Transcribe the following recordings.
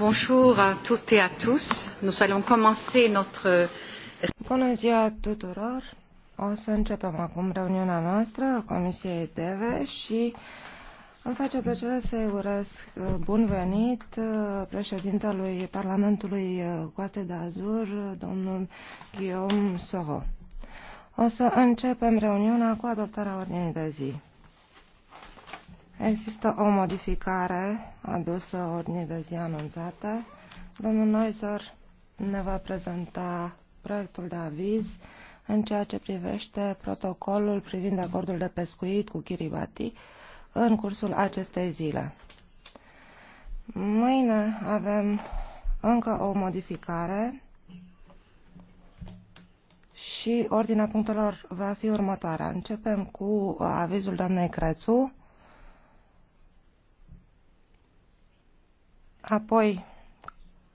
Bonjour à toutes et à tous. Nous allons commencer notre... Bună ziua tuturor! O să începem acum reuniunea noastră a Comisiei DEVE și îmi face plăcere să-i urez uh, bun venit uh, președintelui Parlamentului uh, Coate de Azur, domnul Guillaume Soro. O să începem reuniunea cu adoptarea ordinii de zi. Există o modificare adusă ordinii de zi anunțate. Domnul Noizor ne va prezenta proiectul de aviz în ceea ce privește protocolul privind acordul de pescuit cu Kiribati în cursul acestei zile. Mâine avem încă o modificare și ordinea punctelor va fi următoarea. Începem cu avizul doamnei Crețu Apoi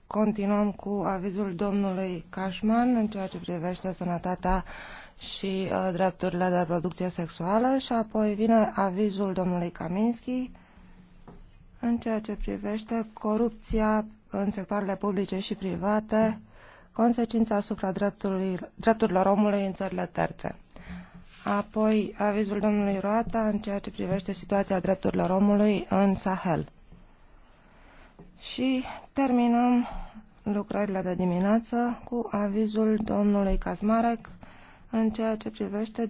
continuăm cu avizul domnului Cashman în ceea ce privește sănătatea și uh, drepturile de producție sexuală și apoi vine avizul domnului Kaminski în ceea ce privește corupția în sectoarele publice și private, consecința asupra drepturilor omului în țările terțe. Apoi avizul domnului Roata în ceea ce privește situația drepturilor omului în Sahel și terminăm lucrările de dimineață cu avizul domnului Casmarec în ceea ce privește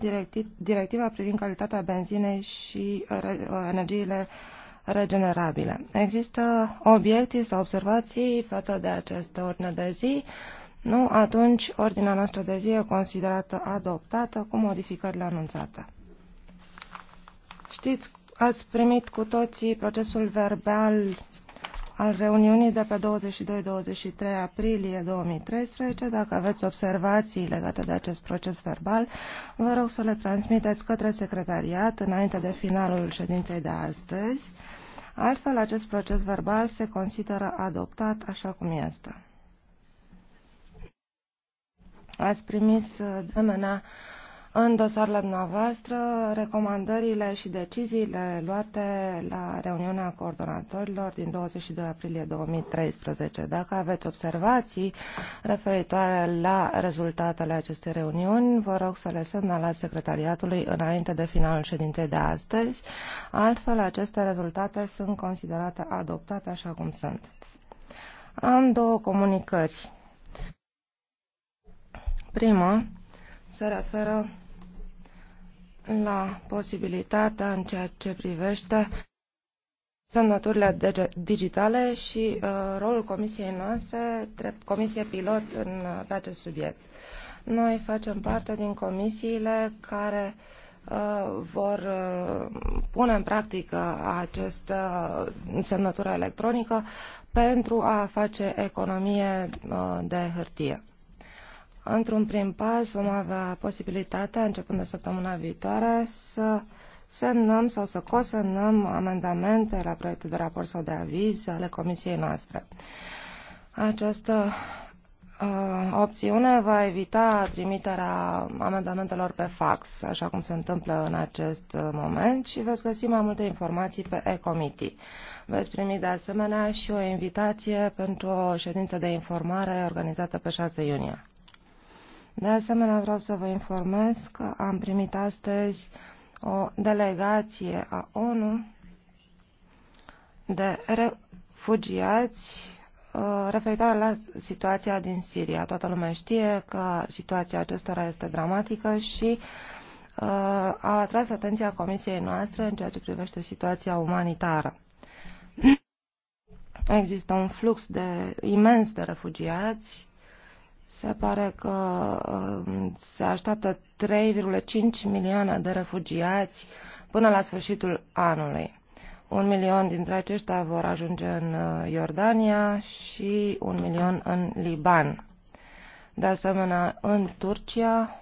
directiva privind calitatea benzinei și energiile regenerabile. Există obiecții sau observații față de această ordine de zi? Nu, atunci ordinea noastră de zi e considerată adoptată cu modificările anunțate. Știți, ați primit cu toții procesul verbal al reuniunii de pe 22-23 aprilie 2013. Dacă aveți observații legate de acest proces verbal, vă rog să le transmiteți către secretariat înainte de finalul ședinței de astăzi. Altfel, acest proces verbal se consideră adoptat așa cum este. Ați primis, de asemenea, în dosarele dumneavoastră recomandările și deciziile luate la reuniunea coordonatorilor din 22 aprilie 2013. Dacă aveți observații referitoare la rezultatele acestei reuniuni, vă rog să le la secretariatului înainte de finalul ședinței de astăzi, altfel aceste rezultate sunt considerate adoptate așa cum sunt. Am două comunicări. Prima se referă la posibilitatea în ceea ce privește semnăturile digitale și uh, rolul comisiei noastre, drept comisie pilot în, pe acest subiect. Noi facem parte din comisiile care uh, vor uh, pune în practică această semnătură electronică pentru a face economie uh, de hârtie. Într-un prim pas vom avea posibilitatea, începând de săptămâna viitoare, să semnăm sau să cosemnăm amendamente la proiectul de raport sau de aviz ale comisiei noastre. Această uh, opțiune va evita trimiterea amendamentelor pe fax, așa cum se întâmplă în acest moment, și veți găsi mai multe informații pe e-committee. Veți primi de asemenea și o invitație pentru o ședință de informare organizată pe 6 iunie. De asemenea, vreau să vă informez că am primit astăzi o delegație a ONU de refugiați uh, referitoare la situația din Siria. Toată lumea știe că situația acestora este dramatică și uh, a atras atenția Comisiei noastre în ceea ce privește situația umanitară. Există un flux de, imens de refugiați se pare că um, se așteaptă 3,5 milioane de refugiați până la sfârșitul anului. Un milion dintre aceștia vor ajunge în uh, Iordania și un milion în Liban. De asemenea, în Turcia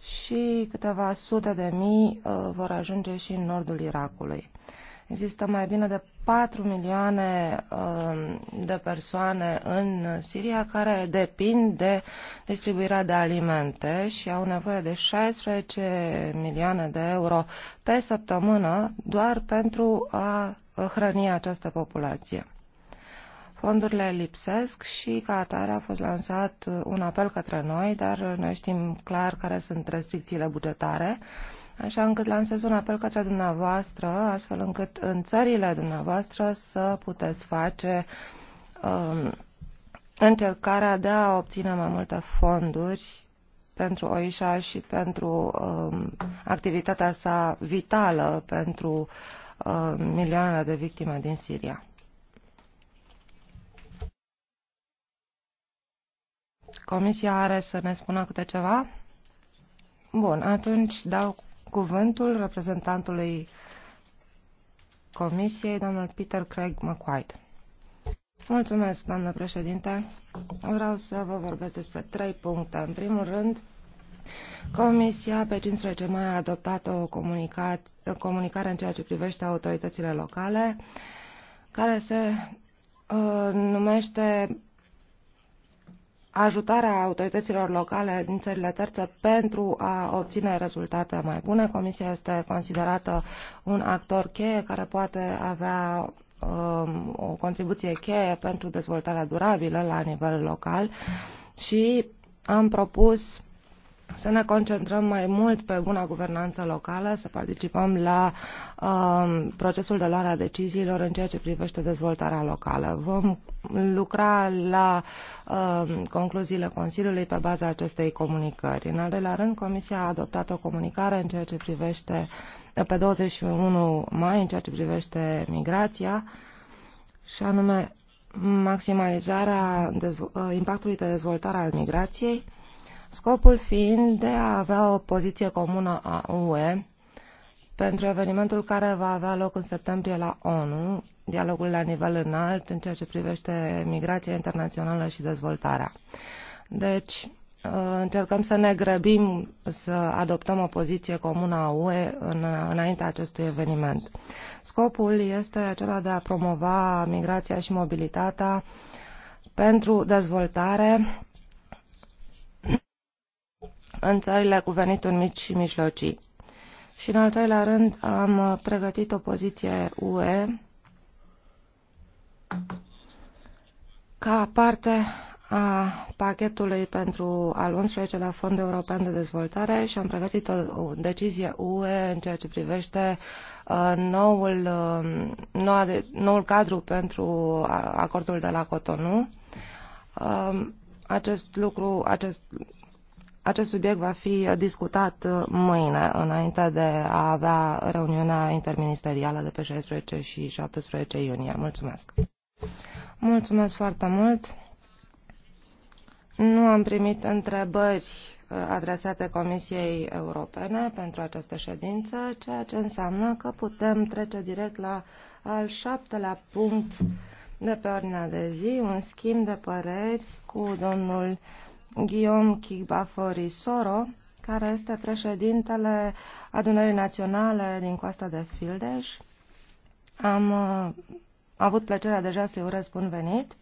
și câteva sute de mii uh, vor ajunge și în nordul Irakului. Există mai bine de 4 milioane um, de persoane în Siria care depind de distribuirea de alimente și au nevoie de 16 milioane de euro pe săptămână doar pentru a hrăni această populație. Fondurile lipsesc și ca atare a fost lansat un apel către noi, dar noi știm clar care sunt restricțiile bugetare. Uh, așa încât lansez un apel către dumneavoastră, astfel încât în țările dumneavoastră să puteți face um, încercarea de a obține mai multe fonduri pentru OISHA și pentru um, activitatea sa vitală pentru um, milioanele de victime din Siria. Comisia are să ne spună câte ceva? Bun, atunci dau cuvântul reprezentantului Comisiei, domnul Peter Craig McQuaid. Mulțumesc, doamnă președinte. Vreau să vă vorbesc despre trei puncte. În primul rând, Comisia pe 15 mai a adoptat o comunicare în ceea ce privește autoritățile locale, care se uh, numește ajutarea autorităților locale din țările terțe pentru a obține rezultate mai bune. Comisia este considerată un actor cheie care poate avea um, o contribuție cheie pentru dezvoltarea durabilă la nivel local și am propus să ne concentrăm mai mult pe buna guvernanță locală, să participăm la um, procesul de luare a deciziilor în ceea ce privește dezvoltarea locală. Vom lucra la um, concluziile Consiliului pe baza acestei comunicări. În al doilea rând, Comisia a adoptat o comunicare în ceea ce privește pe 21 mai în ceea ce privește migrația și anume maximalizarea impactului de dezvoltare al migrației scopul fiind de a avea o poziție comună a UE pentru evenimentul care va avea loc în septembrie la ONU, dialogul la nivel înalt în ceea ce privește migrația internațională și dezvoltarea. Deci, uh, încercăm să ne grăbim să adoptăm o poziție comună a UE în, înaintea acestui eveniment. Scopul este acela de a promova migrația și mobilitatea pentru dezvoltare în țările cu venituri mici și mijlocii. Și în al treilea rând am pregătit o poziție UE ca parte a pachetului pentru al 11-lea Fond European de Dezvoltare și am pregătit o, o decizie UE în ceea ce privește uh, noul, uh, noua de, noul cadru pentru acordul de la Cotonou. Uh, acest lucru, acest acest subiect va fi discutat uh, mâine, înainte de a avea reuniunea interministerială de pe 16 și 17 iunie. Mulțumesc! Mulțumesc foarte mult! Nu am primit întrebări uh, adresate Comisiei Europene pentru această ședință, ceea ce înseamnă că putem trece direct la al șaptelea punct de pe ordinea de zi, un schimb de păreri cu domnul Guillaume Kigbafori Soro, care este președintele Adunării Naționale din Coasta de Fildeș. Am uh, avut plăcerea deja să-i urez bun venit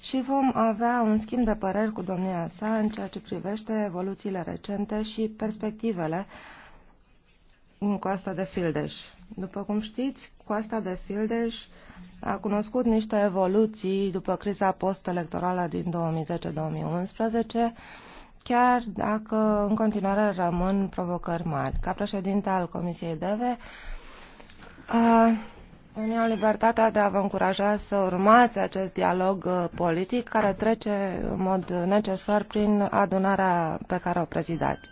și vom avea un schimb de păreri cu domnia sa în ceea ce privește evoluțiile recente și perspectivele din coasta de Fildeș. După cum știți, coasta de Fildeș a cunoscut niște evoluții după criza post-electorală din 2010-2011, chiar dacă în continuare rămân provocări mari. Ca președinte al Comisiei DEVE, Uniunea Libertatea de a vă încuraja să urmați acest dialog uh, politic care trece în mod necesar prin adunarea pe care o prezidați.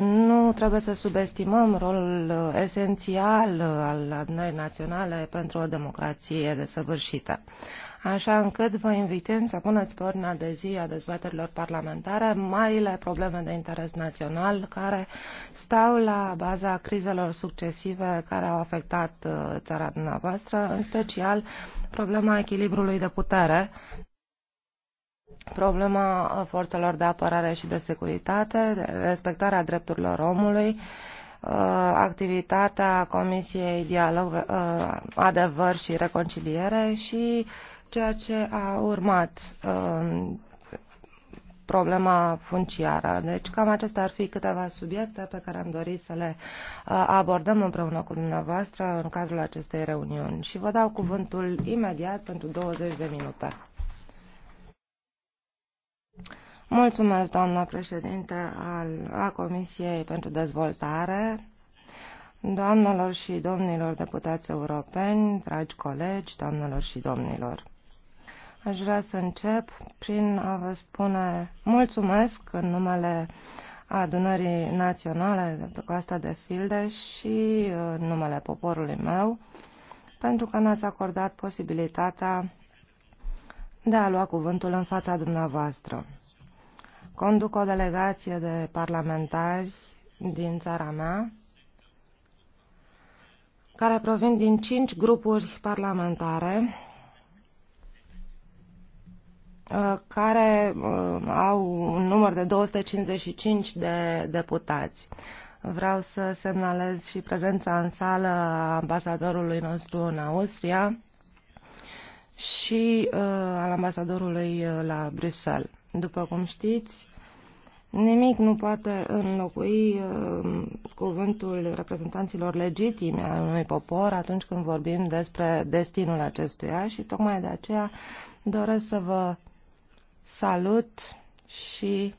Nu trebuie să subestimăm rolul uh, esențial uh, al adunării naționale pentru o democrație desăvârșită. Așa încât vă invităm să puneți pe ordinea de zi a dezbaterilor parlamentare marile probleme de interes național care stau la baza crizelor succesive care au afectat uh, țara dumneavoastră, în special problema echilibrului de putere problema forțelor de apărare și de securitate, respectarea drepturilor omului, uh, activitatea Comisiei Dialog, uh, Adevăr și Reconciliere și ceea ce a urmat uh, problema funciară. Deci cam acestea ar fi câteva subiecte pe care am dorit să le abordăm împreună cu dumneavoastră în cadrul acestei reuniuni. Și vă dau cuvântul imediat pentru 20 de minute. Mulțumesc, doamna președinte al, a Comisiei pentru Dezvoltare, doamnelor și domnilor deputați europeni, dragi colegi, doamnelor și domnilor. Aș vrea să încep prin a vă spune mulțumesc în numele adunării naționale de pe coasta de Filde și în numele poporului meu, pentru că ne-ați acordat posibilitatea de a lua cuvântul în fața dumneavoastră. Conduc o delegație de parlamentari din țara mea, care provin din cinci grupuri parlamentare, uh, care uh, au un număr de 255 de deputați. Vreau să semnalez și prezența în sală a ambasadorului nostru în Austria, și uh, al ambasadorului uh, la Bruxelles. După cum știți, nimic nu poate înlocui uh, cuvântul reprezentanților legitime al unui popor atunci când vorbim despre destinul acestuia și tocmai de aceea doresc să vă salut și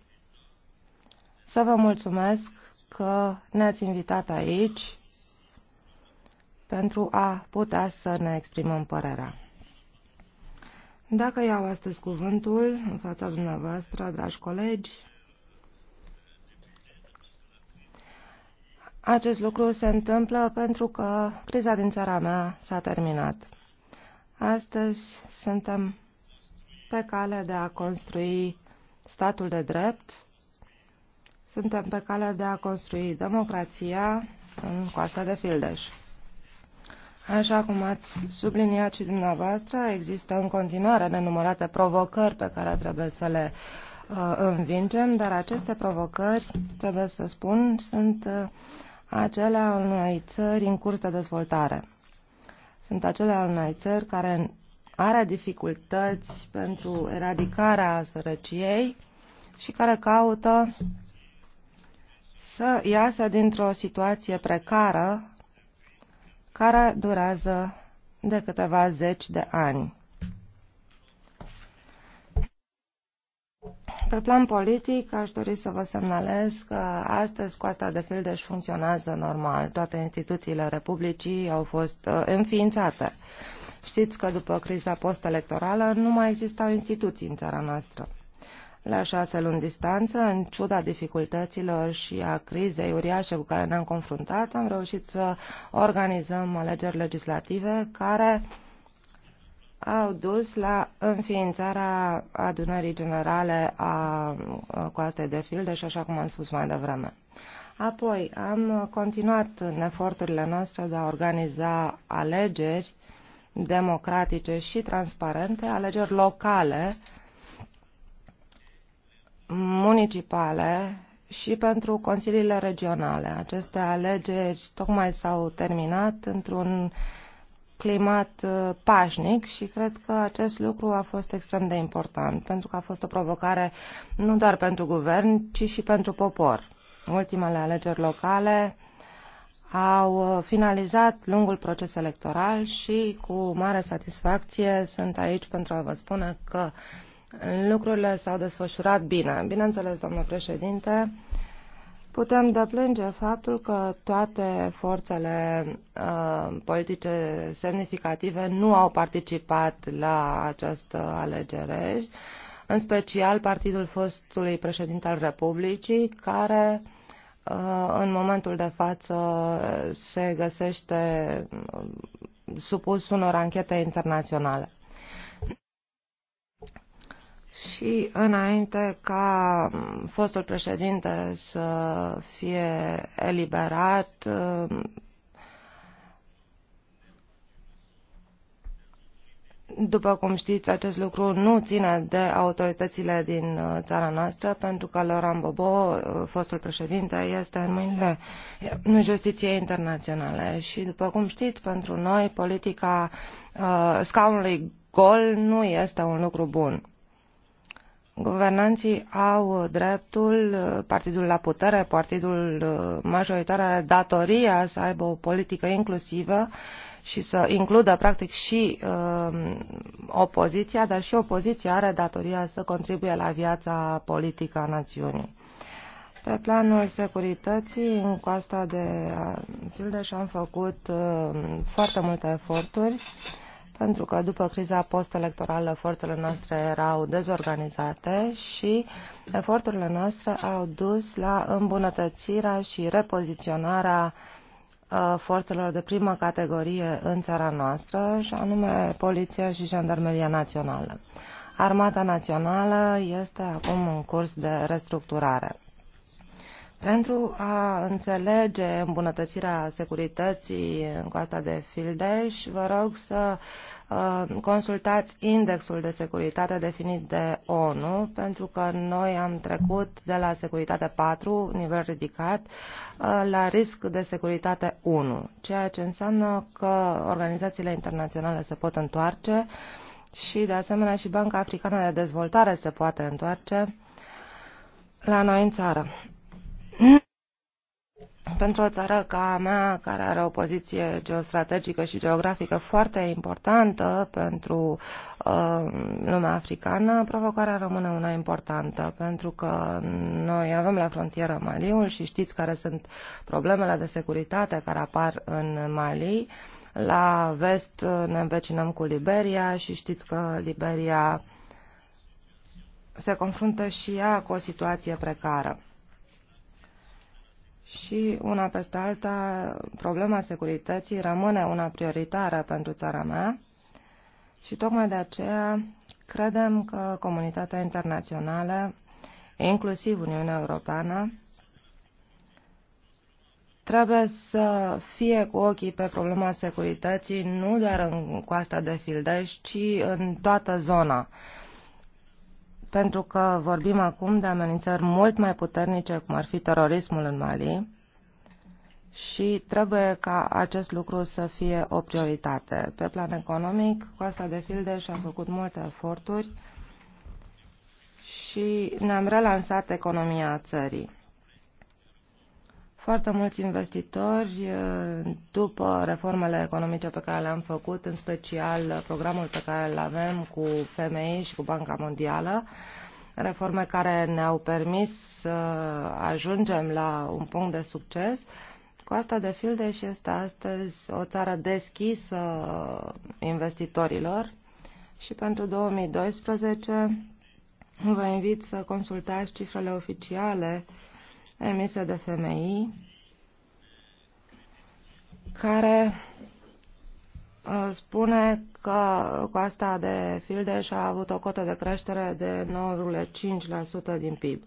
să vă mulțumesc că ne-ați invitat aici pentru a putea să ne exprimăm părerea. Dacă iau astăzi cuvântul în fața dumneavoastră, dragi colegi, acest lucru se întâmplă pentru că criza din țara mea s-a terminat. Astăzi suntem pe cale de a construi statul de drept, suntem pe cale de a construi democrația în coasta de Fildeș. Așa cum ați subliniat și dumneavoastră, există în continuare nenumărate provocări pe care trebuie să le uh, învingem, dar aceste provocări, trebuie să spun, sunt uh, acele al unei țări în curs de dezvoltare. Sunt acele al unei țări care are dificultăți pentru eradicarea sărăciei și care caută să iasă dintr-o situație precară care durează de câteva zeci de ani. Pe plan politic, aș dori să vă semnalez că astăzi Coasta de Fildeș funcționează normal. Toate instituțiile Republicii au fost uh, înființate. Știți că după criza postelectorală nu mai existau instituții în țara noastră la șase luni distanță, în ciuda dificultăților și a crizei uriașe cu care ne-am confruntat, am reușit să organizăm alegeri legislative care au dus la înființarea adunării generale a coastei de filde și așa cum am spus mai devreme. Apoi am continuat în eforturile noastre de a organiza alegeri democratice și transparente, alegeri locale, municipale și pentru consiliile regionale. Aceste alegeri tocmai s-au terminat într-un climat uh, pașnic și cred că acest lucru a fost extrem de important, pentru că a fost o provocare nu doar pentru guvern, ci și pentru popor. Ultimele alegeri locale au uh, finalizat lungul proces electoral și cu mare satisfacție sunt aici pentru a vă spune că uh, lucrurile s-au desfășurat bine. Bineînțeles, domnule președinte, putem deplânge faptul că toate forțele uh, politice semnificative nu au participat la această alegere, în special partidul fostului președinte al Republicii, care uh, în momentul de față se găsește uh, supus unor anchete internaționale. Și înainte ca fostul președinte să fie eliberat, După cum știți, acest lucru nu ține de autoritățile din uh, țara noastră, pentru că Laurent Bobo, uh, fostul președinte, este în mâinile justiției internaționale. Și după cum știți, pentru noi, politica uh, scaunului gol nu este un lucru bun. Guvernanții au dreptul, partidul la putere, partidul uh, majoritar are datoria să aibă o politică inclusivă și să includă practic și uh, opoziția, dar și opoziția are datoria să contribuie la viața politică a națiunii. Pe planul securității, în coasta de uh, Fildeș am făcut uh, foarte multe eforturi. Uh, pentru că după criza electorală forțele noastre erau dezorganizate și eforturile noastre au dus la îmbunătățirea și repoziționarea uh, forțelor de primă categorie în țara noastră, și anume Poliția și Jandarmeria Națională. Armata Națională este acum în curs de restructurare. Pentru a înțelege îmbunătățirea securității în coasta de Fildeș, vă rog să uh, consultați indexul de securitate definit de ONU, pentru că noi am trecut de la securitate 4, nivel ridicat, uh, la risc de securitate 1, ceea ce înseamnă că organizațiile internaționale se pot întoarce și, de asemenea, și Banca Africană de Dezvoltare se poate întoarce la noi în țară. Pentru o țară ca a mea, care are o poziție geostrategică și geografică foarte importantă pentru uh, lumea africană, provocarea rămâne una importantă, pentru că noi avem la frontieră Maliul și știți care sunt problemele de securitate care apar în Mali. La vest ne învecinăm cu Liberia și știți că Liberia se confruntă și ea cu o situație precară și una peste alta problema securității rămâne una prioritară pentru țara mea și tocmai de aceea credem că comunitatea internațională, inclusiv Uniunea Europeană, trebuie să fie cu ochii pe problema securității nu doar în coasta de Fildeș, ci în toată zona pentru că vorbim acum de amenințări mult mai puternice, cum ar fi terorismul în Mali, și trebuie ca acest lucru să fie o prioritate. Pe plan economic, Costa de Filde și-a făcut multe eforturi și ne-am relansat economia țării. Foarte mulți investitori, eh, după reformele economice pe care le-am făcut, în special programul pe care îl avem cu FMI și cu Banca Mondială, reforme care ne-au permis să ajungem la un punct de succes, Coasta de Fildeș este astăzi o țară deschisă investitorilor și pentru 2012 vă invit să consultați cifrele oficiale uh, emise de femei care uh, spune că coasta de Fildeș a avut o cotă de creștere de 9,5% din PIB.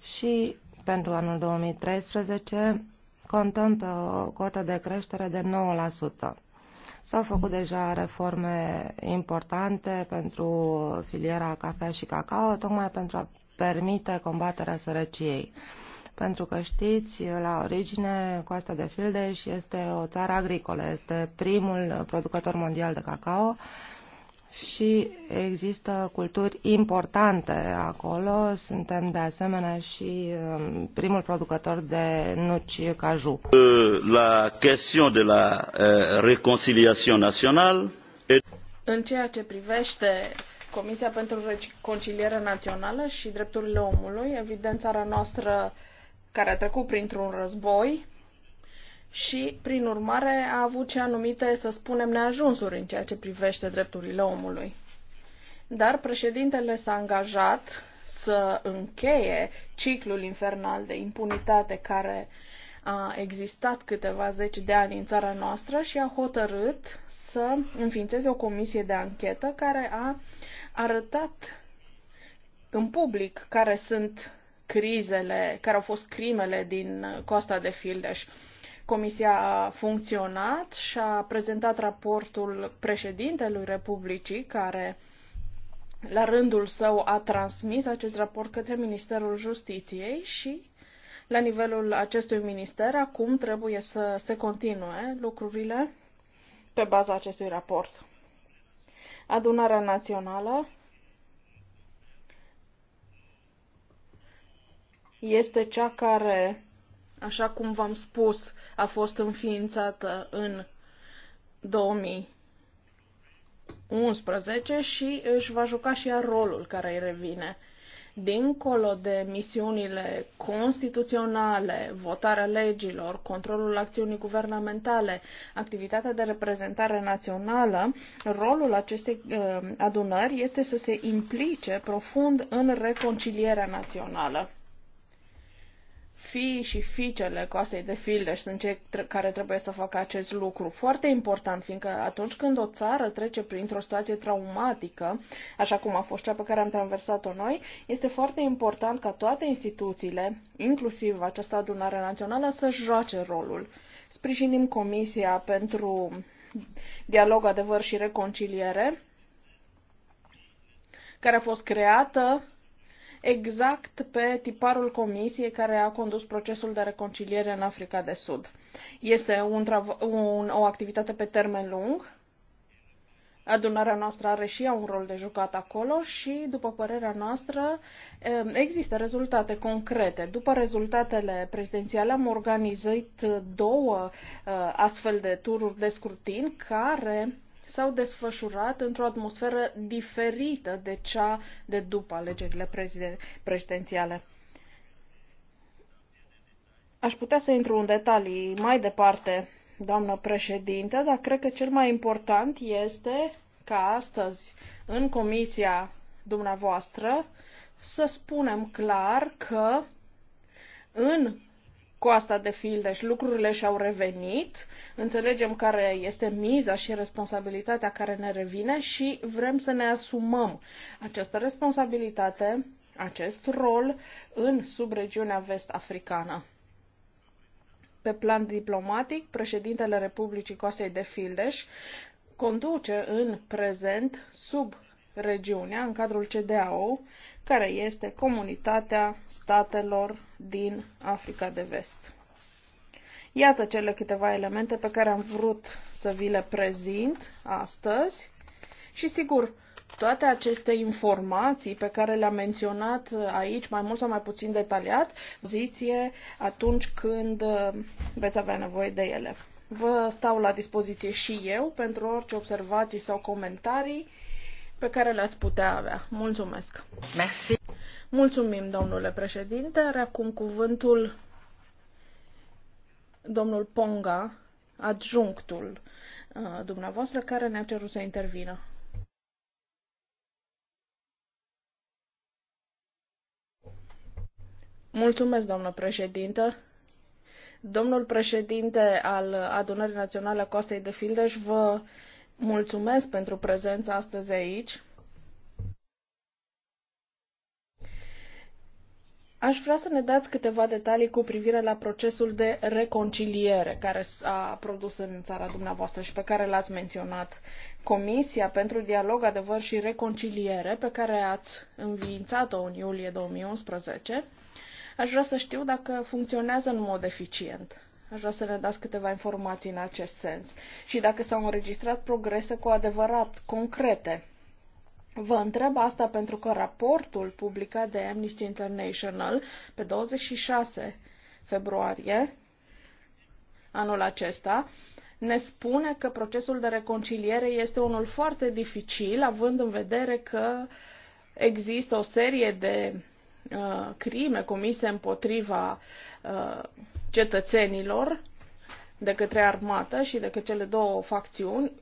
Și pentru anul 2013 contăm pe o cotă de creștere de 9%. S-au făcut deja reforme importante pentru filiera cafea și cacao, tocmai pentru a permite combaterea sărăciei. Pentru că știți, la origine, Coasta de Fildeș este o țară agricolă, este primul producător mondial de cacao și există culturi importante acolo. Suntem de asemenea și um, primul producător de nuci caju. Uh, la chestiunea de la uh, reconciliation națională. În ceea ce privește Comisia pentru Reconciliere Națională și Drepturile Omului, evident, țara noastră care a trecut printr-un război și, prin urmare, a avut ce anumite, să spunem, neajunsuri în ceea ce privește drepturile omului. Dar președintele s-a angajat să încheie ciclul infernal de impunitate care a existat câteva zeci de ani în țara noastră și a hotărât să înființeze o comisie de anchetă care a arătat în public care sunt crizele, care au fost crimele din Costa de Fildeș. Comisia a funcționat și a prezentat raportul președintelui Republicii, care la rândul său a transmis acest raport către Ministerul Justiției și la nivelul acestui minister acum trebuie să se continue lucrurile pe baza acestui raport. Adunarea Națională este cea care, așa cum v-am spus, a fost înființată în 2011 și își va juca și ea rolul care îi revine. Dincolo de misiunile constituționale, votarea legilor, controlul acțiunii guvernamentale, activitatea de reprezentare națională, rolul acestei uh, adunări este să se implice profund în reconcilierea națională fii și fiicele coasei de și sunt cei care trebuie să facă acest lucru. Foarte important, fiindcă atunci când o țară trece printr-o situație traumatică, așa cum a fost cea pe care am traversat-o noi, este foarte important ca toate instituțiile, inclusiv această adunare națională, să joace rolul. Sprijinim Comisia pentru Dialog, Adevăr și Reconciliere, care a fost creată exact pe tiparul comisiei care a condus procesul de reconciliere în Africa de Sud. Este un, un, o activitate pe termen lung. Adunarea noastră are și ea un rol de jucat acolo și, după părerea noastră, există rezultate concrete. După rezultatele prezidențiale am organizat două uh, astfel de tururi de scrutin care s-au desfășurat într-o atmosferă diferită de cea de după alegerile prezidențiale. Aș putea să intru în detalii mai departe, doamnă președinte, dar cred că cel mai important este ca astăzi, în comisia dumneavoastră, să spunem clar că în coasta de fil, deci lucrurile și-au revenit, înțelegem care este miza și responsabilitatea care ne revine și vrem să ne asumăm această responsabilitate, acest rol în subregiunea vest-africană. Pe plan diplomatic, președintele Republicii Coastei de Fildeș conduce în prezent sub regiunea în cadrul CDAO, care este comunitatea statelor din Africa de Vest. Iată cele câteva elemente pe care am vrut să vi le prezint astăzi și sigur, toate aceste informații pe care le-am menționat aici, mai mult sau mai puțin detaliat, ziție atunci când uh, veți avea nevoie de ele. Vă stau la dispoziție și eu pentru orice observații sau comentarii pe care le-ați putea avea. Mulțumesc! Merci. Mulțumim, domnule președinte. Are acum cuvântul domnul Ponga, adjunctul uh, dumneavoastră, care ne-a cerut să intervină. Mulțumesc, domnul președinte. Domnul președinte al Adunării Naționale a Coastei de Fildeș vă uh, Mulțumesc pentru prezența astăzi aici. Aș vrea să ne dați câteva detalii cu privire la procesul de reconciliere care s-a produs în țara dumneavoastră și pe care l-ați menționat. Comisia pentru Dialog, Adevăr și Reconciliere, pe care ați înființat-o în iulie 2011, aș vrea să știu dacă funcționează în mod eficient. Aș vrea să ne dați câteva informații în acest sens. Și dacă s-au înregistrat progrese cu adevărat concrete. Vă întreb asta pentru că raportul publicat de Amnesty International pe 26 februarie anul acesta ne spune că procesul de reconciliere este unul foarte dificil, având în vedere că există o serie de uh, crime comise împotriva uh, cetățenilor de către armată și de către cele două facțiuni,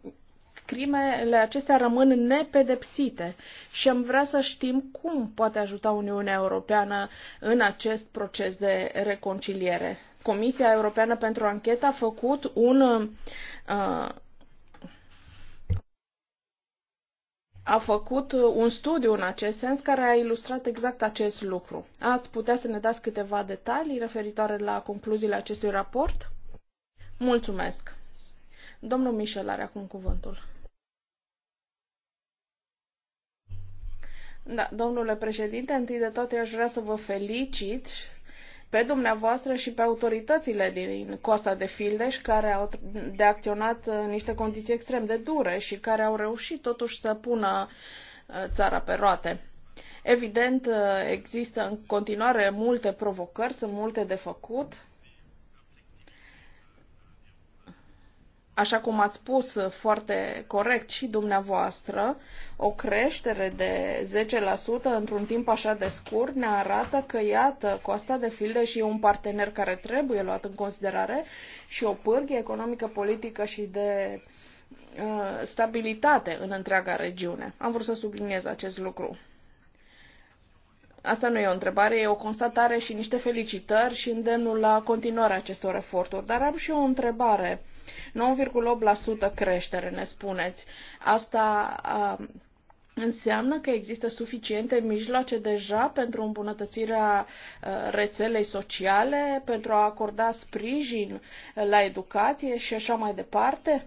crimele acestea rămân nepedepsite și am vrea să știm cum poate ajuta Uniunea Europeană în acest proces de reconciliere. Comisia Europeană pentru Anchetă a făcut un uh, a făcut un studiu în acest sens care a ilustrat exact acest lucru. Ați putea să ne dați câteva detalii referitoare la concluziile acestui raport? Mulțumesc! Domnul Michel are acum cuvântul. Da, domnule președinte, întâi de toate aș vrea să vă felicit pe dumneavoastră și pe autoritățile din Costa de Fildeș, care au de acționat în niște condiții extrem de dure și care au reușit totuși să pună uh, țara pe roate. Evident, uh, există în continuare multe provocări, sunt multe de făcut, așa cum ați spus uh, foarte corect și dumneavoastră, o creștere de 10% într-un timp așa de scurt ne arată că, iată, Costa de Filde și e un partener care trebuie luat în considerare și o pârghie economică, politică și de uh, stabilitate în întreaga regiune. Am vrut să subliniez acest lucru. Asta nu e o întrebare, e o constatare și niște felicitări și îndemnul la continuarea acestor eforturi. Dar am și o întrebare opt creștere, ne spuneți. Asta înseamnă că există suficiente mijloace deja pentru îmbunătățirea uh, rețelei sociale, pentru a acorda sprijin la educație și așa mai departe?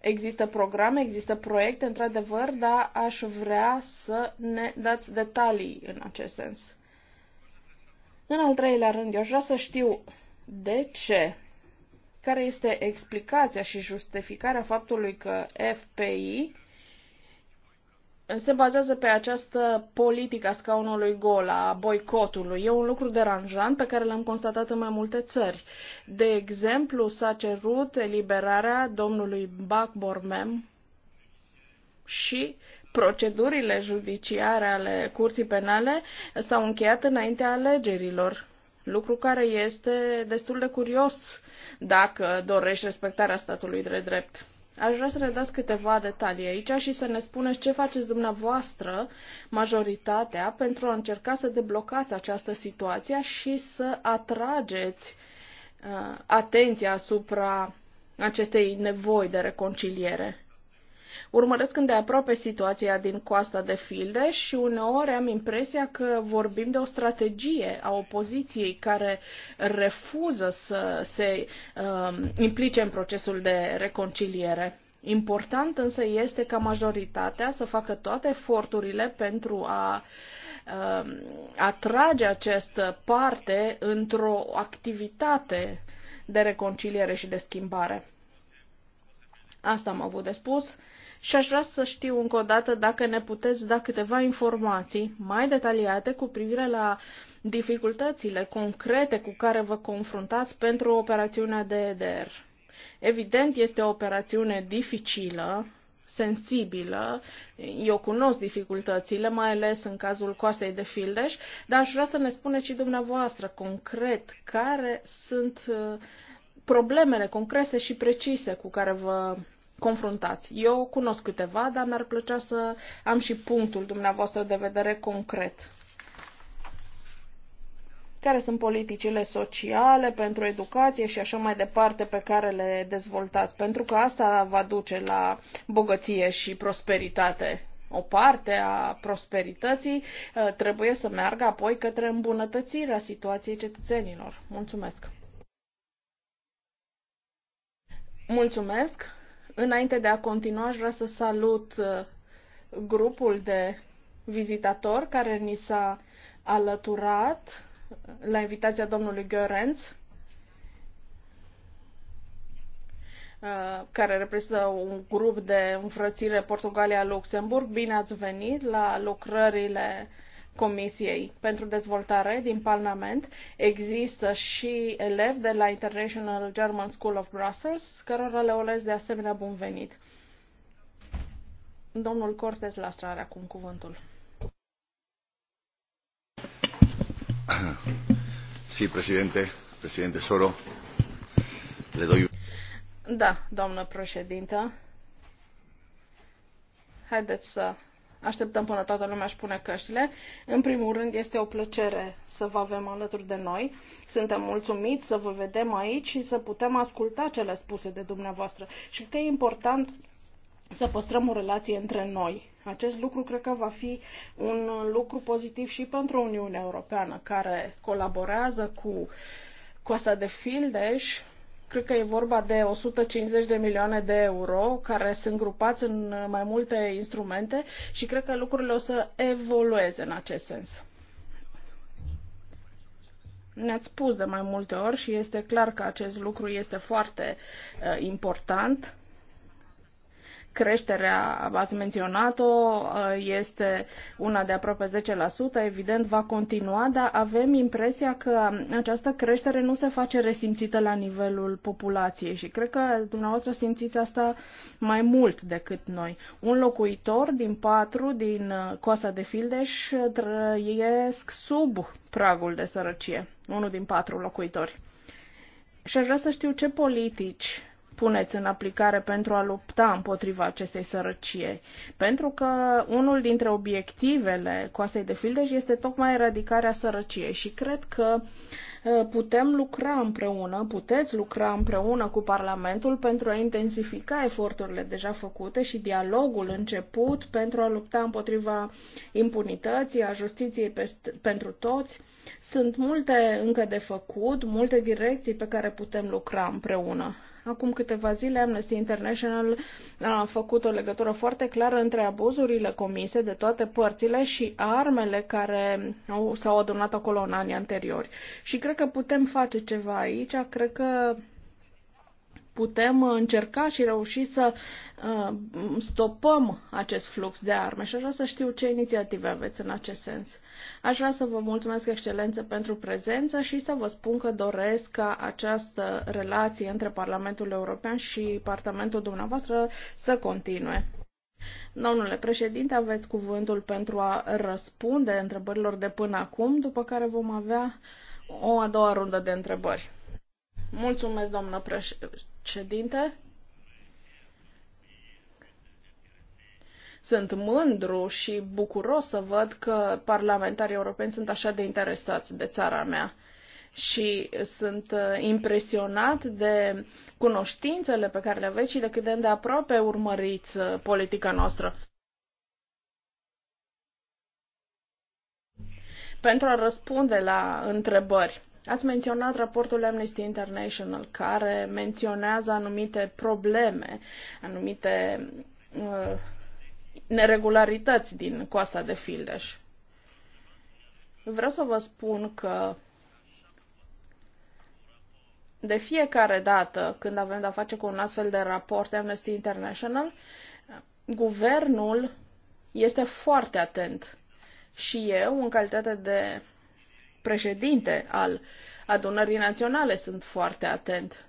Există programe, există proiecte, într-adevăr, dar aș vrea să ne dați detalii în acest sens. În al treilea rând, eu aș vrea să știu de ce care este explicația și justificarea faptului că FPI se bazează pe această politică a scaunului gol, a boicotului. E un lucru deranjant pe care l-am constatat în mai multe țări. De exemplu, s-a cerut eliberarea domnului Bakbormem și procedurile judiciare ale curții penale s-au încheiat înaintea alegerilor. Lucru care este destul de curios dacă dorești respectarea statului de drept. Aș vrea să ne dați câteva detalii aici și să ne spuneți ce faceți dumneavoastră, majoritatea, pentru a încerca să deblocați această situație și să atrageți uh, atenția asupra acestei nevoi de reconciliere. Urmăresc îndeaproape situația din coasta de filde și uneori am impresia că vorbim de o strategie a opoziției care refuză să se uh, implice în procesul de reconciliere. Important însă este ca majoritatea să facă toate eforturile pentru a uh, atrage această parte într-o activitate de reconciliere și de schimbare. Asta am avut de spus și aș vrea să știu încă o dată dacă ne puteți da câteva informații mai detaliate cu privire la dificultățile concrete cu care vă confruntați pentru operațiunea EDR. Evident, este o operațiune dificilă, sensibilă. Eu cunosc dificultățile, mai ales în cazul coastei de Fildeș, dar aș vrea să ne spuneți și dumneavoastră concret care sunt uh, problemele concrete și precise cu care vă confruntați. Eu cunosc câteva, dar mi-ar plăcea să am și punctul dumneavoastră de vedere concret. Care sunt politicile sociale pentru educație și așa mai departe pe care le dezvoltați? Pentru că asta va duce la bogăție și prosperitate o parte a prosperității uh, trebuie să meargă apoi către îmbunătățirea situației cetățenilor. Mulțumesc! Mulțumesc! Înainte de a continua, aș vrea să salut uh, grupul de vizitatori care ni s-a alăturat la invitația domnului Görenț, uh, care reprezintă un grup de înfrățire Portugalia-Luxemburg. Bine ați venit la lucrările uh, Comisiei pentru Dezvoltare din Parlament. Există și elevi de la International German School of Brussels, cărora le urez de asemenea bun venit. Domnul Cortez Lastra are acum cuvântul. Sí, presidente, presidente Soro, le doy... Da, doamnă președintă, haideți să Așteptăm până toată lumea își pune căștile. În primul rând, este o plăcere să vă avem alături de noi. Suntem mulțumiți să vă vedem aici și să putem asculta cele spuse de dumneavoastră. Și că e important să păstrăm o relație între noi. Acest lucru cred că va fi un lucru pozitiv și pentru Uniunea Europeană, care colaborează cu Costa de Fildeș Cred că e vorba de 150 de milioane de euro care sunt grupați în mai multe instrumente și cred că lucrurile o să evolueze în acest sens. Ne-ați spus de mai multe ori și este clar că acest lucru este foarte uh, important creșterea, ați menționat-o, uh, este una de aproape 10%, evident va continua, dar avem impresia că această creștere nu se face resimțită la nivelul populației și cred că dumneavoastră simțiți asta mai mult decât noi. Un locuitor din patru din uh, Coasa de Fildeș trăiesc sub pragul de sărăcie, unul din patru locuitori. Și aș vrea să știu ce politici puneți în aplicare pentru a lupta împotriva acestei sărăcie? Pentru că unul dintre obiectivele Coastei de Fildeș este tocmai eradicarea sărăciei și cred că putem lucra împreună, puteți lucra împreună cu Parlamentul pentru a intensifica eforturile deja făcute și dialogul început pentru a lupta împotriva impunității, a justiției pentru toți. Sunt multe încă de făcut, multe direcții pe care putem lucra împreună. Acum câteva zile Amnesty International a făcut o legătură foarte clară între abuzurile comise de toate părțile și armele care s-au adunat acolo în anii anteriori. Și cred că putem face ceva aici. Cred că putem încerca și reuși să uh, stopăm acest flux de arme și aș vrea să știu ce inițiative aveți în acest sens. Aș vrea să vă mulțumesc, Excelență, pentru prezență și să vă spun că doresc ca această relație între Parlamentul European și Parlamentul dumneavoastră să continue. Domnule președinte, aveți cuvântul pentru a răspunde întrebărilor de până acum, după care vom avea o a doua rundă de întrebări. Mulțumesc, doamnă preș- președinte. Sunt mândru și bucuros să văd că parlamentarii europeni sunt așa de interesați de țara mea și sunt uh, impresionat de cunoștințele pe care le aveți și de cât de îndeaproape urmăriți uh, politica noastră. Pentru a răspunde la întrebări, Ați menționat raportul Amnesty International care menționează anumite probleme, anumite uh, neregularități din coasta de Fildeș. Vreau să vă spun că de fiecare dată când avem de-a face cu un astfel de raport Amnesty International, guvernul este foarte atent. Și eu, în calitate de președinte al adunării naționale sunt foarte atent.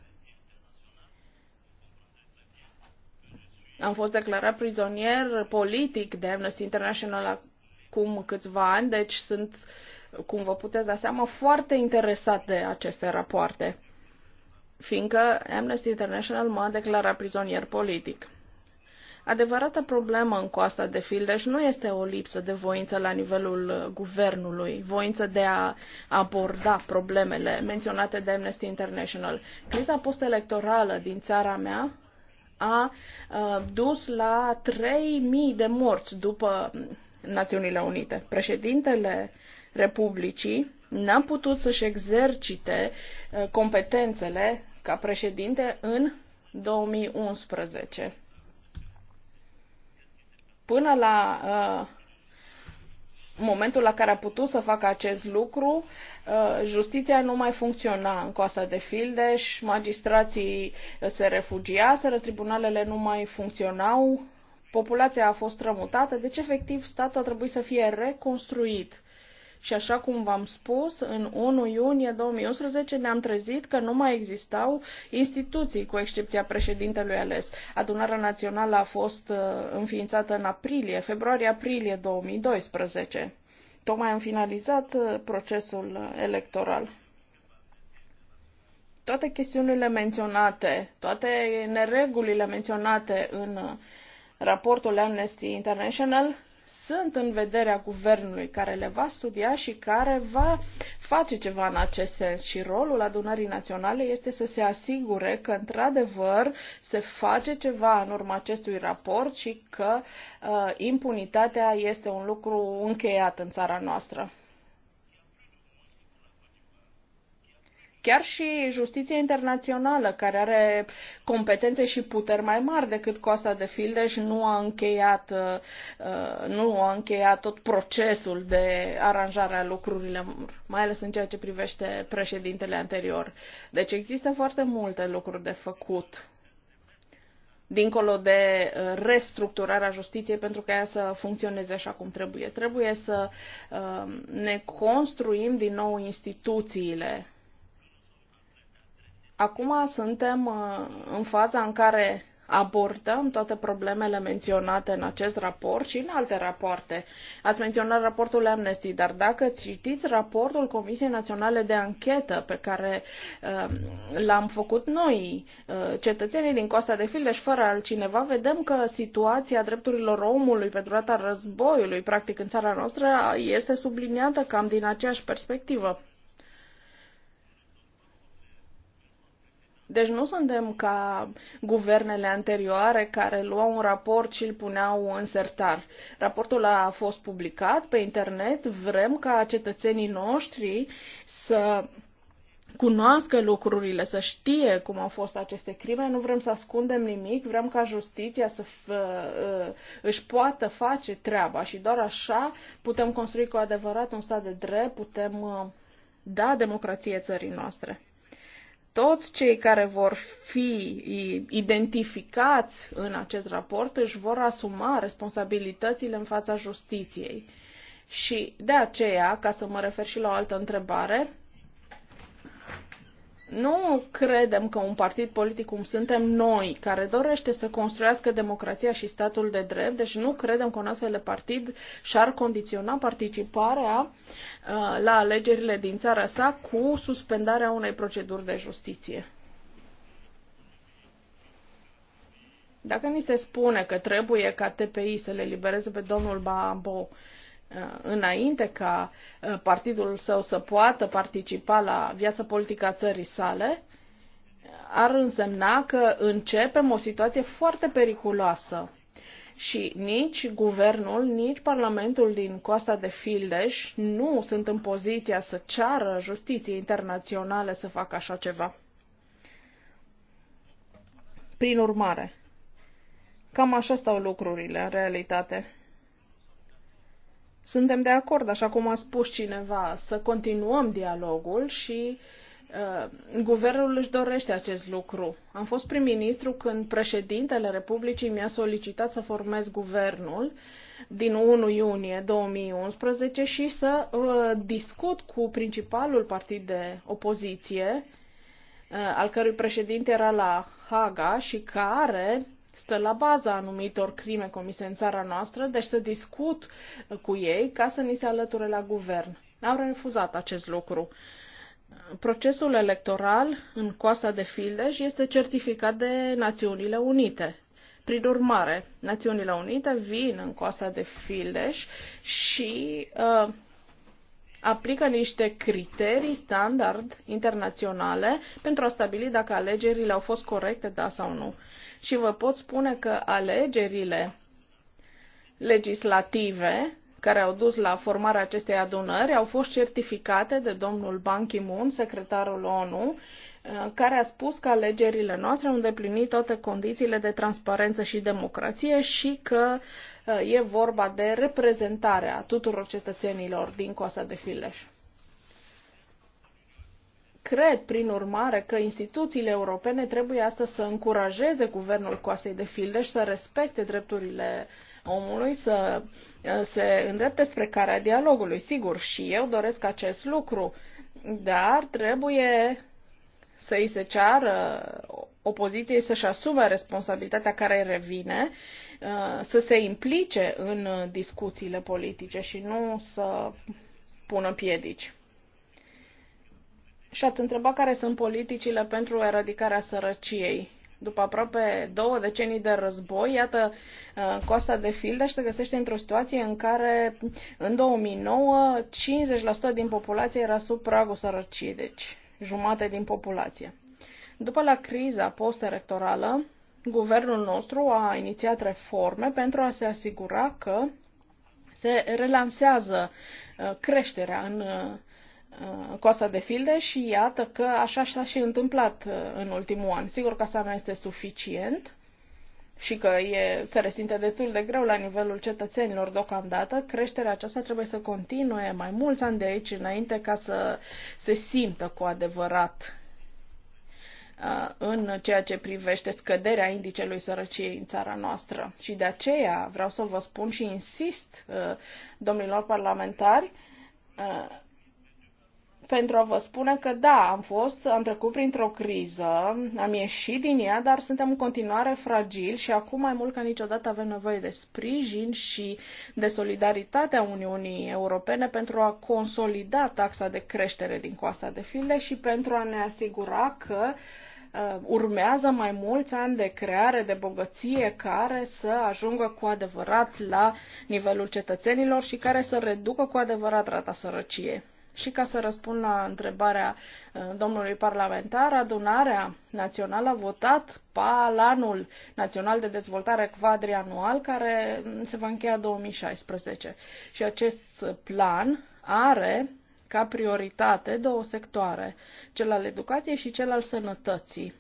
Am fost declarat prizonier politic de Amnesty International acum câțiva ani, deci sunt, cum vă puteți da seama, foarte interesat de aceste rapoarte, fiindcă Amnesty International m-a declarat prizonier politic. Adevărata problemă în coasta de Fildeș nu este o lipsă de voință la nivelul uh, guvernului, voință de a aborda problemele menționate de Amnesty International. Criza postelectorală din țara mea a uh, dus la 3.000 de morți după mm, Națiunile Unite. Președintele Republicii n-a putut să-și exercite uh, competențele ca președinte în 2011. Până la uh, momentul la care a putut să facă acest lucru, uh, justiția nu mai funcționa în coasa de Fildeș, magistrații uh, se refugiaseră, tribunalele nu mai funcționau, populația a fost rămutată, deci efectiv statul a trebuit să fie reconstruit și așa cum v-am spus, în 1 iunie 2011 ne-am trezit că nu mai existau instituții, cu excepția președintelui ales. Adunarea Națională a fost uh, înființată în aprilie, februarie-aprilie 2012. Tocmai am finalizat uh, procesul uh, electoral toate chestiunile menționate, toate neregulile menționate în raportul Amnesty International sunt în vederea guvernului care le va studia și care va face ceva în acest sens. Și rolul adunării naționale este să se asigure că, într-adevăr, se face ceva în urma acestui raport și că uh, impunitatea este un lucru încheiat în țara noastră. Chiar și justiția internațională, care are competențe și puteri mai mari decât Coasta de Fildeș, nu a încheiat, uh, uh, nu a încheiat tot procesul de aranjare a lucrurilor, mai ales în ceea ce privește președintele anterior. Deci există foarte multe lucruri de făcut dincolo de uh, restructurarea justiției pentru ca ea să funcționeze așa cum trebuie. Trebuie să ne construim din nou instituțiile Acum suntem uh, în faza în care abordăm toate problemele menționate în acest raport și în alte rapoarte. Ați menționat raportul Amnesty, dar dacă citiți raportul Comisiei Naționale de Anchetă pe care uh, l-am făcut noi, uh, cetățenii din Costa de Fildeș, fără altcineva, vedem că situația drepturilor omului pe durata războiului, practic în țara noastră, este subliniată cam din aceeași perspectivă. Deci nu suntem ca guvernele anterioare care luau un raport și îl puneau în sertar. Raportul a fost publicat pe internet. Vrem ca cetățenii noștri să cunoască lucrurile, să știe cum au fost aceste crime, nu vrem să ascundem nimic, vrem ca justiția să uh, uh, își poată face treaba și doar așa putem construi cu adevărat un stat de drept, putem uh, da democrație țării noastre toți cei care vor fi identificați în acest raport își vor asuma responsabilitățile în fața justiției. Și de aceea, ca să mă refer și la o altă întrebare, nu credem că un partid politic cum suntem noi, care dorește să construiască democrația și statul de drept, deci nu credem că un astfel de partid și-ar condiționa participarea uh, la alegerile din țara sa cu suspendarea unei proceduri de justiție. Dacă ni se spune că trebuie ca TPI să le libereze pe domnul Bambo Uh, înainte ca uh, partidul său să poată participa la viața politică a țării sale, ar însemna că începem o situație foarte periculoasă. Și nici guvernul, nici parlamentul din coasta de Fildeș nu sunt în poziția să ceară justiție internaționale să facă așa ceva. Prin urmare, cam așa stau lucrurile în realitate. Suntem de acord, așa cum a spus cineva, să continuăm dialogul și uh, guvernul își dorește acest lucru. Am fost prim-ministru când președintele Republicii mi-a solicitat să formez guvernul din 1 iunie 2011 și să uh, discut cu principalul partid de opoziție, uh, al cărui președinte era la Haga și care stă la baza anumitor crime comise în țara noastră, deci să discut cu ei ca să ni se alăture la guvern. Au refuzat acest lucru. Procesul electoral în coasa de Fildeș este certificat de Națiunile Unite. Prin urmare, Națiunile Unite vin în coasa de Fildeș și uh, aplică niște criterii standard internaționale pentru a stabili dacă alegerile au fost corecte, da sau nu și vă pot spune că alegerile legislative care au dus la formarea acestei adunări au fost certificate de domnul Ban Ki-moon, secretarul ONU, uh, care a spus că alegerile noastre au îndeplinit toate condițiile de transparență și democrație și că uh, e vorba de reprezentarea tuturor cetățenilor din Coasa de Fileș. Cred, prin urmare, că instituțiile europene trebuie astăzi să încurajeze guvernul Coastei de Fildeș să respecte drepturile omului, să eh, se îndrepte spre care dialogului. Sigur, și eu doresc acest lucru, dar trebuie să îi se ceară opoziției să-și asume responsabilitatea care îi revine, eh, să se implice în eh, discuțiile politice și nu să pună piedici. Și ați întrebat care sunt politicile pentru eradicarea sărăciei. După aproape două decenii de război, iată, uh, Costa de Fildeș se găsește într-o situație în care, în 2009, 50% din populație era sub pragul sărăciei, deci jumate din populație. După la criza post-electorală, guvernul nostru a inițiat reforme pentru a se asigura că se relansează uh, creșterea în uh, Uh, Costa de Filde și iată că așa s-a și întâmplat uh, în ultimul an. Sigur că asta nu este suficient și că e, se resinte destul de greu la nivelul cetățenilor deocamdată, creșterea aceasta trebuie să continue mai mulți ani de aici înainte ca să se simtă cu adevărat uh, în ceea ce privește scăderea indicelui sărăciei în țara noastră. Și de aceea vreau să vă spun și insist, domnilor parlamentari, pentru a vă spune că da, am fost, am trecut printr-o criză, am ieșit din ea, dar suntem în continuare fragili și acum mai mult ca niciodată avem nevoie de sprijin și de solidaritatea Uniunii Europene pentru a consolida taxa de creștere din coasta de file și pentru a ne asigura că uh, urmează mai mulți ani de creare de bogăție care să ajungă cu adevărat la nivelul cetățenilor și care să reducă cu adevărat rata sărăciei. Și ca să răspund la întrebarea uh, domnului parlamentar, adunarea națională a votat planul Național de Dezvoltare Quadrianual, care mm, se va încheia 2016. Și acest plan are ca prioritate două sectoare, cel al educației și cel al sănătății.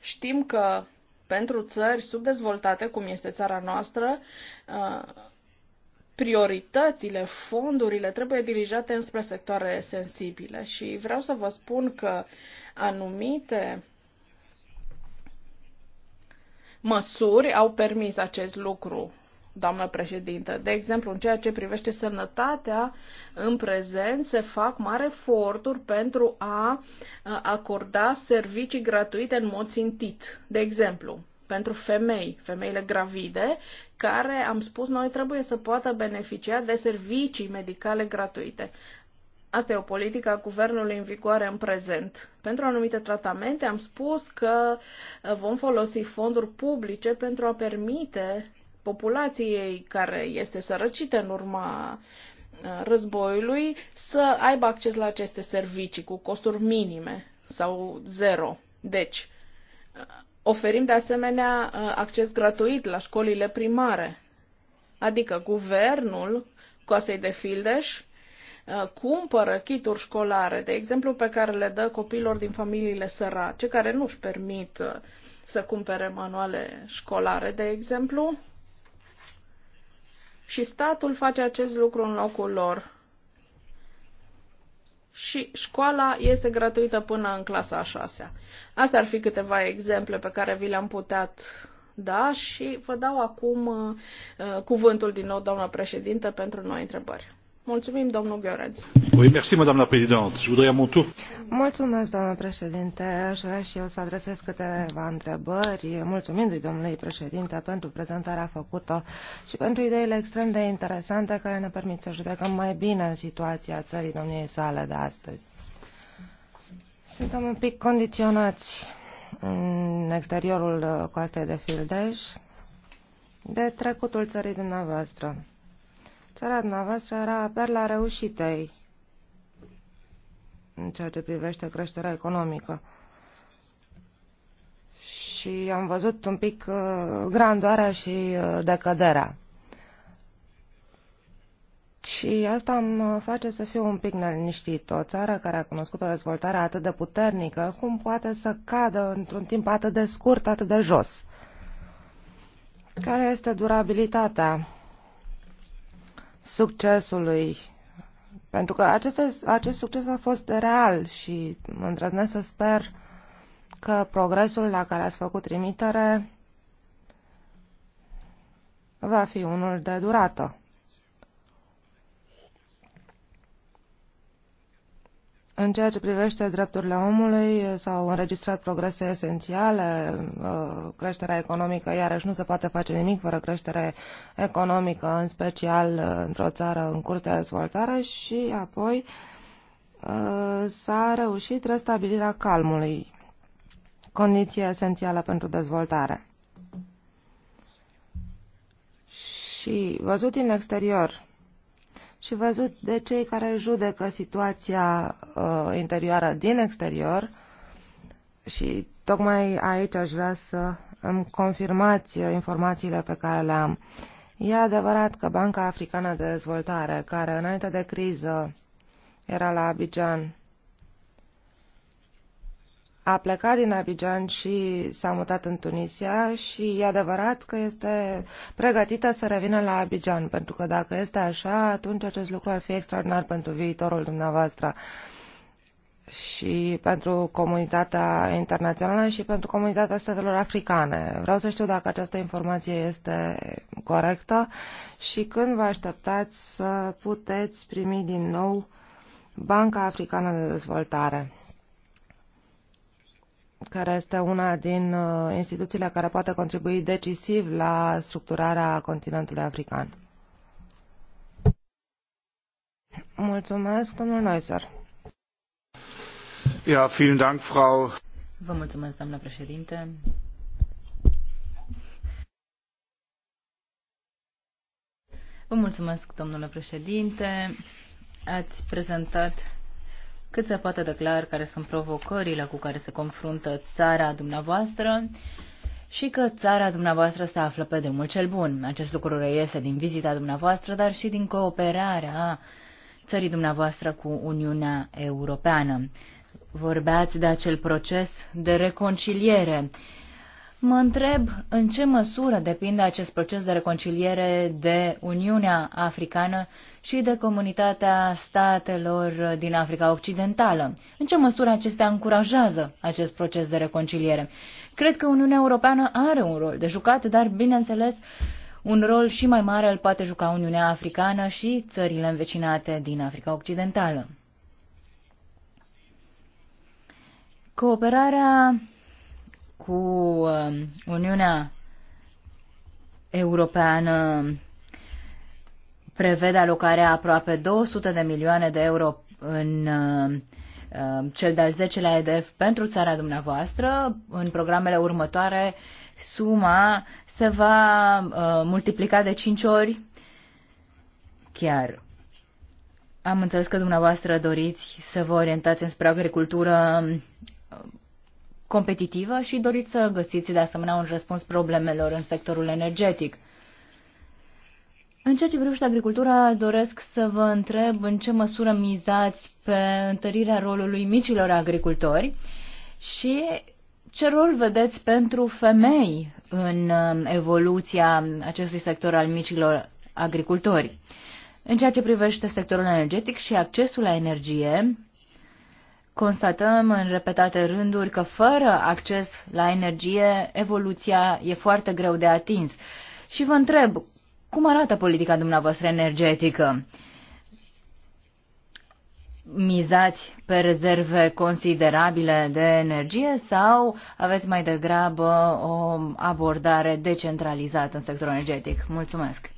Știm că pentru țări subdezvoltate, cum este țara noastră, uh, prioritățile, fondurile trebuie dirijate înspre sectoare sensibile și vreau să vă spun că anumite măsuri au permis acest lucru, doamnă președintă. De exemplu, în ceea ce privește sănătatea, în prezent se fac mari eforturi pentru a acorda servicii gratuite în mod țintit. De exemplu, pentru femei, femeile gravide, care, am spus, noi trebuie să poată beneficia de servicii medicale gratuite. Asta e o politică a guvernului în vigoare în prezent. Pentru anumite tratamente am spus că uh, vom folosi fonduri publice pentru a permite populației care este sărăcită în urma uh, războiului să aibă acces la aceste servicii cu costuri minime sau zero. Deci, uh, Oferim de asemenea uh, acces gratuit la școlile primare, adică guvernul Coasei de Fildeș uh, cumpără kituri școlare, de exemplu, pe care le dă copiilor din familiile sărace, care nu își permit uh, să cumpere manuale școlare, de exemplu, și statul face acest lucru în locul lor și școala este gratuită până în clasa a șasea. Astea ar fi câteva exemple pe care vi le-am putut da și vă dau acum uh, cuvântul din nou, doamna președintă, pentru noi întrebări. Mulțumim, domnul Gheorez. Oui, merci, madame Mulțumesc, doamnă președinte. Aș vrea și eu să adresez câteva întrebări, mulțumindu-i domnului președinte pentru prezentarea făcută și pentru ideile extrem de interesante care ne permit să judecăm mai bine situația țării domniei sale de astăzi. Suntem un pic condiționați în exteriorul coastei de Fildeș de trecutul țării dumneavoastră. Țara dumneavoastră era perla la reușitei în ceea ce privește creșterea economică. Și am văzut un pic uh, grandoarea și uh, decăderea. Și asta îmi uh, face să fiu un pic neliniștit. O țară care a cunoscut o dezvoltare atât de puternică, cum poate să cadă într-un timp atât de scurt, atât de jos? Care este durabilitatea succesului, pentru că acest, acest succes a fost real și mă îndrăznesc să sper că progresul la care ați făcut trimitere va fi unul de durată. În ceea ce privește drepturile omului, s-au înregistrat progrese esențiale, uh, creșterea economică, iarăși nu se poate face nimic fără creștere economică, în special uh, într-o țară în curs de dezvoltare și apoi uh, s-a reușit restabilirea calmului, condiție esențială pentru dezvoltare. Și văzut din exterior, și văzut de cei care judecă situația uh, interioară din exterior și tocmai aici aș vrea să îmi confirmați informațiile pe care le am. E adevărat că Banca Africană de Dezvoltare, care înainte de criză era la Abidjan a plecat din Abidjan și s-a mutat în Tunisia și e adevărat că este pregătită să revină la Abidjan, pentru că dacă este așa, atunci acest lucru ar fi extraordinar pentru viitorul dumneavoastră și pentru comunitatea internațională și pentru comunitatea statelor africane. Vreau să știu dacă această informație este corectă și când vă așteptați să puteți primi din nou Banca Africană de Dezvoltare care este una din uh, instituțiile care poate contribui decisiv la structurarea continentului african. Mulțumesc, domnul Neuser. Ja, vielen Dank, Frau. Vă mulțumesc, doamnă președinte. Vă mulțumesc, domnule președinte. Ați prezentat cât se poate de clar care sunt provocările cu care se confruntă țara dumneavoastră și că țara dumneavoastră se află pe drumul cel bun. Acest lucru reiese din vizita dumneavoastră, dar și din cooperarea țării dumneavoastră cu Uniunea Europeană. Vorbeați de acel proces de reconciliere Mă întreb în ce măsură depinde acest proces de reconciliere de Uniunea Africană și de comunitatea statelor din Africa Occidentală. În ce măsură acestea încurajează acest proces de reconciliere? Cred că Uniunea Europeană are un rol de jucat, dar, bineînțeles, un rol și mai mare îl poate juca Uniunea Africană și țările învecinate din Africa Occidentală. Cooperarea cu um, Uniunea Europeană prevede alocarea aproape 200 de milioane de euro în um, um, cel de-al 10-lea EDF pentru țara dumneavoastră. În programele următoare, suma se va uh, multiplica de 5 ori chiar. Am înțeles că dumneavoastră doriți să vă orientați înspre agricultură competitivă și doriți să găsiți de asemenea un răspuns problemelor în sectorul energetic. În ceea ce privește agricultura, doresc să vă întreb în ce măsură mizați pe întărirea rolului micilor agricultori și ce rol vedeți pentru femei în um, evoluția acestui sector al micilor agricultori? În ceea ce privește sectorul energetic și accesul la energie, constatăm în repetate rânduri că fără acces la energie, evoluția e foarte greu de atins. Și vă întreb, cum arată politica dumneavoastră energetică? mizați pe rezerve considerabile de energie sau aveți mai degrabă o abordare decentralizată în sectorul energetic? Mulțumesc!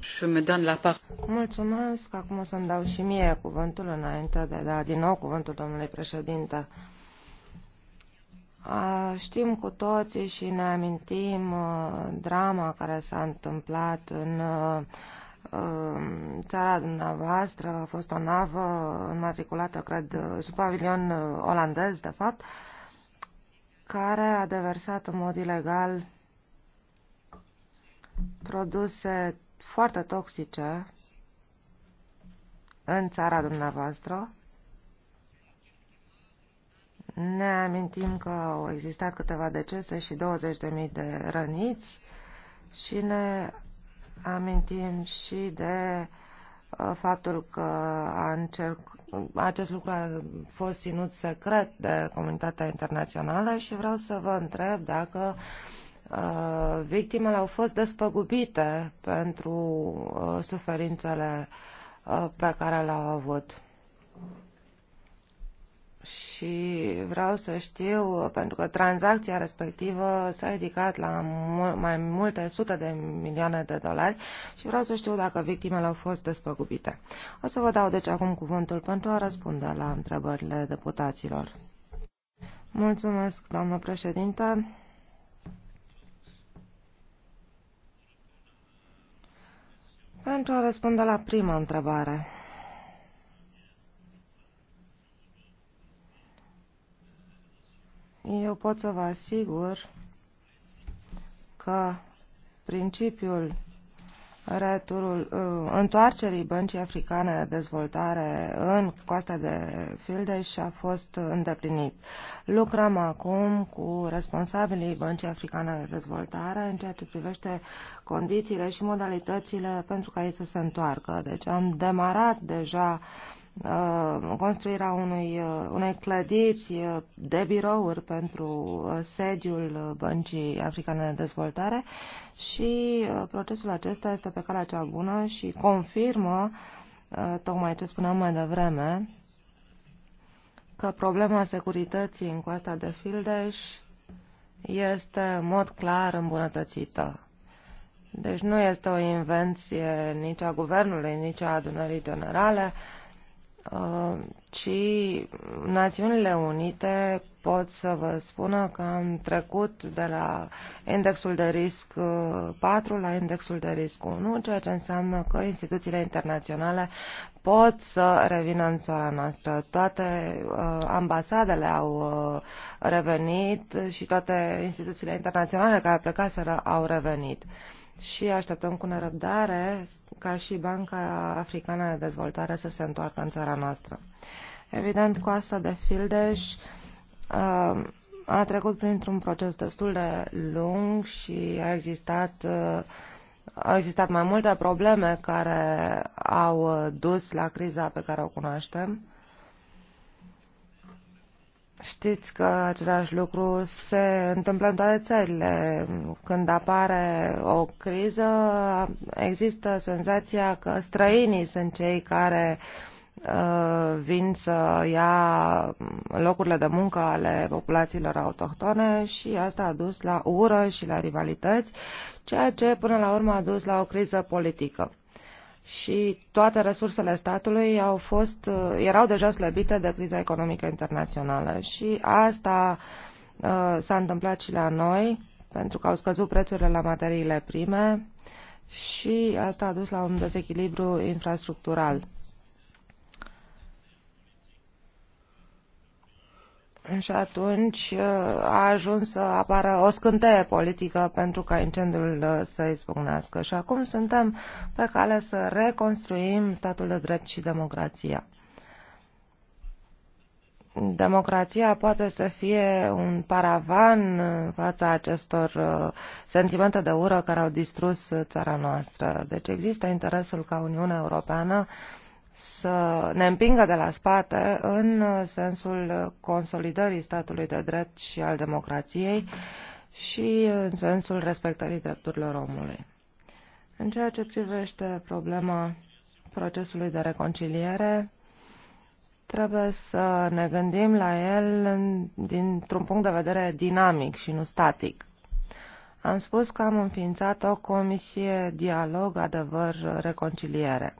Mulțumesc! Acum o să-mi dau și mie cuvântul înainte de a da din nou cuvântul domnului președinte. Știm cu toții și ne amintim uh, drama care s-a întâmplat în uh, Ehm, țara dumneavoastră a fost o navă înmatriculată, cred, sub pavilion uh, olandez, de fapt, care a deversat în mod ilegal produse foarte toxice în țara dumneavoastră. Ne amintim că au existat câteva decese și 20.000 de răniți și ne Amintim și de uh, faptul că a încerc, acest lucru a fost ținut secret de comunitatea internațională și vreau să vă întreb dacă uh, victimele au fost despăgubite pentru uh, suferințele pe care le-au avut și vreau să știu, pentru că tranzacția respectivă s-a ridicat la mai multe sute de milioane de dolari și vreau să știu dacă victimele au fost despăgubite. O să vă dau deci acum cuvântul pentru a răspunde la întrebările deputaților. Mulțumesc, doamnă președinte. Pentru a răspunde la prima întrebare. eu pot să vă asigur că principiul returul, uh, întoarcerii băncii africane de dezvoltare în coasta de Fildeș a fost îndeplinit. Lucrăm acum cu responsabilii băncii africane de dezvoltare în ceea ce privește condițiile și modalitățile pentru ca ei să se întoarcă. Deci am demarat deja uh, Uh, construirea unui, uh, unei clădiri uh, de birouri pentru sediul Băncii Africane de Dezvoltare și procesul acesta este pe calea cea bună și confirmă tocmai ce spuneam mai devreme că problema securității în coasta de Fildeș este în mod clar îmbunătățită. Deci nu este o invenție nici a guvernului, nici a adunării generale, Uh, ci Națiunile Unite pot să vă spună că am trecut de la indexul de risc 4 uh, la indexul de risc 1, ceea ce înseamnă că instituțiile internaționale pot să revină în țara noastră. Toate uh, ambasadele au uh, revenit și toate instituțiile internaționale care plecaseră au revenit. Uh, și așteptăm cu nerăbdare ca și Banca Africană de Dezvoltare să se întoarcă în țara noastră. Evident, coasta de Fildeș uh, a trecut printr-un proces destul de lung și a existat, uh, au existat mai multe probleme care au dus la criza pe care o cunoaștem. Știți că același lucru se întâmplă în toate țările. Când apare o criză, există senzația că străinii sunt cei care uh, vin să ia locurile de muncă ale populațiilor autohtone și asta a dus la ură și la rivalități, ceea ce până la urmă a dus la o criză politică și toate resursele statului au fost, uh, erau deja slăbite de criza economică internațională. Și asta uh, s-a întâmplat și la noi, pentru că au scăzut prețurile la materiile prime și asta a dus la un dezechilibru infrastructural. Și atunci uh, a ajuns să apară o scânteie politică pentru ca incendiul uh, să izbucnească. Și acum suntem pe cale să reconstruim statul de drept și democrația. Democrația poate să fie un paravan în uh, fața acestor sentimente de ură care au distrus țara noastră. Deci există interesul ca Uniunea Europeană să ne împingă de la spate în sensul consolidării statului de drept și al democrației și în sensul respectării drepturilor omului. În ceea ce privește problema procesului de reconciliere, trebuie să ne gândim la el dintr-un punct de vedere dinamic și nu static. Am spus că am înființat o comisie dialog adevăr reconciliere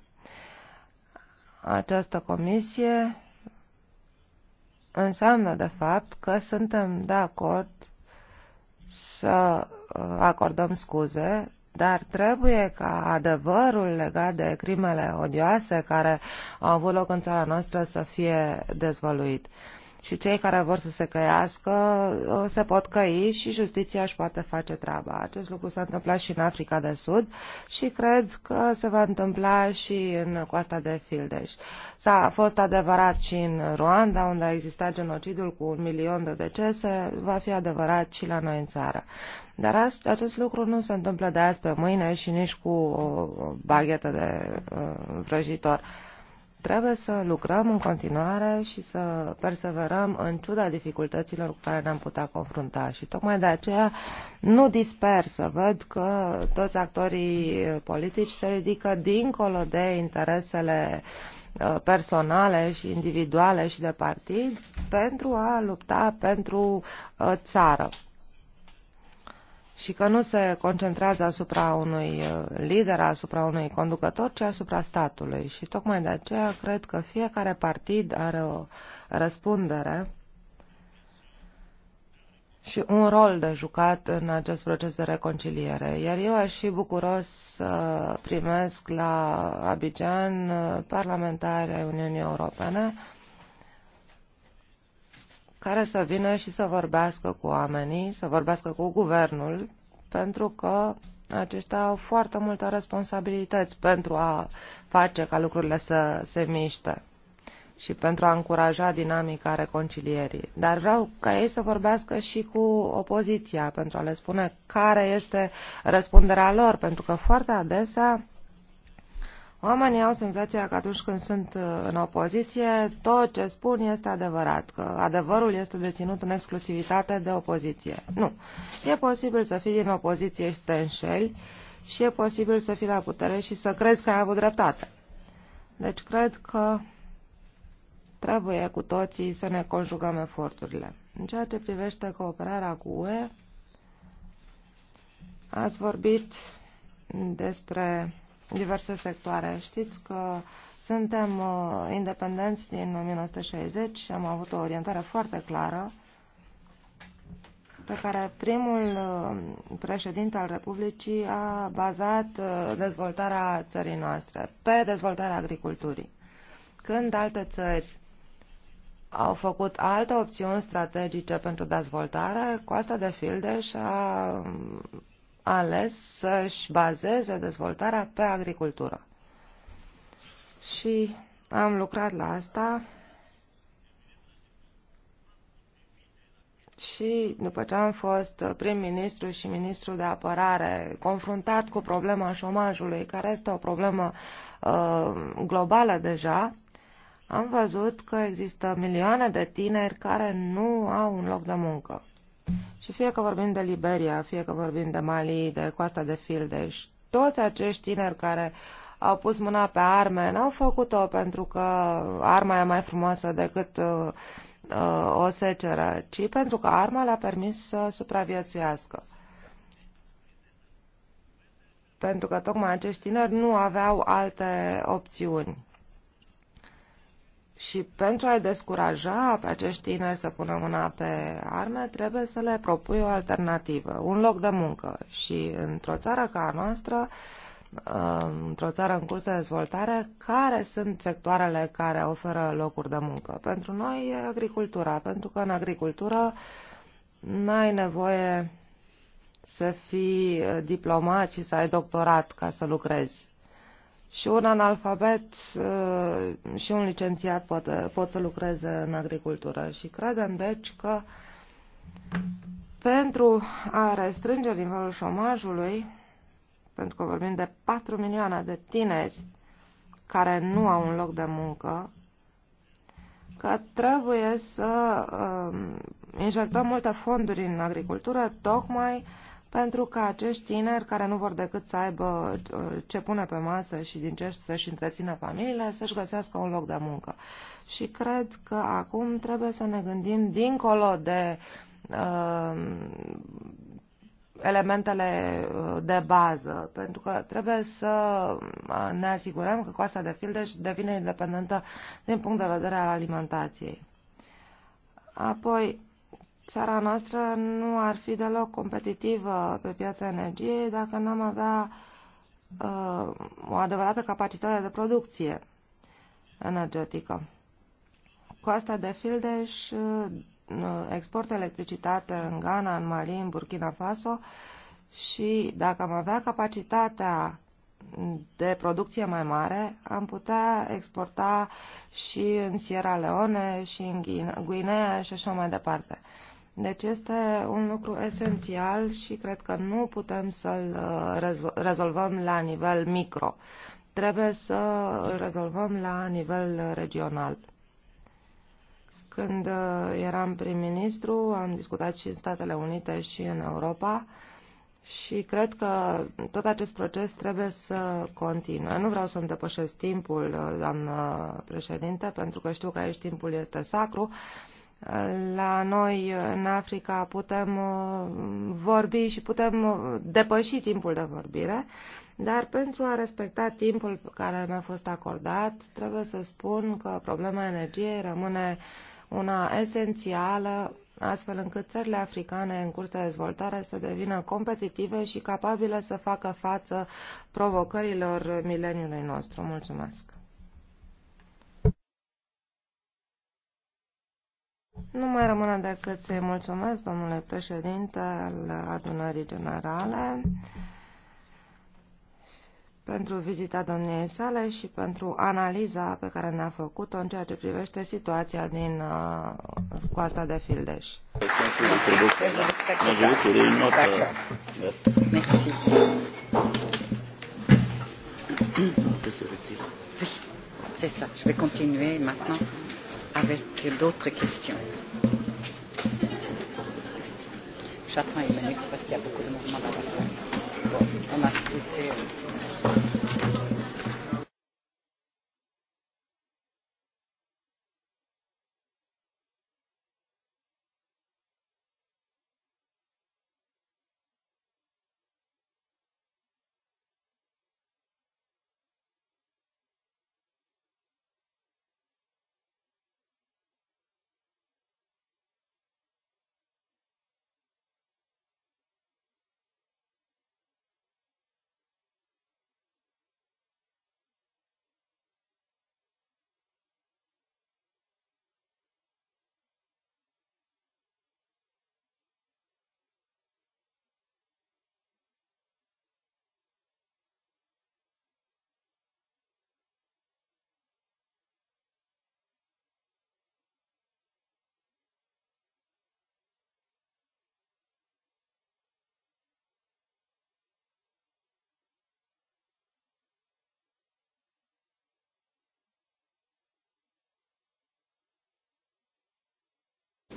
această comisie înseamnă, de fapt, că suntem de acord să uh, acordăm scuze, dar trebuie ca adevărul legat de crimele odioase care au avut loc în țara noastră să fie dezvăluit. Uh, și cei care vor să se căiască uh, se pot căi și justiția își poate face treaba. Acest lucru s-a întâmplat și în Africa de Sud și cred că se va întâmpla și în coasta de Fildeș. S-a fost adevărat și în Rwanda, unde a existat genocidul cu un milion de decese, va fi adevărat și la noi în țară. Dar acest lucru nu se întâmplă de azi pe mâine și nici cu o baghetă de uh, vrăjitor. Uh, Trebuie să lucrăm în continuare și să perseverăm în ciuda dificultăților cu care ne-am putea confrunta și tocmai de aceea nu disper să văd că toți actorii politici se ridică dincolo de interesele uh, personale și individuale și de partid pentru a lupta pentru uh, țară și că nu se concentrează asupra unui uh, lider, asupra unui conducător, ci asupra statului. Și tocmai de aceea cred că fiecare partid are o răspundere și un rol de jucat în acest proces de reconciliere. Iar eu aș fi bucuros să primesc la Abidjan uh, parlamentari Uniunii Europene care să vină și să vorbească cu oamenii, să vorbească cu guvernul, pentru că aceștia au foarte multe responsabilități pentru a face ca lucrurile să se miște și pentru a încuraja dinamica reconcilierii. Dar vreau ca ei să vorbească și cu opoziția pentru a le spune care este răspunderea lor, pentru că foarte adesea Oamenii au senzația că atunci când sunt uh, în opoziție, tot ce spun este adevărat, că adevărul este deținut în exclusivitate de opoziție. Nu. E posibil să fii din opoziție și să te înșeli și e posibil să fii la putere și să crezi că ai avut dreptate. Deci cred că trebuie cu toții să ne conjugăm eforturile. În ceea ce privește cooperarea cu UE, ați vorbit despre diverse sectoare. Știți că suntem uh, independenți din 1960 și am avut o orientare foarte clară pe care primul uh, președinte al Republicii a bazat uh, dezvoltarea țării noastre pe dezvoltarea agriculturii. Când alte țări au făcut alte opțiuni strategice pentru dezvoltare, Coasta de Fildeș a ales să-și bazeze dezvoltarea pe agricultură. Și am lucrat la asta și după ce am fost prim-ministru și ministru de apărare, confruntat cu problema șomajului, care este o problemă uh, globală deja, am văzut că există milioane de tineri care nu au un loc de muncă. Și fie că vorbim de Liberia, fie că vorbim de Mali, de coasta de Fildeș, toți acești tineri care au pus mâna pe arme, n-au făcut-o pentru că arma e mai frumoasă decât uh, uh, o seceră, ci pentru că arma le-a permis să supraviețuiască. Pentru că tocmai acești tineri nu aveau alte opțiuni. Și pentru a-i descuraja pe acești tineri să pună mâna pe arme, trebuie să le propui o alternativă, un loc de muncă. Și într-o țară ca a noastră, uh, într-o țară în curs de dezvoltare, care sunt sectoarele care oferă locuri de muncă? Pentru noi e agricultura, pentru că în agricultură n-ai nevoie să fii diplomat și să ai doctorat ca să lucrezi și un analfabet uh, și un licențiat poate, uh, pot să lucreze în agricultură. Și credem, deci, că pentru a restrânge nivelul șomajului, pentru că vorbim de 4 milioane de tineri care nu au un loc de muncă, că trebuie să uh, injectăm multe fonduri în agricultură, tocmai uh, pentru că acești tineri care nu vor decât să aibă uh, ce pune pe masă și din ce să-și întrețină familiile, să-și găsească un loc de muncă. Și cred că acum trebuie să ne gândim dincolo de uh, elementele uh, de bază, pentru că trebuie să uh, ne asigurăm că coasta de fildeș devine independentă din punct de vedere al alimentației. Apoi, țara noastră nu ar fi deloc competitivă pe piața energiei dacă n-am avea uh, o adevărată capacitate de producție energetică. Coasta de Fildeș uh, exportă electricitate în Ghana, în Mali, în Burkina Faso și dacă am avea capacitatea de producție mai mare, am putea exporta și în Sierra Leone, și în Guinea și așa mai departe. Deci este un lucru esențial și cred că nu putem să-l uh, rezolvăm la nivel micro. Trebuie să îl rezolvăm la nivel regional. Când uh, eram prim-ministru, am discutat și în Statele Unite și în Europa și cred că tot acest proces trebuie să continue. Nu vreau să-mi depășesc timpul, uh, doamnă președinte, pentru că știu că aici timpul este sacru, la noi, în Africa, putem uh, vorbi și putem uh, depăși timpul de vorbire, dar pentru a respecta timpul care mi-a fost acordat, trebuie să spun că problema energiei rămâne una esențială astfel încât țările africane în curs de dezvoltare să devină competitive și capabile să facă față provocărilor mileniului nostru. Mulțumesc! Nu mai rămâne decât să-i mulțumesc, domnule președinte, al adunării generale pentru vizita domniei sale și pentru analiza pe care ne-a făcut-o în ceea ce privește situația din uh, coasta de Fildeș. Mulțumesc avec d'autres questions. J'attends une minute parce qu'il y a beaucoup de mouvements dans la salle. Bon, on a poussé.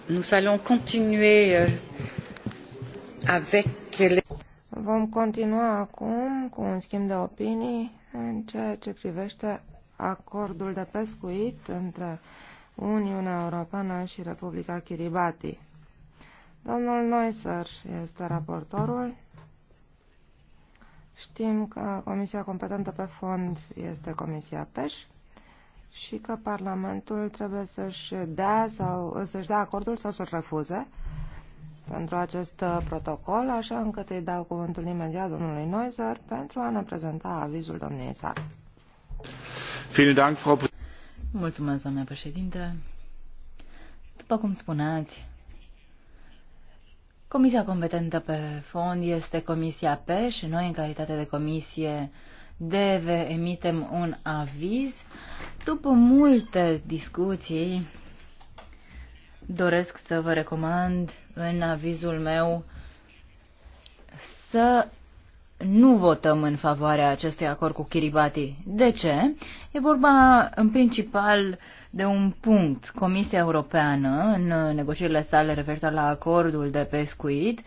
Nous allons continuer euh, avec les... Vom continua acum cu un schimb de opinii în ceea ce privește acordul de pescuit între Uniunea Europeană și Republica Kiribati. Domnul Neusser este raportorul. Știm că Comisia competentă pe fond este Comisia Pesc și că Parlamentul trebuie să-și dea, sau, să-și dea acordul sau să-l refuze pentru acest protocol, așa încât îi dau cuvântul imediat domnului Noizer pentru a ne prezenta avizul domniei sale. Mulțumesc, doamne președinte. După cum spuneați, Comisia competentă pe fond este Comisia P și noi, în calitate de comisie, uh, deve emitem un aviz. După multe discuții, doresc să vă recomand în avizul meu să nu votăm în favoarea acestui acord cu Kiribati. De ce? E vorba în principal de un punct. Comisia Europeană, în negocierile sale referitoare la acordul de pescuit,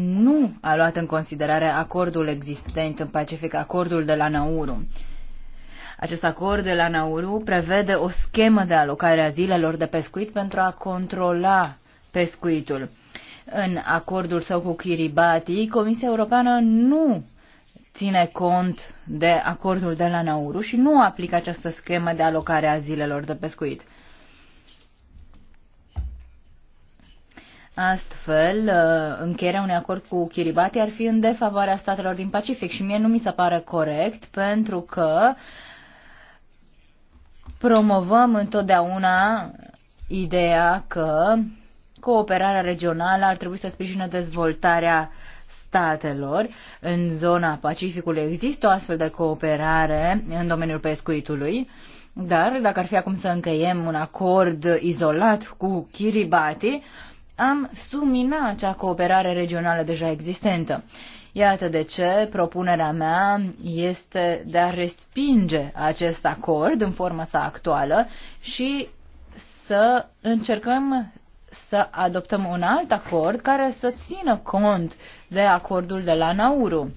nu a luat în considerare acordul existent în Pacific, acordul de la Nauru. Acest acord de la Nauru prevede o schemă de alocare a zilelor de pescuit pentru a controla pescuitul. În acordul său cu Kiribati, Comisia Europeană nu ține cont de acordul de la Nauru și nu aplică această schemă de alocare a zilelor de pescuit. Astfel, uh, încheierea unui acord cu Kiribati ar fi în defavoarea statelor din Pacific și mie nu mi se pare corect pentru că promovăm întotdeauna ideea că cooperarea regională ar trebui să sprijină dezvoltarea statelor. În zona Pacificului există o astfel de cooperare în domeniul pescuitului, dar dacă ar fi acum să încheiem un acord izolat cu Kiribati, am sumina acea cooperare regională deja existentă. Iată de ce propunerea mea este de a respinge acest acord în forma sa actuală și să încercăm să adoptăm un alt acord care să țină cont de acordul de la Nauru.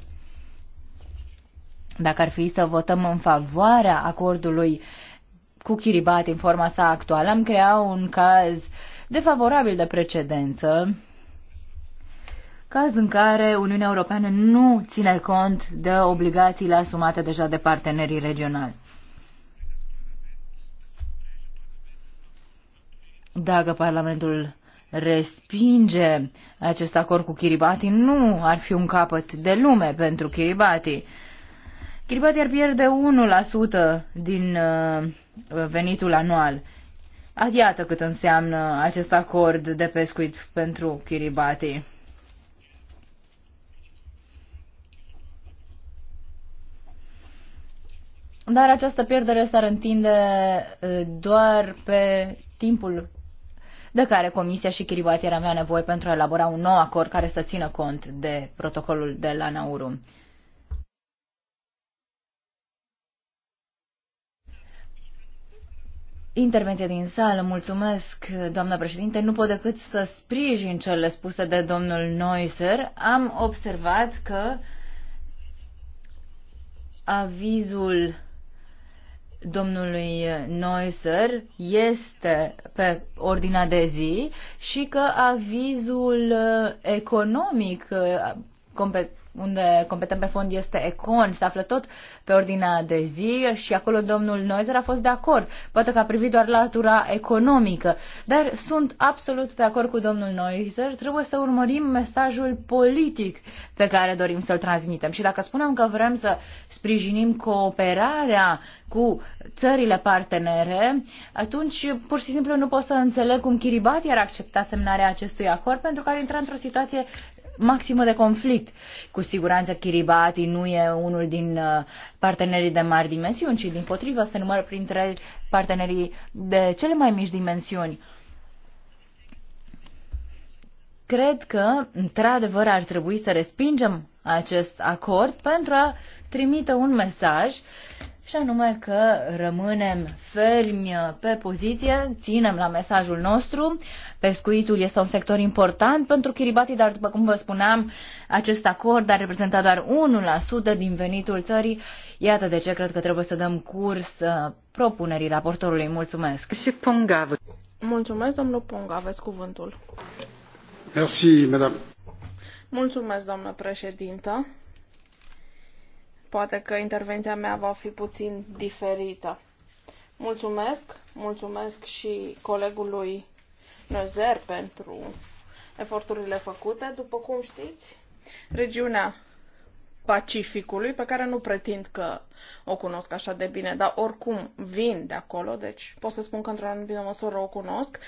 Dacă ar fi să votăm în favoarea acordului cu Kiribati în forma sa actuală, am crea un caz uh, defavorabil de precedență, caz în care Uniunea Europeană nu ține cont de obligațiile asumate deja de partenerii regionali. Dacă Parlamentul respinge acest acord cu Kiribati, nu ar fi un capăt de lume pentru Kiribati. Kiribati ar pierde 1% din uh, venitul anual. Ah, iată cât înseamnă acest acord de pescuit pentru Kiribati. Dar această pierdere s-ar întinde eh, doar pe timpul de care Comisia și Kiribati ar avea nevoie pentru a elabora un nou acord care să țină cont de protocolul de la Nauru. Intervenție din sală. Mulțumesc, doamna președinte. Nu pot decât să sprijin cele spuse de domnul Noiser. Am observat că avizul domnului Noiser este pe ordinea de zi și că avizul economic unde competent pe fond este Econ, se află tot pe ordinea de zi și acolo domnul Noizer a fost de acord. Poate că a privit doar latura economică, dar sunt absolut de acord cu domnul Noizer. Trebuie să urmărim mesajul politic pe care dorim să-l transmitem. Și dacă spunem că vrem să sprijinim cooperarea cu țările partenere, atunci pur și simplu nu pot să înțeleg cum Kiribati ar accepta semnarea acestui acord pentru că ar intra într-o situație maximă de conflict. Cu siguranță Kiribati nu e unul din uh, partenerii de mari dimensiuni, ci din potrivă se numără printre partenerii de cele mai mici dimensiuni. Cred că, într-adevăr, ar trebui să respingem acest acord pentru a trimite un mesaj și anume că rămânem fermi pe poziție, ținem la mesajul nostru. Pescuitul este un sector important pentru Kiribati, dar după cum vă spuneam, acest acord a reprezentat doar 1% din venitul țării. Iată de ce cred că trebuie să dăm curs uh, propunerii raportorului. Mulțumesc. Și Pongav. Mulțumesc, domnul Ponga, aveți cuvântul. Merci, madame. Mulțumesc, doamnă președintă. Poate că intervenția mea va fi puțin diferită. Mulțumesc, mulțumesc și colegului Nozer pentru eforturile făcute. După cum știți, regiunea Pacificului, pe care nu pretind că o cunosc așa de bine, dar oricum vin de acolo, deci pot să spun că într-o anumită măsură o cunosc.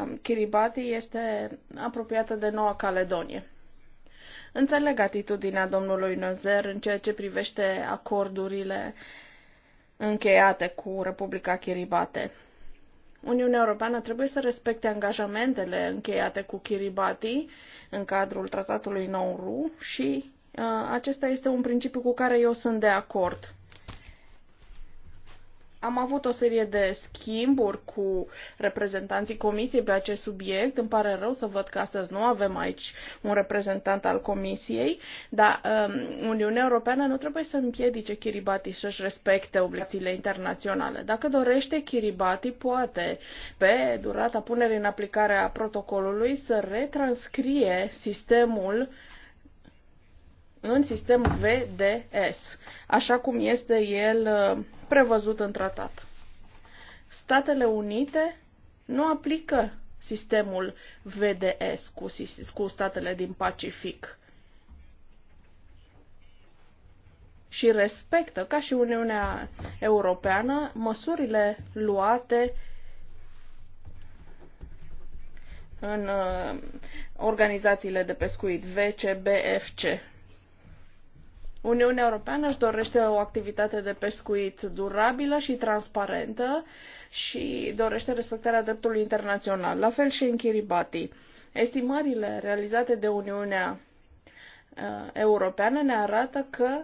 Um, Kiribati este apropiată de Noua Caledonie. Înțeleg atitudinea domnului Nozer în ceea ce privește acordurile încheiate cu Republica Chiribate. Uniunea Europeană trebuie să respecte angajamentele încheiate cu Kiribati în cadrul tratatului Nauru și uh, acesta este un principiu cu care eu sunt de acord. Am avut o serie de schimburi cu reprezentanții comisiei pe acest subiect. Îmi pare rău să văd că astăzi nu avem aici un reprezentant al comisiei, dar um, Uniunea Europeană nu trebuie să împiedice Kiribati să-și respecte obligațiile internaționale. Dacă dorește, Kiribati poate, pe durata punerii în aplicare a protocolului, să retranscrie sistemul în sistem VDS, așa cum este el uh, prevăzut în tratat. Statele Unite nu aplică sistemul VDS cu, cu statele din Pacific și respectă, ca și Uniunea Europeană, măsurile luate în uh, organizațiile de pescuit VCBFC. Uniunea Europeană își dorește o activitate de pescuit durabilă și transparentă și dorește respectarea dreptului internațional, la fel și în Kiribati. Estimările realizate de Uniunea uh, Europeană ne arată că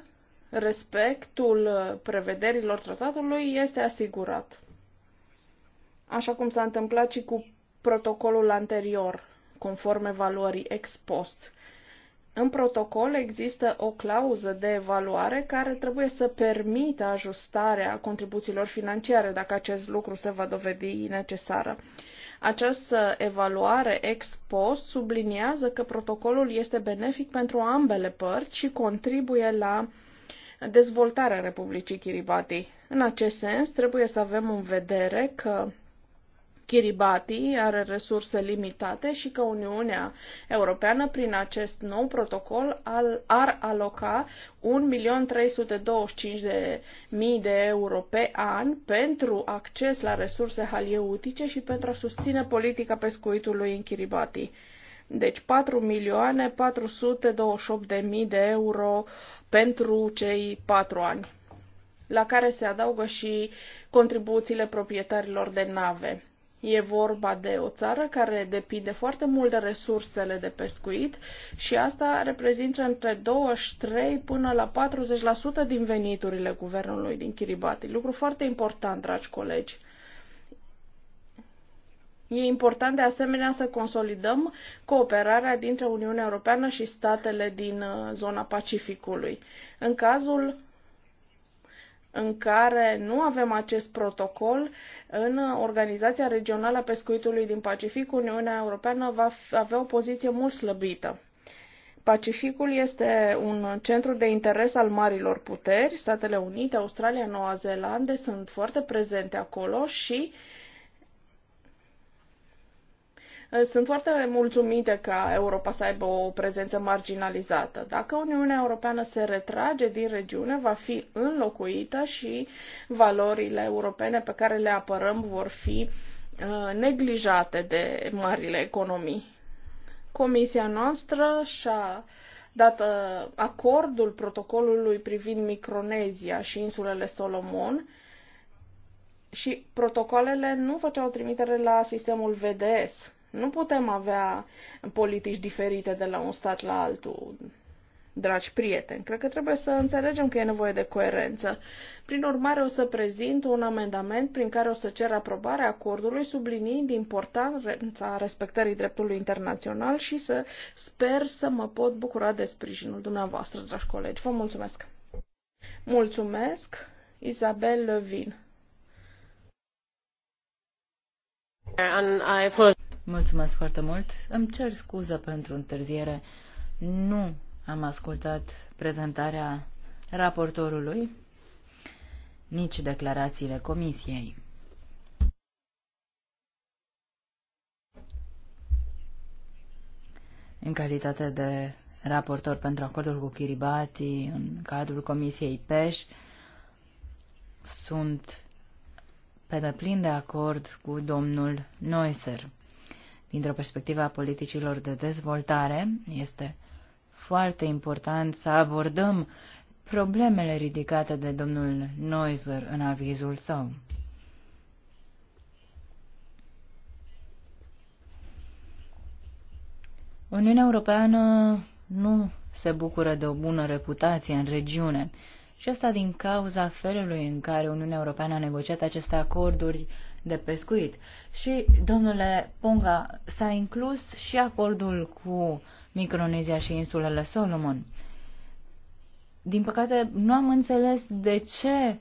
respectul uh, prevederilor tratatului este asigurat. Așa cum s-a întâmplat și cu protocolul anterior, conform evaluării ex post în protocol există o clauză de evaluare care trebuie să permită ajustarea contribuțiilor financiare dacă acest lucru se va dovedi necesară. Această evaluare ex post subliniază că protocolul este benefic pentru ambele părți și contribuie la dezvoltarea Republicii Kiribati. În acest sens, trebuie să avem în vedere că Kiribati are resurse limitate și că Uniunea Europeană, prin acest nou protocol, ar aloca 1.325.000 de euro pe an pentru acces la resurse halieutice și pentru a susține politica pescuitului în Kiribati. Deci 4.428.000 de euro pentru cei patru ani, la care se adaugă și contribuțiile proprietarilor de nave. E vorba de o țară care depinde foarte mult de resursele de pescuit și asta reprezintă între 23 până la 40% din veniturile guvernului din Kiribati. Lucru foarte important, dragi colegi. E important de asemenea să consolidăm cooperarea dintre Uniunea Europeană și statele din uh, zona Pacificului. În cazul în care nu avem acest protocol, în Organizația Regională a Pescuitului din Pacific, Uniunea Europeană va avea o poziție mult slăbită. Pacificul este un centru de interes al marilor puteri. Statele Unite, Australia, Noua Zeelandă sunt foarte prezente acolo și uh, sunt foarte mulțumite ca Europa să aibă o prezență marginalizată. Dacă Uniunea Europeană se retrage din regiune, va fi înlocuită și valorile europene pe care le apărăm vor fi uh, neglijate de marile economii. Comisia noastră și-a dat uh, acordul protocolului privind Micronezia și insulele Solomon, și protocoalele nu făceau trimitere la sistemul VDS. Nu putem avea politici diferite de la un stat la altul, dragi prieteni. Cred că trebuie să înțelegem că e nevoie de coerență. Prin urmare, o să prezint un amendament prin care o să cer aprobarea acordului, subliniind importanța respectării dreptului internațional și să sper să mă pot bucura de sprijinul dumneavoastră, dragi colegi. Vă mulțumesc! Mulțumesc, Isabel Levin. And I Mulțumesc foarte mult. Îmi cer scuză pentru întârziere. Nu am ascultat prezentarea raportorului, nici declarațiile comisiei. În calitate de raportor pentru acordul cu Kiribati, în cadrul comisiei PES, sunt pe deplin de acord cu domnul Neusser dintr-o perspectivă a politicilor de dezvoltare, este foarte important să abordăm problemele ridicate de domnul Neuser în avizul său. Uniunea Europeană nu se bucură de o bună reputație în regiune și asta din cauza felului în care Uniunea Europeană a negociat aceste acorduri de pescuit. Și, domnule Ponga, s-a inclus și acordul cu Micronezia și insulele Solomon. Din păcate, nu am înțeles de ce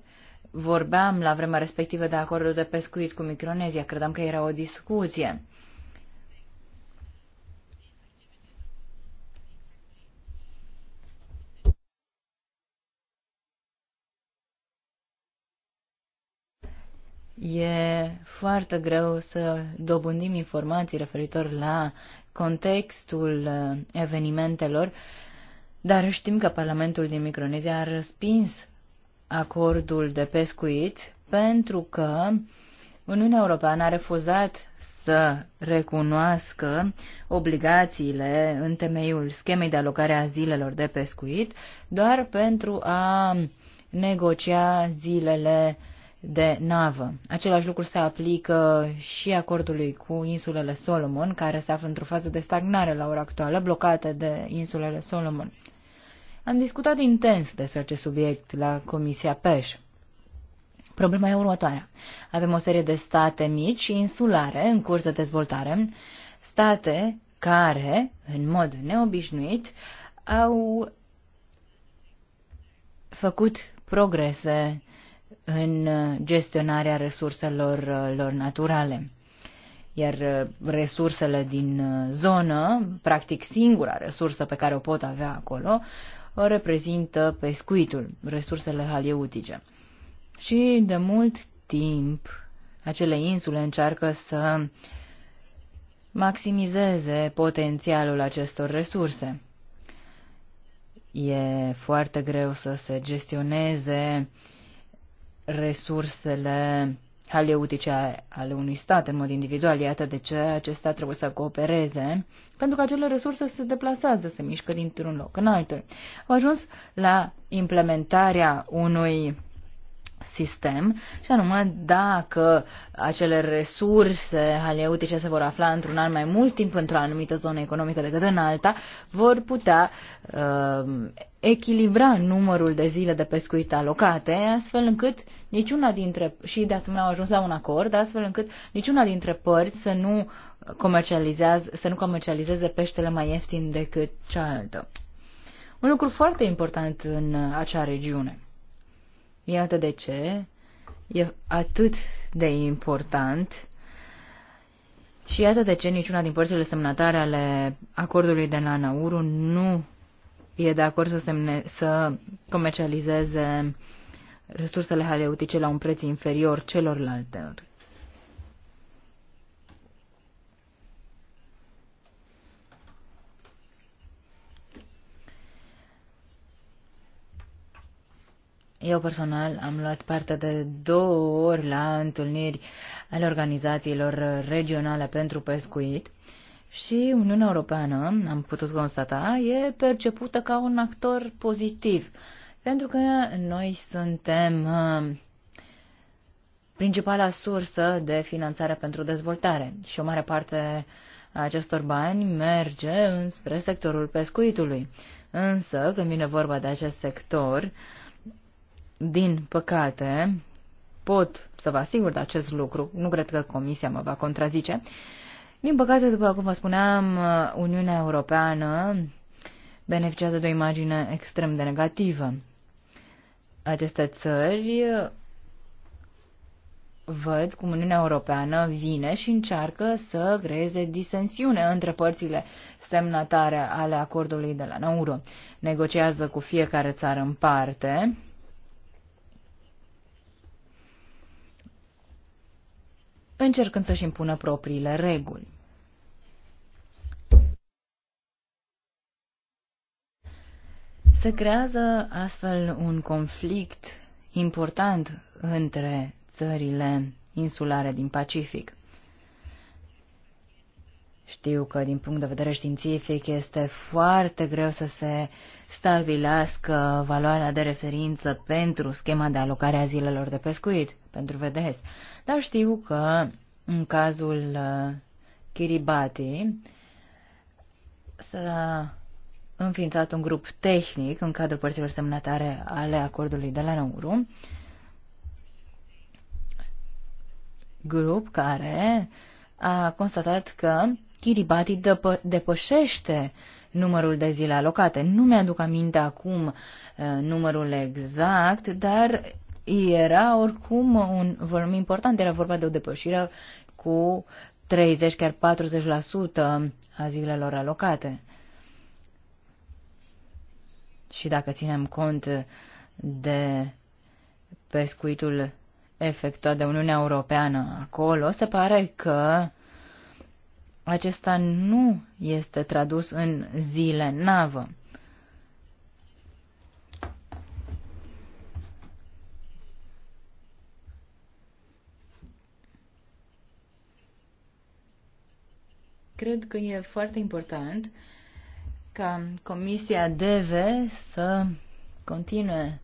vorbeam la vremea respectivă de acordul de pescuit cu Micronezia. Credeam că era o discuție. E foarte greu să dobândim informații referitor la contextul uh, evenimentelor, dar știm că Parlamentul din Micronezia a răspins acordul de pescuit pentru că Uniunea Europeană a refuzat să recunoască obligațiile în temeiul schemei de alocare a zilelor de pescuit doar pentru a negocia zilele uh, de navă. Același lucru se aplică și acordului cu insulele Solomon, care se află într-o fază de stagnare la ora actuală, blocată de insulele Solomon. Am discutat intens despre acest subiect la Comisia PEș. Problema e următoarea. Avem o serie de state mici și insulare în curs de dezvoltare, state care, în mod neobișnuit, au făcut progrese în gestionarea resurselor uh, lor naturale. Iar uh, resursele din uh, zonă, practic singura resursă pe care o pot avea acolo, o reprezintă pescuitul, resursele halieutice. Și de mult timp acele insule încearcă să maximizeze potențialul acestor resurse. E foarte greu să se gestioneze uh, resursele haleutice ale unui stat în mod individual. Iată de ce acesta trebuie să coopereze, pentru că acele resurse se deplasează, se mișcă dintr-un loc în altul. Au ajuns la implementarea unui sistem, și anume dacă acele resurse haleutice se vor afla într-un an mai mult timp într-o anumită zonă economică decât în alta, vor putea uh, echilibra numărul de zile de pescuit alocate, astfel încât niciuna dintre, și de asemenea au ajuns la un acord, astfel încât niciuna dintre părți să nu comercializează, să nu comercializeze peștele mai ieftin decât cealaltă. Un lucru foarte important în acea regiune. Iată de ce e atât de important și iată de ce niciuna din părțile semnatare ale acordului de la Nauru nu e de acord să, semne, să comercializeze resursele haleutice la un preț inferior celorlalte. Eu personal am luat parte de două ori la întâlniri ale organizațiilor regionale pentru pescuit și Uniunea Europeană, am putut constata, e percepută ca un actor pozitiv, pentru că noi suntem uh, principala sursă de finanțare pentru dezvoltare și o mare parte a acestor bani merge înspre sectorul pescuitului. Însă, când vine vorba de acest sector, uh, din păcate, pot să vă asigur de acest lucru, nu cred că Comisia mă va contrazice, din păcate, după cum vă spuneam, Uniunea Europeană beneficiază de o imagine extrem de negativă. Aceste țări văd cum Uniunea Europeană vine și încearcă să creeze disensiune între părțile semnatare ale acordului de la Nauru. Negociază cu fiecare țară în parte, încercând să-și impună propriile reguli. Se creează astfel un conflict important între țările insulare din Pacific. Știu că din punct de vedere științific este foarte greu să se stabilească valoarea de referință pentru schema de alocare a zilelor de pescuit, pentru vedeți. Dar știu că în cazul uh, Kiribati s-a înființat un grup tehnic în cadrul părților semnatare ale acordului de la Nauru, grup care a constatat că Kiribati depă- depășește numărul de zile alocate. Nu mi-aduc aminte acum uh, numărul exact, dar era oricum un volum important, era vorba de o depășire cu 30, chiar 40% a zilelor alocate. Și dacă ținem cont de pescuitul efectuat de Uniunea Europeană acolo, se pare că acesta nu este tradus în zile navă. Cred că e foarte important ca Comisia DV să continue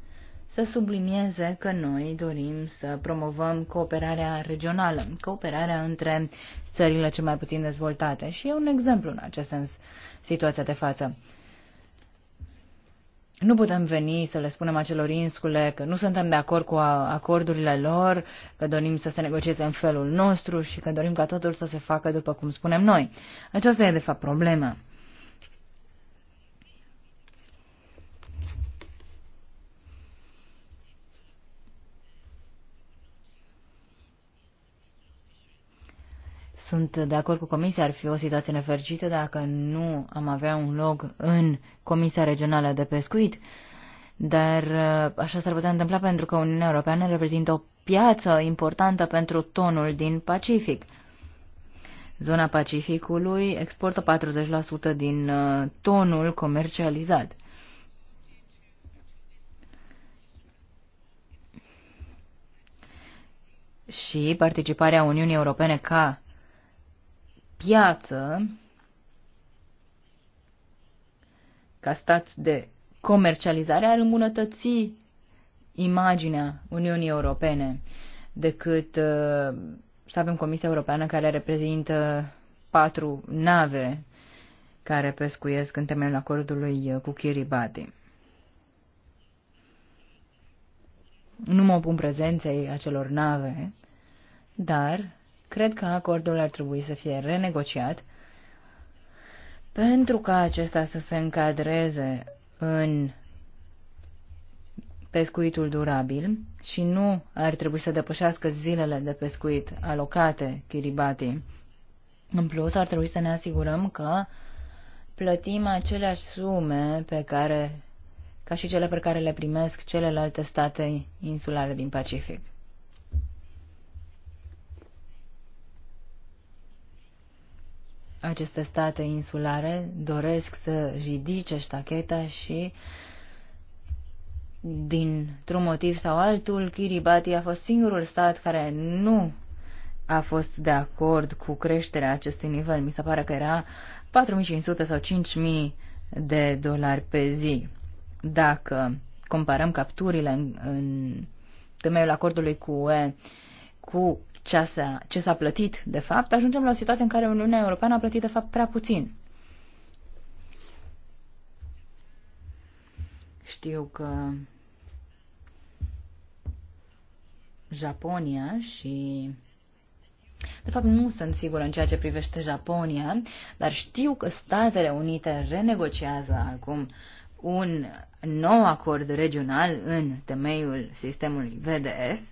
să sublinieze că noi dorim să promovăm cooperarea regională, cooperarea între țările ce mai puțin dezvoltate. Și e un exemplu în acest sens situația de față. Nu putem veni să le spunem acelor insule că nu suntem de acord cu acordurile lor, că dorim să se negocieze în felul nostru și că dorim ca totul să se facă după cum spunem noi. Aceasta e, de fapt, problema. Sunt de acord cu comisia, ar fi o situație nefericită dacă nu am avea un loc în Comisia Regională de Pescuit, dar uh, așa s-ar putea întâmpla pentru că Uniunea Europeană reprezintă o piață importantă pentru tonul din Pacific. Zona Pacificului exportă 40% din uh, tonul comercializat. și participarea Uniunii Europene ca piață, ca stat de comercializare, ar îmbunătăți imaginea Uniunii Europene decât uh, să avem Comisia Europeană care reprezintă patru nave care pescuiesc în temeiul acordului uh, cu Kiribati. Nu mă opun prezenței acelor nave, dar Cred că acordul ar trebui să fie renegociat pentru ca acesta să se încadreze în pescuitul durabil și nu ar trebui să depășească zilele de pescuit alocate Kiribati. În plus, ar trebui să ne asigurăm că plătim aceleași sume pe care, ca și cele pe care le primesc celelalte state insulare din Pacific. aceste state insulare doresc să ridice ștacheta și dintr-un motiv sau altul, Kiribati a fost singurul stat care nu a fost de acord cu creșterea acestui nivel. Mi se pare că era 4500 sau 5000 de dolari pe zi. Dacă comparăm capturile în, în temeiul acordului cu UE cu ce s-a plătit de fapt, ajungem la o situație în care Uniunea Europeană a plătit de fapt prea puțin. Știu că Japonia și de fapt, nu sunt sigură în ceea ce privește Japonia, dar știu că Statele Unite renegociază acum un nou acord regional în temeiul sistemului VDS.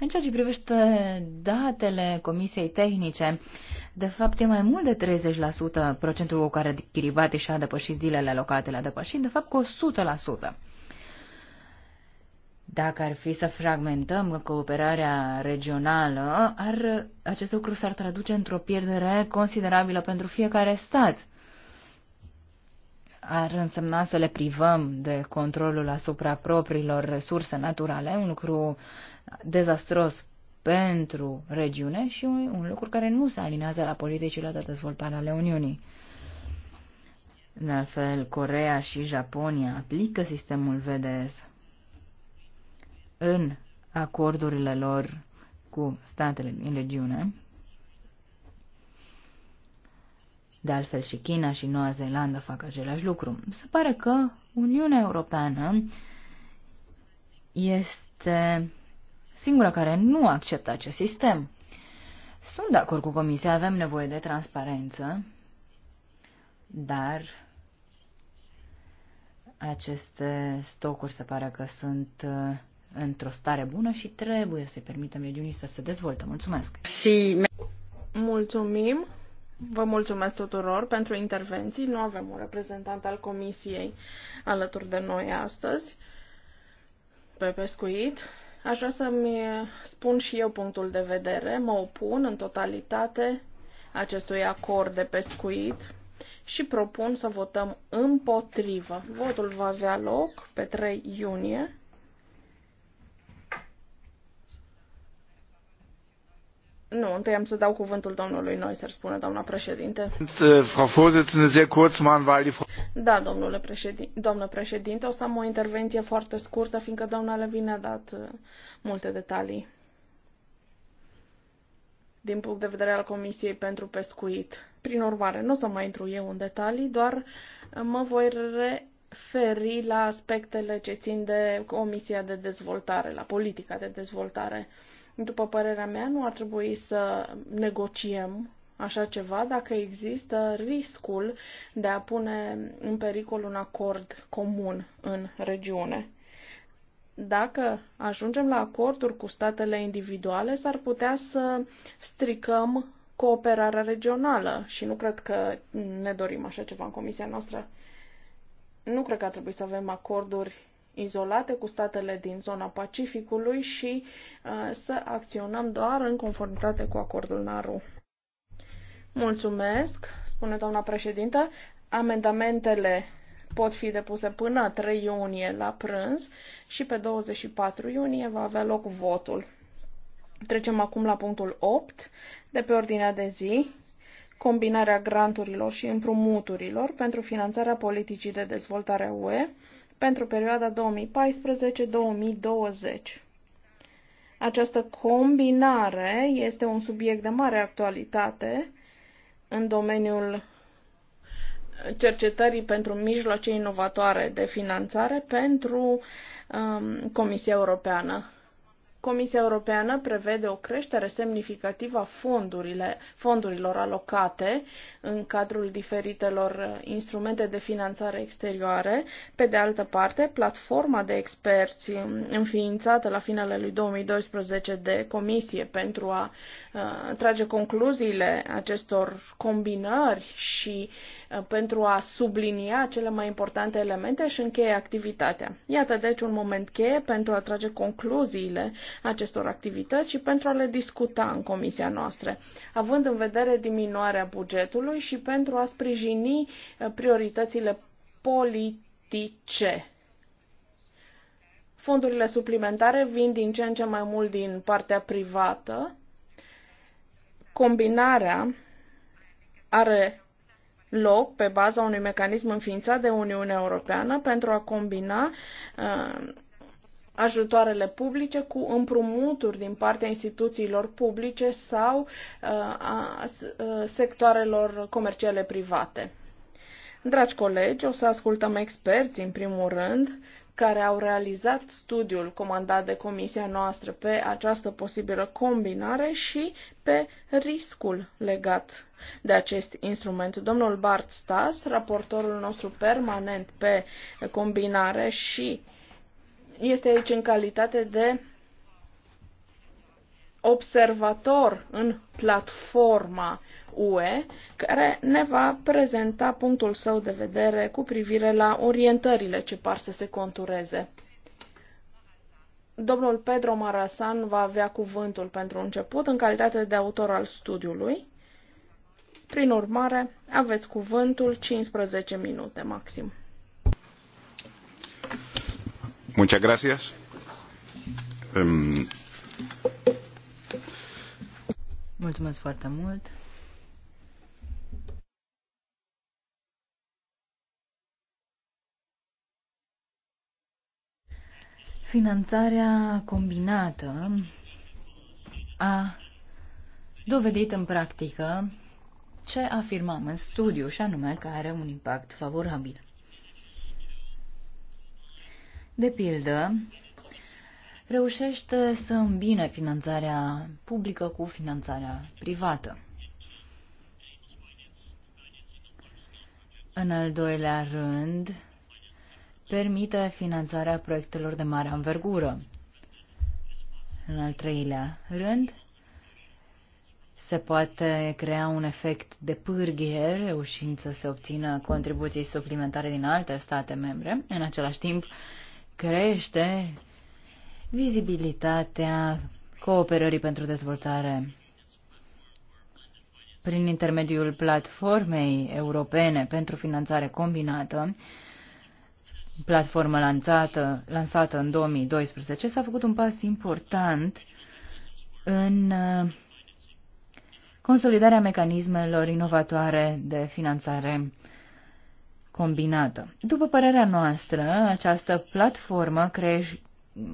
În ceea ce privește datele Comisiei Tehnice, de fapt e mai mult de 30% procentul cu care Kiribati și-a depășit zilele locate le-a depășit de fapt cu 100%. Dacă ar fi să fragmentăm cooperarea regională, ar, acest lucru s-ar traduce într-o pierdere considerabilă pentru fiecare stat. Ar însemna să le privăm de controlul asupra propriilor resurse naturale, un lucru uh, dezastros pentru regiune și un, un lucru care nu se alinează la politicile de dezvoltare ale Uniunii. De altfel, Corea și Japonia aplică sistemul VDS în acordurile lor cu statele din regiune. De altfel și China și Noua Zeelandă fac același lucru. Se pare că Uniunea Europeană este singura care nu acceptă acest sistem. Sunt de acord cu Comisia, avem nevoie de transparență, dar aceste stocuri se pare că sunt uh, într-o stare bună și trebuie să-i permitem regiunii să se dezvolte. Mulțumesc! Mulțumim! Vă mulțumesc tuturor pentru intervenții. Nu avem un reprezentant al Comisiei alături de noi astăzi pe pescuit Aș vrea să-mi spun și eu punctul de vedere. Mă opun în totalitate acestui acord de pescuit și propun să votăm împotrivă. Votul va avea loc pe 3 iunie Nu, întâi am să dau cuvântul domnului noi să spune doamna președinte. Äh, Frau Vorsitzende, sehr kurz machen, weil die Da, domnule președinte, doamnă președinte, o să am o intervenție foarte scurtă, fiindcă doamna Levin a dat uh, multe detalii din punct de vedere al Comisiei pentru Pescuit. Prin urmare, nu o să mai intru eu în detalii, doar uh, mă voi referi la aspectele ce țin de Comisia de Dezvoltare, la politica de dezvoltare. Uh, după părerea mea, nu ar trebui să negociem așa ceva dacă există riscul de a pune în pericol un acord comun în regiune. Dacă ajungem la acorduri cu statele individuale, s-ar putea să stricăm cooperarea regională și nu cred că ne dorim așa ceva în comisia noastră. Nu cred că ar trebui să avem acorduri izolate cu statele din zona Pacificului și uh, să acționăm doar în conformitate cu acordul NARU. Mulțumesc, spune doamna președintă. Amendamentele pot fi depuse până 3 iunie la prânz și pe 24 iunie va avea loc votul. Trecem acum la punctul 8 de pe ordinea de zi, combinarea granturilor și împrumuturilor pentru finanțarea politicii de dezvoltare a UE pentru perioada 2014-2020. Această combinare este un subiect de mare actualitate în domeniul cercetării pentru mijloace inovatoare de finanțare pentru um, Comisia Europeană. Comisia Europeană prevede o creștere semnificativă a fondurilor alocate în cadrul diferitelor instrumente de finanțare exterioare. Pe de altă parte, platforma de experți înființată la finele lui 2012 de Comisie pentru a uh, trage concluziile acestor combinări și Uh, pentru a sublinia cele mai importante elemente și încheie activitatea. Iată deci un moment cheie pentru a trage concluziile acestor activități și pentru a le discuta în comisia noastră, având în vedere diminuarea bugetului și pentru a sprijini uh, prioritățile politice. Fondurile suplimentare vin din ce în ce mai mult din partea privată. Combinarea are loc pe baza unui mecanism înființat de Uniunea Europeană pentru a combina uh, ajutoarele publice cu împrumuturi din partea instituțiilor publice sau uh, a uh, sectoarelor comerciale private. Dragi colegi, o să ascultăm experți în primul rând care au realizat studiul comandat de comisia noastră pe această posibilă combinare și pe riscul legat de acest instrument. Domnul Bart Stas, raportorul nostru permanent pe combinare și este aici în calitate de observator în platforma UE, care ne va prezenta punctul său de vedere cu privire la orientările ce par să se contureze. Domnul Pedro Marasan va avea cuvântul pentru început în calitate de autor al studiului. Prin urmare, aveți cuvântul 15 minute maxim. Muchas gracias. Mulțumesc foarte mult. Finanțarea combinată a dovedit în practică ce afirmam în studiu, și anume că are un impact favorabil. De pildă, reușește să îmbine finanțarea publică cu finanțarea privată. În al doilea rând, permite finanțarea proiectelor de mare învergură. În al treilea rând, se poate crea un efect de pârghie, reușind să se obțină contribuții suplimentare din alte state membre. În același timp, crește vizibilitatea cooperării pentru dezvoltare prin intermediul platformei europene pentru finanțare combinată, platformă lansată, lansată în 2012, s-a făcut un pas important în uh, consolidarea mecanismelor inovatoare de finanțare combinată. După părerea noastră, această platformă creș-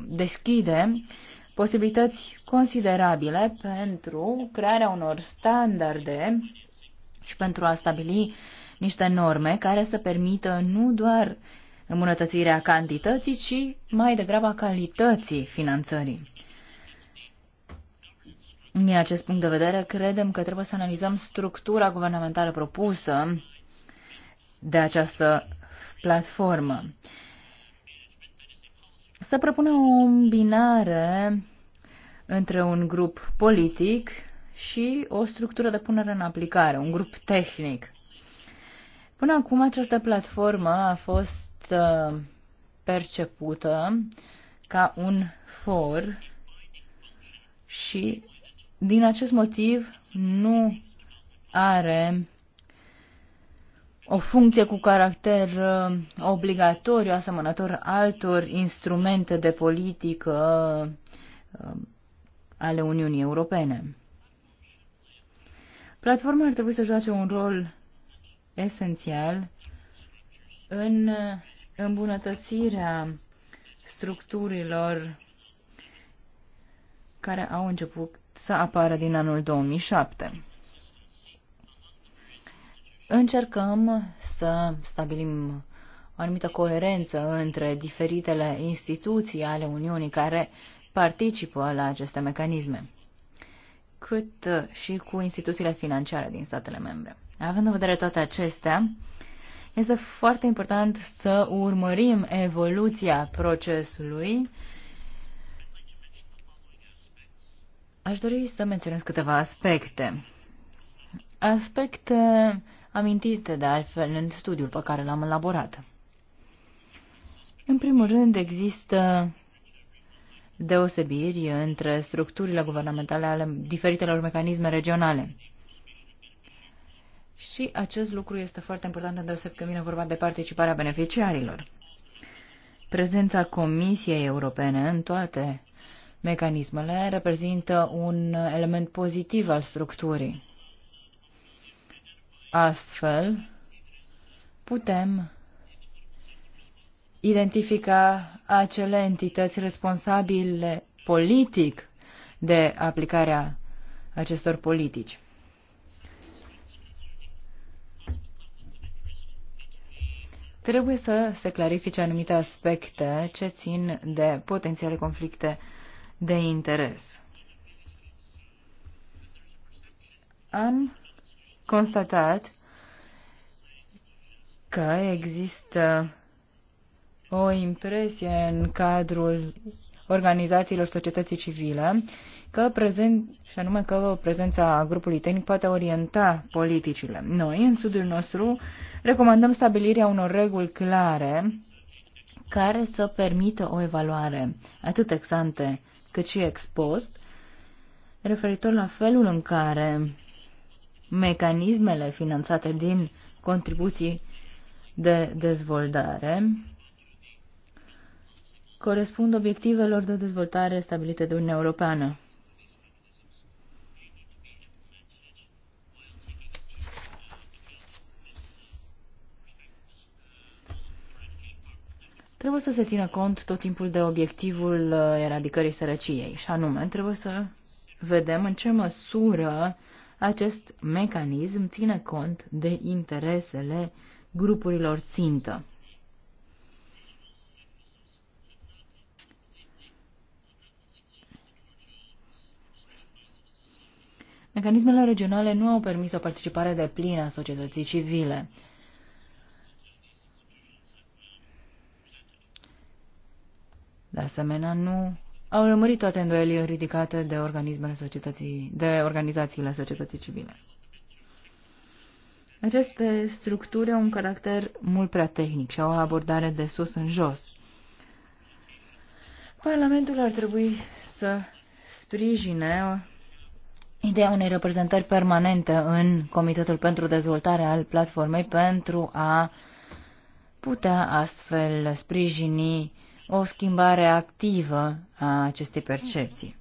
deschide posibilități considerabile pentru crearea unor standarde și pentru a stabili niște norme care să permită nu doar uh, îmbunătățirea cantității, ci mai degrabă a calității finanțării. Din acest punct de vedere, credem că trebuie să analizăm structura guvernamentală propusă de această platformă. Să propunem o binare între un grup politic și o structură de punere în aplicare, un grup tehnic. Până acum această platformă a fost Uh, percepută ca un for și din acest motiv nu are o funcție cu caracter uh, obligatoriu asemănător altor instrumente de politică uh, ale Uniunii Europene. Platforma ar trebui să joace un rol esențial în îmbunătățirea structurilor care au început să apară din anul 2007. Încercăm să stabilim o anumită coerență între diferitele instituții ale Uniunii care participă la aceste mecanisme, cât și cu instituțiile financiare din statele membre. Având în vedere toate acestea, este foarte important să urmărim evoluția procesului. Aș dori să menționez câteva aspecte. Aspecte amintite de altfel în studiul pe care l-am elaborat. În primul rând, există deosebiri între structurile guvernamentale ale diferitelor mecanisme regionale. Și acest lucru este foarte important, îndeoseb că vine vorba de participarea beneficiarilor. Prezența Comisiei Europene în toate mecanismele reprezintă un element pozitiv al structurii. Astfel, putem identifica acele entități responsabile politic de aplicarea acestor politici. Trebuie să se clarifice anumite aspecte ce țin de potențiale conflicte de interes. Am constatat că există o impresie în cadrul organizațiilor societății civile că prezen, și anume că prezența grupului tehnic poate orienta politicile. Noi, în sudul nostru, recomandăm stabilirea unor reguli clare care să permită o evaluare atât exante cât și ex post, referitor la felul în care mecanismele finanțate din contribuții de dezvoltare corespund obiectivelor de dezvoltare stabilite de Uniunea Europeană. Trebuie să se țină cont tot timpul de obiectivul uh, eradicării sărăciei și anume trebuie să vedem în ce măsură acest mecanism ține cont de interesele grupurilor țintă. Mecanismele regionale nu au permis o participare de plină a societății civile. De asemenea, nu au lămurit toate îndoielile ridicate de organismele societății, de organizațiile societății civile. Aceste structuri au un caracter mult prea tehnic și au o abordare de sus în jos. Parlamentul ar trebui să sprijine ideea unei reprezentări permanente în Comitetul pentru Dezvoltare al Platformei pentru a putea astfel sprijini o schimbare activă a acestei percepții,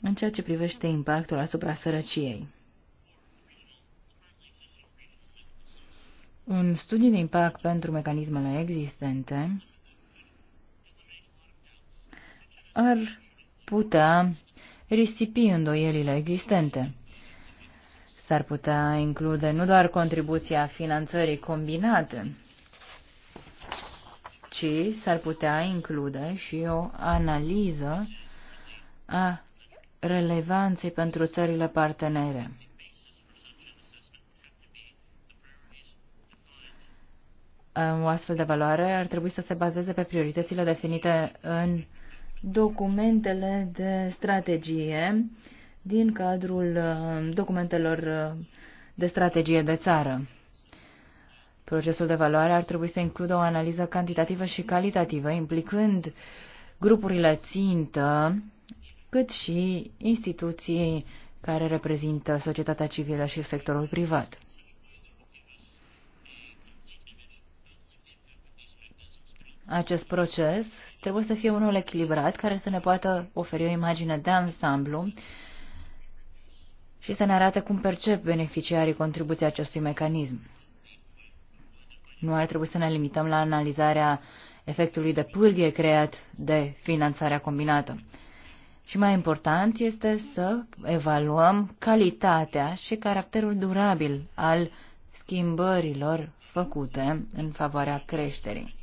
în ceea ce privește impactul asupra sărăciei. Un studiu de impact pentru mecanismele existente ar putea risipi îndoielile existente. S-ar putea include nu doar contribuția finanțării combinate, ci s-ar putea include și o analiză a relevanței pentru țările partenere. O astfel de valoare ar trebui să se bazeze pe prioritățile definite în documentele de strategie din cadrul uh, documentelor uh, de strategie de țară. Procesul de valoare ar trebui să includă o analiză cantitativă și calitativă, implicând grupurile țintă, cât și instituții care reprezintă societatea civilă și sectorul privat. Acest proces trebuie să fie unul echilibrat care să ne poată oferi o imagine de ansamblu și să ne arate cum percep beneficiarii contribuția acestui mecanism. Nu ar trebui să ne limităm la analizarea efectului de pârghie creat de finanțarea combinată. Și mai important este să evaluăm calitatea și caracterul durabil al schimbărilor făcute în favoarea creșterii.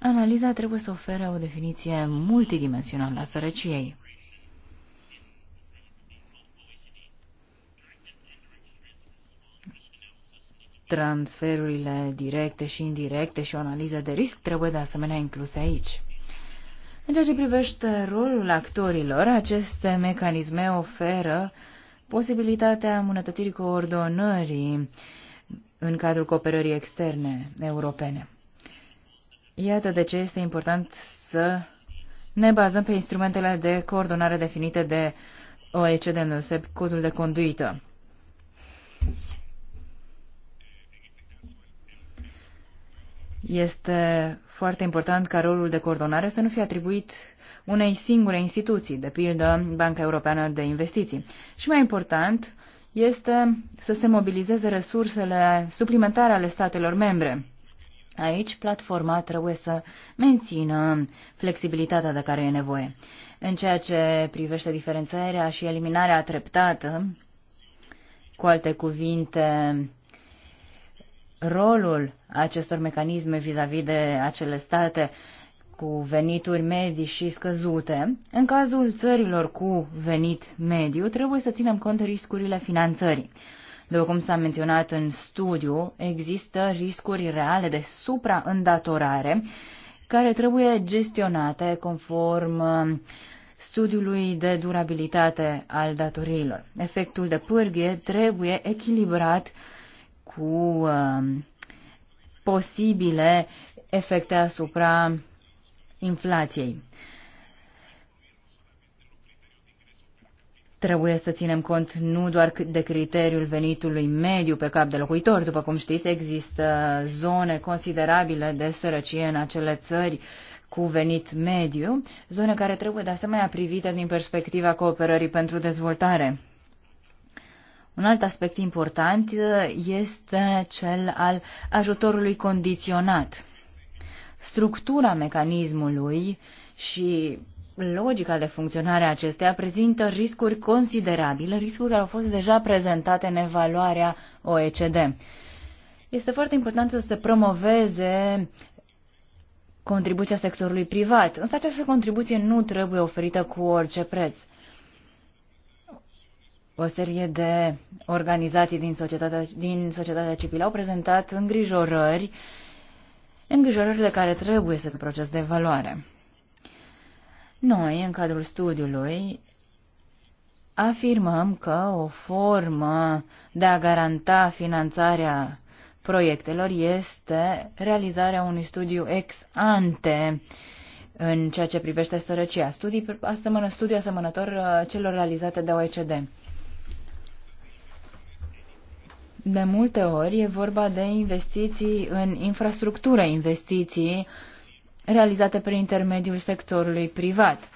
Analiza trebuie să ofere o definiție multidimensională a sărăciei. transferurile directe și indirecte și o analiză de risc trebuie de asemenea incluse aici. În ceea ce privește rolul actorilor, aceste mecanisme oferă posibilitatea îmbunătățirii coordonării în cadrul cooperării externe europene. Iată de ce este important să ne bazăm pe instrumentele de coordonare definite de OECD, în codul de conduită. Este foarte important ca rolul de coordonare să nu fie atribuit unei singure instituții, de pildă Banca Europeană de Investiții. Și mai important este să se mobilizeze resursele suplimentare ale statelor membre. Aici, platforma trebuie să mențină flexibilitatea de care e nevoie. În ceea ce privește diferențarea și eliminarea treptată, cu alte cuvinte, rolul acestor mecanisme vis-a-vis -vis de acele state cu venituri medii și scăzute, în cazul țărilor cu venit mediu, trebuie să ținem cont de riscurile finanțării. După cum s-a menționat în studiu, există riscuri reale de supraîndatorare care trebuie gestionate conform uh, studiului de durabilitate al datoriilor. Efectul de pârghie trebuie echilibrat cu um, posibile efecte asupra inflației. Trebuie să ținem cont nu doar de criteriul venitului mediu pe cap de locuitor. După cum știți, există zone considerabile de sărăcie în acele țări cu venit mediu, zone care trebuie de asemenea privite din perspectiva cooperării pentru dezvoltare. Un alt aspect important uh, este cel al ajutorului condiționat. Structura mecanismului și logica de funcționare a acesteia prezintă riscuri considerabile, riscuri care au fost deja prezentate în evaluarea OECD. Este foarte important să se promoveze contribuția sectorului privat, însă această contribuție nu trebuie oferită cu orice preț o serie de organizații din societatea, din societatea civilă au prezentat îngrijorări, îngrijorări de care trebuie să proces de evaluare. Noi, în cadrul studiului, afirmăm că o formă de a garanta finanțarea proiectelor este realizarea unui studiu ex ante în ceea ce privește sărăcia, studii asemănă, studiu asemănător uh, celor realizate de OECD. De multe ori e vorba de investiții în infrastructură, investiții realizate prin intermediul sectorului privat.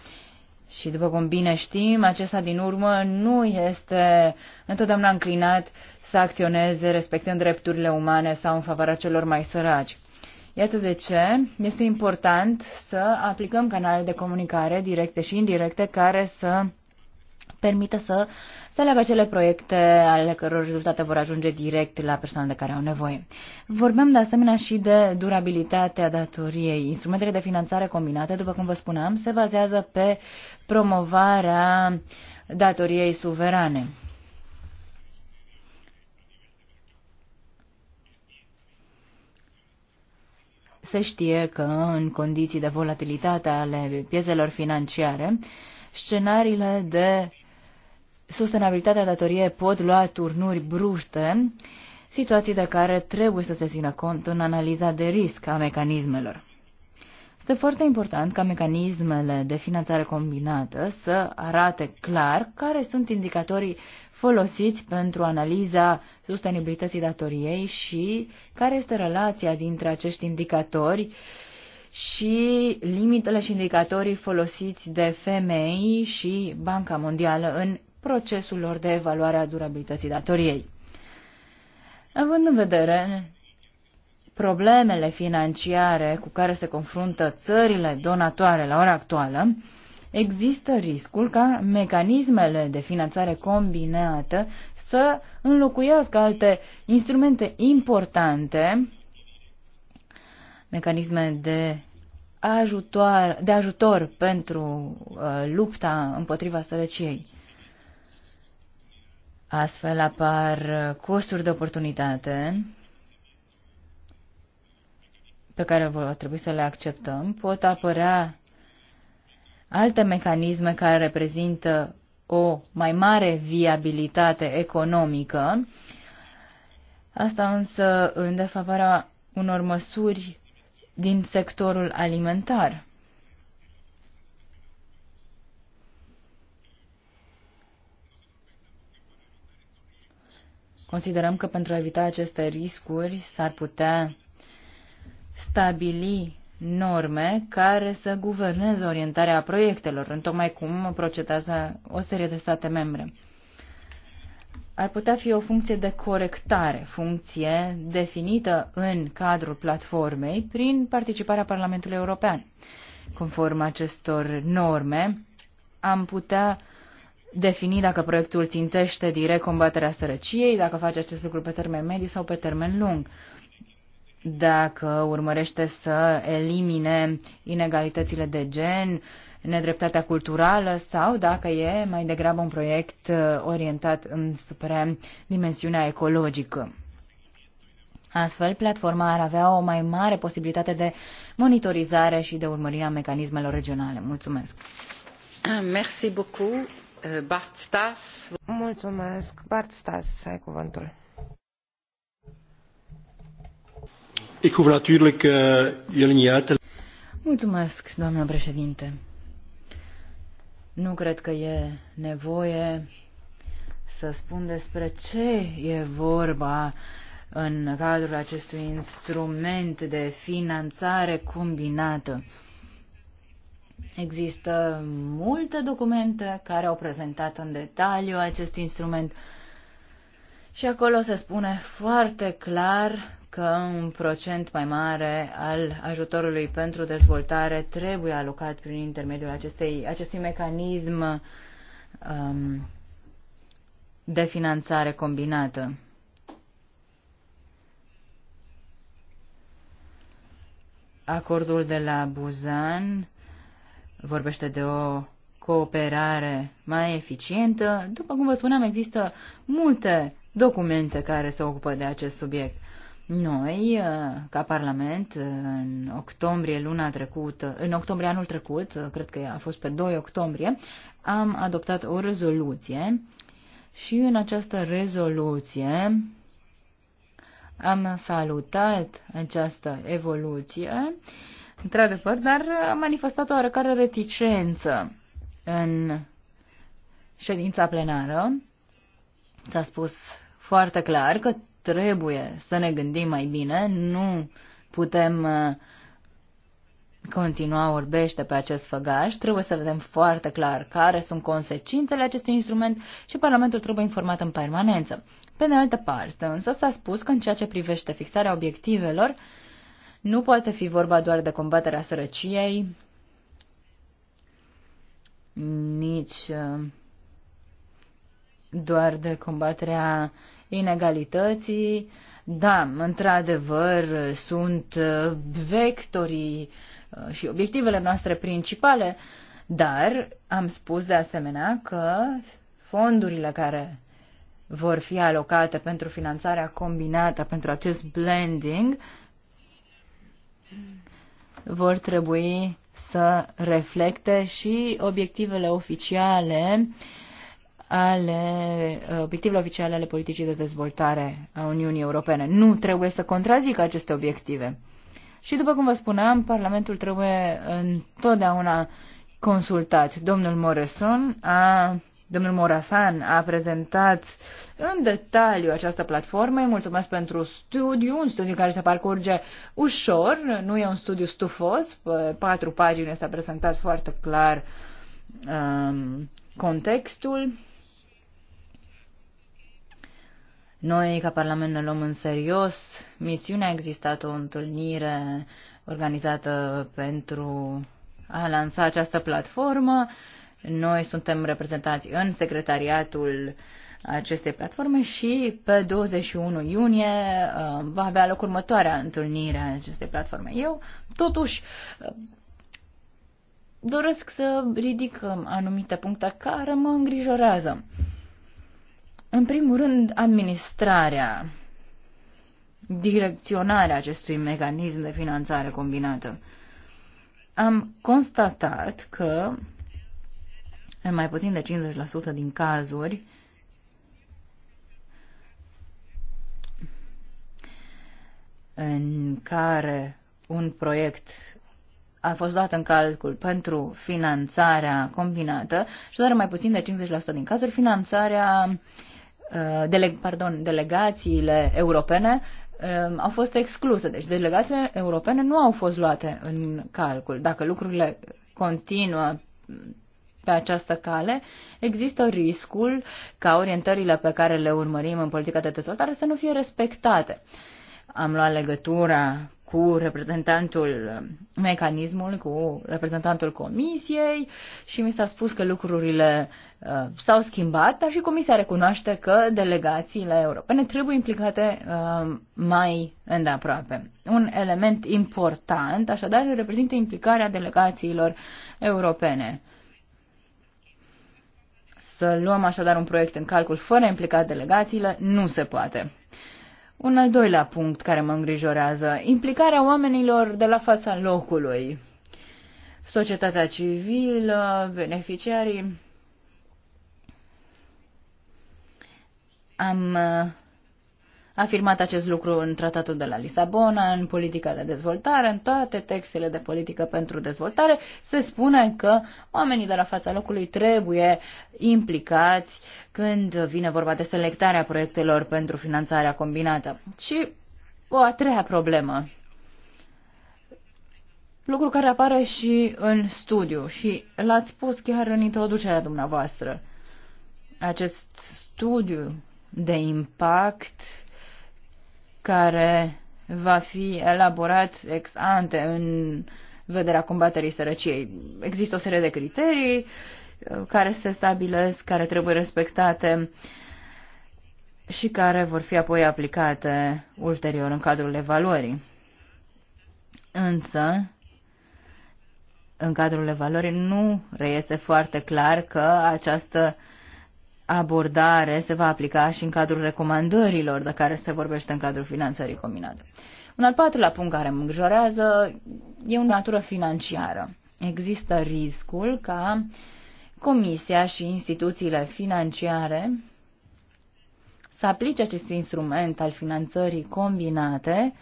Și după cum bine știm, acesta din urmă nu este întotdeauna înclinat să acționeze respectând drepturile umane sau în favoarea celor mai săraci. Iată de ce este important să aplicăm canale de comunicare directe și indirecte care să permită să se aleagă acele proiecte ale căror rezultate vor ajunge direct la persoanele care au nevoie. Vorbeam de asemenea și de durabilitatea datoriei. Instrumentele de finanțare combinate, după cum vă spuneam, se bazează pe promovarea datoriei suverane. Se știe că în condiții de volatilitate ale piezelor financiare, scenariile de sustenabilitatea datoriei pot lua turnuri bruște, situații de care trebuie să se țină cont în analiza de risc a mecanismelor. Este foarte important ca mecanismele de finanțare combinată să arate clar care sunt indicatorii folosiți pentru analiza sustenibilității datoriei și care este relația dintre acești indicatori și limitele și indicatorii folosiți de FMI și Banca Mondială în procesul lor de evaluare a durabilității datoriei. Având în vedere problemele financiare cu care se confruntă țările donatoare la ora actuală, există riscul ca mecanismele de finanțare combinată să înlocuiască alte instrumente importante, mecanisme de ajutor, de ajutor pentru uh, lupta împotriva sărăciei. Astfel apar costuri de oportunitate pe care vor trebui să le acceptăm. Pot apărea alte mecanisme care reprezintă o mai mare viabilitate economică, asta însă în defavoarea unor măsuri din sectorul alimentar. Considerăm că pentru a evita aceste riscuri s-ar putea stabili norme care să guverneze orientarea proiectelor, în tocmai cum procedează o serie de state membre. Ar putea fi o funcție de corectare, funcție definită în cadrul platformei prin participarea Parlamentului European. Conform acestor norme, am putea uh, defini dacă proiectul țintește direct combaterea sărăciei, dacă face acest lucru pe termen mediu sau pe termen lung, dacă urmărește să elimine inegalitățile de gen, nedreptatea culturală sau dacă e mai degrabă un proiect uh, orientat înspre dimensiunea ecologică. Astfel, platforma ar avea o mai mare posibilitate de monitorizare și de urmărire a mecanismelor regionale. Mulțumesc! Merci beaucoup. Eh, cuvântul. Eh, Mulțumesc, doamnă președinte. Nu cred că e nevoie să spun despre ce e vorba în cadrul acestui instrument de finanțare combinată. Există multe documente care au prezentat în detaliu acest instrument și acolo se spune foarte clar că un procent mai mare al ajutorului pentru dezvoltare trebuie alocat prin intermediul acestei, acestui mecanism um, de finanțare combinată. Acordul de la Buzan vorbește de o cooperare mai eficientă. După cum vă spuneam, există multe documente care se ocupă de acest subiect. Noi, uh, ca Parlament, uh, în octombrie luna trecută, în octombrie anul trecut, uh, cred că a fost pe 2 octombrie, am adoptat o rezoluție și în această rezoluție am salutat această evoluție într-adevăr, dar a manifestat o oarecare reticență în ședința plenară. S-a spus foarte clar că trebuie să ne gândim mai bine, nu putem uh, continua orbește pe acest făgaș, trebuie să vedem foarte clar care sunt consecințele acestui instrument și Parlamentul trebuie informat în permanență. Pe de altă parte, însă s-a spus că în ceea ce privește fixarea obiectivelor, uh, nu poate fi vorba doar de combaterea sărăciei, nici uh, doar de combaterea inegalității. Da, într-adevăr, sunt uh, vectorii uh, și obiectivele noastre principale, dar am spus de asemenea că fondurile care vor fi alocate pentru finanțarea combinată, pentru acest blending, vor trebui să reflecte și obiectivele oficiale ale obiectivele oficiale ale politicii de dezvoltare a Uniunii Europene. Nu trebuie să contrazică aceste obiective. Și după cum vă spuneam, Parlamentul trebuie întotdeauna consultat. Domnul Morrison a Domnul Morasan a prezentat în detaliu această platformă. Îi mulțumesc pentru studiu, un studiu care se parcurge ușor, nu e un studiu stufos, pe patru pagini a prezentat foarte clar um, contextul. Noi, ca Parlament, ne luăm în serios. Misiunea a existat o întâlnire organizată pentru a lansa această platformă. Uh, noi suntem reprezentați în secretariatul acestei platforme și pe 21 iunie uh, va avea loc următoarea întâlnire a acestei platforme. Eu, totuși, uh, doresc să ridic anumite puncte care mă îngrijorează. În primul rând, administrarea, direcționarea acestui mecanism de finanțare combinată. Am constatat că în mai puțin de 50% din cazuri, în care un proiect a fost dat în calcul pentru finanțarea combinată și doar mai puțin de 50% din cazuri finanțarea uh, Dele, pardon, delegațiile europene uh, au fost excluse. Deci delegațiile europene nu au fost luate în calcul. Dacă lucrurile continuă pe această cale, există riscul ca orientările pe care le urmărim în politica de dezvoltare să nu fie respectate. Am luat legătura cu reprezentantul mecanismului, cu reprezentantul comisiei și mi s-a spus că lucrurile uh, s-au schimbat, dar și comisia recunoaște că delegațiile europene trebuie implicate uh, mai îndeaproape. Un element important, așadar, reprezintă implicarea delegațiilor europene. Uh, să luăm așadar un proiect în calcul fără a implica delegațiile nu se poate. Un al doilea punct care mă îngrijorează, implicarea oamenilor de la fața locului. Societatea civilă, beneficiarii. Am uh, a afirmat acest lucru în tratatul de la Lisabona, în politica de dezvoltare, în toate textele de politică pentru dezvoltare, se spune că oamenii de la fața locului trebuie implicați când vine vorba de selectarea proiectelor pentru finanțarea combinată. Și o a treia problemă, lucru care apare și în studiu și l-ați spus chiar în introducerea dumneavoastră. Acest studiu de impact care va fi elaborat ex ante în vederea combaterii sărăciei. Există o serie de criterii uh, care se stabilesc, care trebuie respectate și care vor fi apoi aplicate ulterior în cadrul evaluării. Însă, în cadrul evaluării nu reiese foarte clar că această uh, abordare se va aplica și în cadrul recomandărilor de care se vorbește în cadrul finanțării combinate. Un al patrulea punct care mă îngrijorează e o natură financiară. Există riscul ca Comisia și instituțiile financiare să aplice acest instrument al finanțării combinate,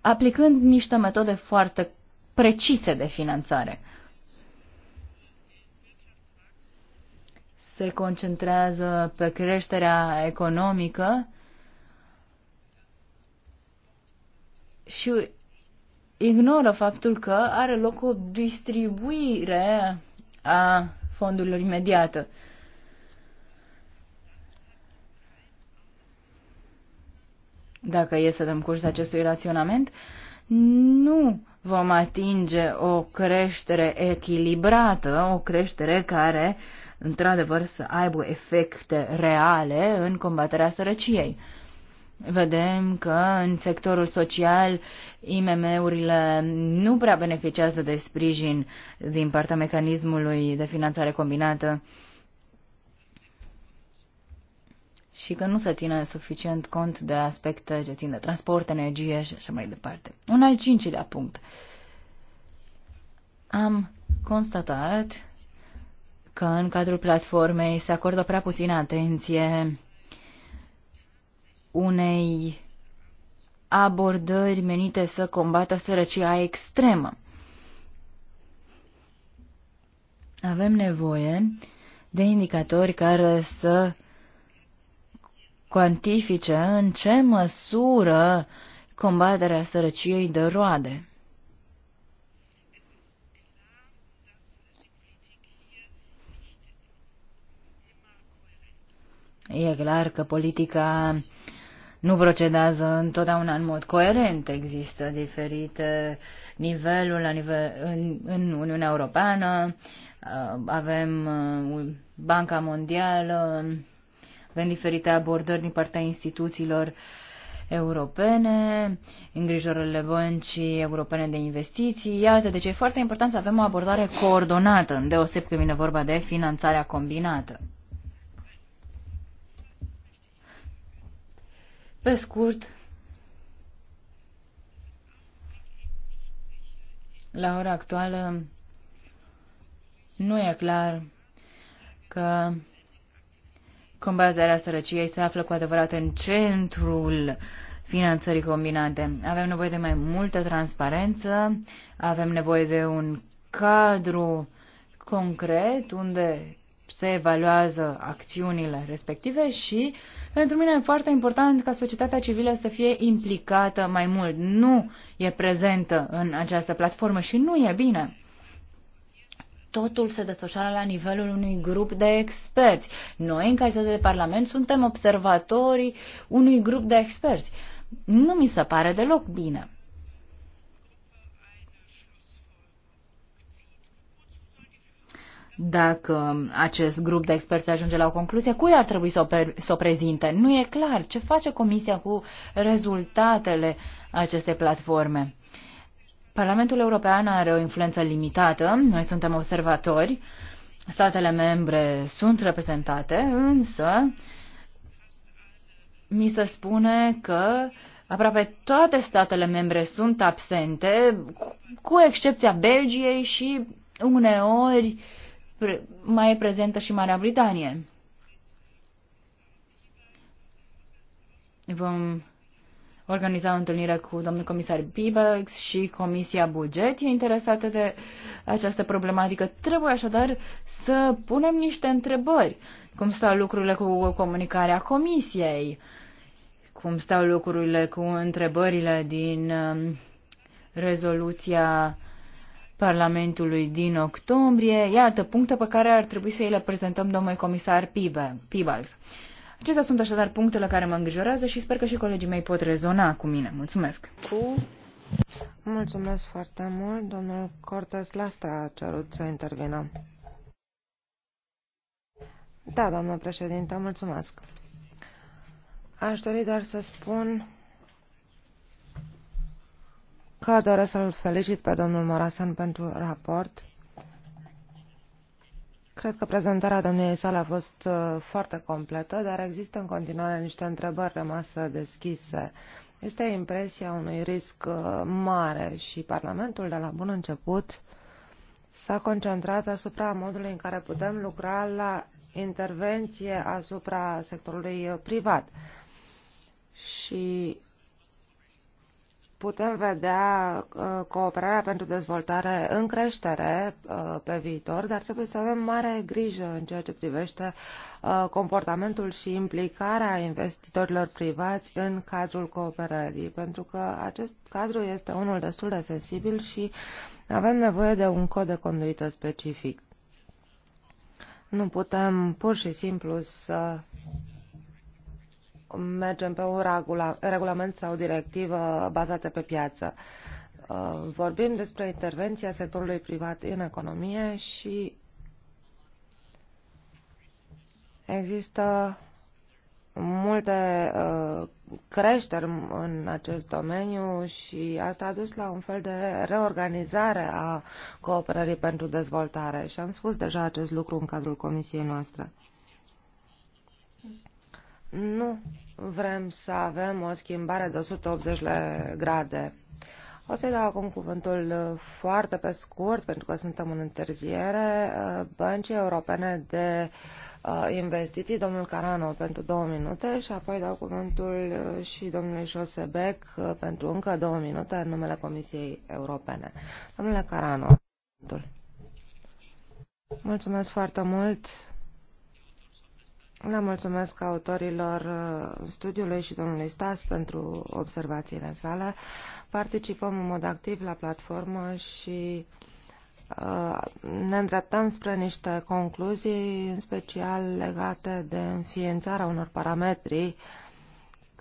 aplicând niște metode foarte precise de finanțare. se concentrează pe creșterea economică și ignoră faptul că are loc o distribuire a fondurilor imediată. Dacă e să dăm curs acestui raționament, nu vom atinge o creștere echilibrată, o creștere care uh, într-adevăr să aibă efecte reale în combaterea sărăciei. Vedem că în sectorul social IMM-urile nu prea beneficiază de sprijin din partea mecanismului de finanțare combinată și că nu se ține suficient cont de aspecte ce țin de transport, energie și așa mai departe. Un al cincilea punct. Am constatat că în cadrul platformei se acordă prea puțină atenție unei abordări menite să combată sărăcia extremă. Avem nevoie de indicatori care să cuantifice în ce măsură combaterea sărăciei de roade. E clar că politica nu procedează întotdeauna în mod coerent. Există diferite niveluri la nivel, în, în Uniunea Europeană, uh, avem uh, Banca Mondială, avem diferite abordări din partea instituțiilor europene, îngrijorările băncii europene de investiții. Iată, deci e foarte important să avem o abordare coordonată, îndeoseb când vine vorba de finanțarea combinată. Pe scurt, la ora actuală nu e clar că combaterea sărăciei se află cu adevărat în centrul finanțării combinate. Avem nevoie de mai multă transparență, avem nevoie de un cadru concret unde se evaluează acțiunile respective și pentru mine e foarte important ca societatea civilă să fie implicată mai mult. Nu e prezentă în această platformă și nu e bine. Totul se desfășoară la nivelul unui grup de experți. Noi, în calitate de Parlament, suntem observatorii unui grup de experți. Nu mi se pare deloc bine. Dacă acest grup de experți ajunge la o concluzie, cui ar trebui să o, pre- să o prezinte? Nu e clar ce face Comisia cu rezultatele acestei platforme. Parlamentul European are o influență limitată, noi suntem observatori, statele membre sunt reprezentate, însă mi se spune că aproape toate statele membre sunt absente, cu excepția Belgiei și uneori mai e prezentă și Marea Britanie. Vom organiza o întâlnire cu domnul comisar Bibex și Comisia Buget e interesată de această problematică. Trebuie așadar să punem niște întrebări. Cum stau lucrurile cu comunicarea Comisiei? Cum stau lucrurile cu întrebările din um, rezoluția Parlamentului din octombrie. Iată, puncte pe care ar trebui să le prezentăm domnului comisar Pibals. Acestea sunt așadar punctele care mă îngrijorează și sper că și colegii mei pot rezona cu mine. Mulțumesc! Cu... Mulțumesc foarte mult. Domnul Cortes Lastra a cerut să intervină. Da, doamnă președinte, mulțumesc. Aș dori doar să spun încă doresc să-l felicit pe domnul Morasan pentru raport. Cred că prezentarea domniei sale a fost uh, foarte completă, dar există în continuare niște întrebări rămase deschise. Este impresia unui risc uh, mare și Parlamentul de la bun început s-a concentrat asupra modului în care putem lucra la intervenție asupra sectorului uh, privat. Și putem vedea uh, cooperarea pentru dezvoltare în creștere uh, pe viitor, dar trebuie să avem mare grijă în ceea ce privește uh, comportamentul și implicarea investitorilor privați în cadrul cooperării, pentru că acest cadru este unul destul de sensibil și avem nevoie de un cod de conduită specific. Nu putem pur și simplu să mergem pe un regulament sau o directivă bazată pe piață. Uh, vorbim despre intervenția sectorului privat în economie și există multe uh, creșteri în acest domeniu și asta a dus la un fel de reorganizare a cooperării pentru dezvoltare și am spus deja acest lucru în cadrul comisiei noastre. Nu vrem să avem o schimbare de 180 de grade. O să-i dau acum cuvântul uh, foarte pe scurt, pentru că suntem în întârziere, uh, Băncii Europene de uh, Investiții, domnul Carano, pentru două minute și apoi dau cuvântul și domnului Josebec pentru încă două minute în numele Comisiei Europene. Domnule Carano, cuvântul. Mulțumesc foarte mult, le mulțumesc autorilor uh, studiului și domnului Stas pentru observațiile sale. Participăm în mod activ la platformă și uh, ne îndreptăm spre niște concluzii, în special legate de înființarea unor parametri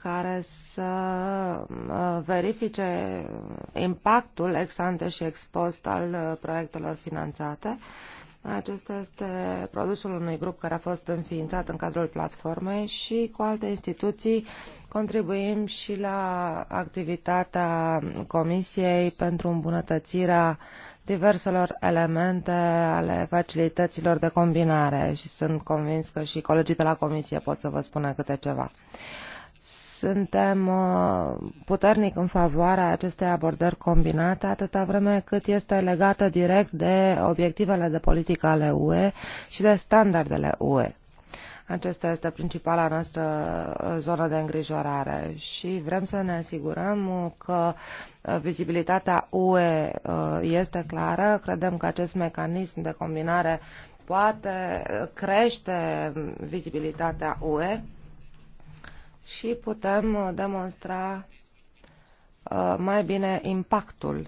care să uh, verifice impactul ex ante și ex post al proiectelor finanțate acesta este produsul unui grup care a fost înființat în cadrul platformei și cu alte instituții contribuim și la activitatea Comisiei pentru îmbunătățirea diverselor elemente ale facilităților de combinare și sunt convins că și colegii de la Comisie pot să vă spună câte ceva suntem uh, puternic în favoarea acestei abordări combinate, atâta vreme cât este legată direct de obiectivele de politică ale UE și de standardele UE. Aceasta este principala noastră uh, zonă de îngrijorare și vrem să ne asigurăm uh, că vizibilitatea UE este clară. Credem că acest mecanism de combinare poate crește mm, vizibilitatea UE și putem uh, demonstra uh, mai bine impactul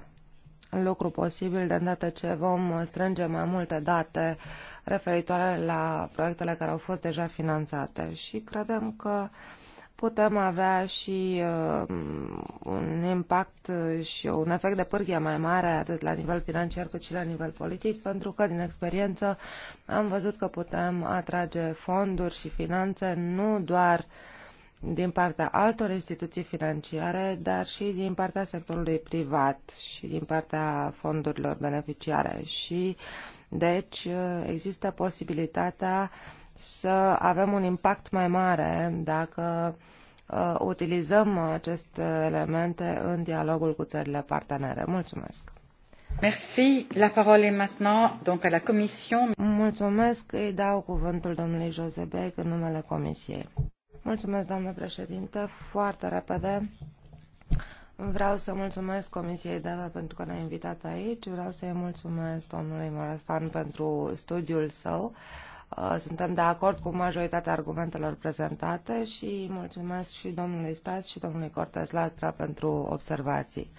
lucru posibil de îndată ce vom uh, strânge mai multe date referitoare la proiectele care au fost deja finanțate și credem că putem avea și uh, un impact și un efect de pârghie mai mare atât la nivel financiar cât și la nivel politic pentru că din experiență am văzut că putem atrage fonduri și finanțe nu doar uh, din partea altor instituții financiare, dar și din partea sectorului privat și din partea fondurilor beneficiare. Și deci există posibilitatea să avem un impact mai mare dacă uh, utilizăm aceste elemente în dialogul cu țările partenere. Mulțumesc! Merci. La parole est maintenant donc à la Commission. Mulțumesc. Îi dau cuvântul domnului Josebek în numele Comisiei. Mulțumesc, doamnă președinte. Foarte repede. Vreau să mulțumesc Comisiei DEVA pentru că ne-a invitat aici. Vreau să-i mulțumesc domnului Morafan pentru studiul său. Uh, suntem de acord cu majoritatea argumentelor prezentate și mulțumesc și domnului Stas și domnului Cortez Lastra pentru observații.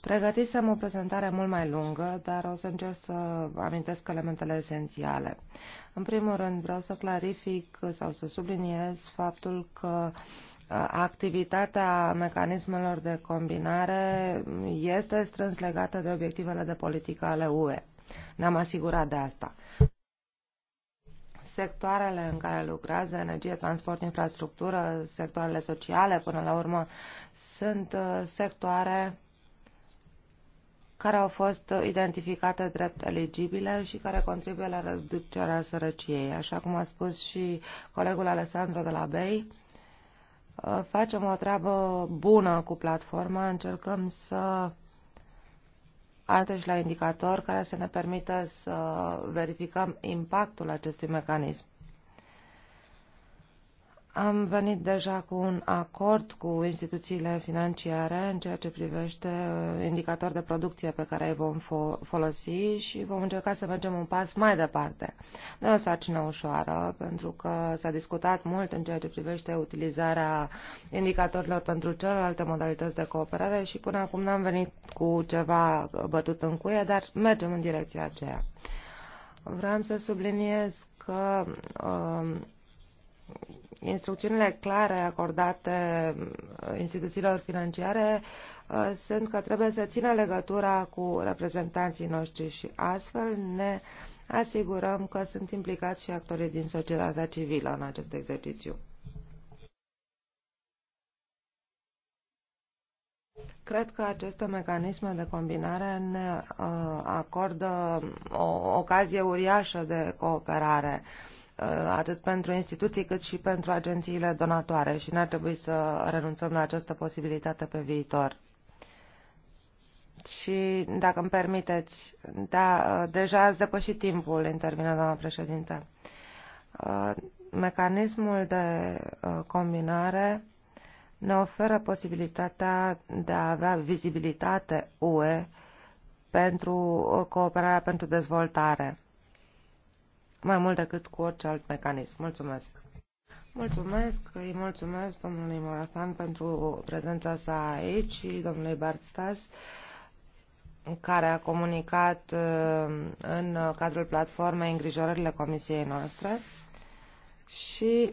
Pregătisem o prezentare mult mai lungă, dar o să încerc să amintesc elementele esențiale. În primul rând vreau să clarific sau să subliniez faptul că activitatea mecanismelor de combinare este strâns legată de obiectivele de politică ale UE. Ne-am asigurat de asta sectoarele în care lucrează, energie, transport, infrastructură, sectoarele sociale, până la urmă, sunt sectoare care au fost identificate drept eligibile și care contribuie la reducerea sărăciei. Așa cum a spus și colegul Alessandro de la BEI, facem o treabă bună cu platforma, încercăm să alte și la indicator care să ne permită să verificăm impactul acestui mecanism. Am venit deja cu un acord cu instituțiile financiare în ceea ce privește uh, indicatori de producție pe care îi vom fo- folosi și vom încerca să mergem un pas mai departe. Nu e o sarcină ușoară, pentru că s-a discutat mult în ceea ce privește utilizarea indicatorilor pentru celelalte modalități de cooperare și până acum n-am venit cu ceva bătut în cuie, dar mergem în direcția aceea. Vreau să subliniez că uh, instrucțiunile clare acordate uh, instituțiilor financiare uh, sunt că trebuie să țină legătura cu reprezentanții noștri și astfel ne asigurăm că sunt implicați și actorii din societatea civilă în acest exercițiu. Cred că aceste mecanisme de combinare ne uh, acordă o ocazie uriașă de cooperare Uh, atât pentru instituții cât și pentru agențiile donatoare și n-ar trebui să renunțăm la această posibilitate pe viitor. Și, dacă îmi permiteți, da, uh, deja ați depășit timpul, intervine doamna președinte. Uh, mecanismul de combinare ne oferă posibilitatea de a avea vizibilitate UE pentru cooperarea pentru dezvoltare mai mult decât cu orice alt mecanism. Mulțumesc! Mulțumesc, îi mulțumesc domnului Morafan pentru prezența sa aici și domnului Bartstas, care a comunicat uh, în cadrul platformei îngrijorările comisiei noastre și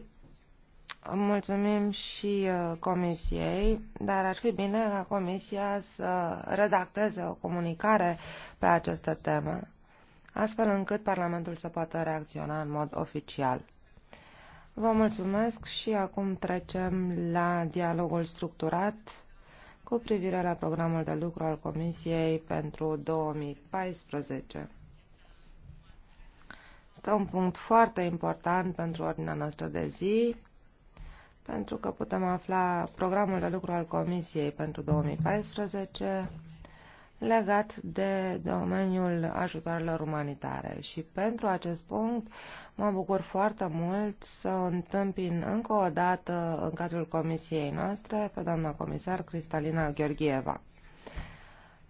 mulțumim și uh, comisiei, dar ar fi bine ca comisia să redacteze o comunicare pe această temă astfel încât Parlamentul să poată reacționa în mod oficial. Vă mulțumesc și acum trecem la dialogul structurat cu privire la programul de lucru al Comisiei pentru 2014. Este un punct foarte important pentru ordinea noastră de zi, pentru că putem afla programul de lucru al Comisiei pentru 2014, legat de domeniul ajutoarelor umanitare. Și pentru acest punct mă bucur foarte mult să întâmpin încă o dată în cadrul comisiei noastre pe doamna comisar Cristalina Gheorgheva.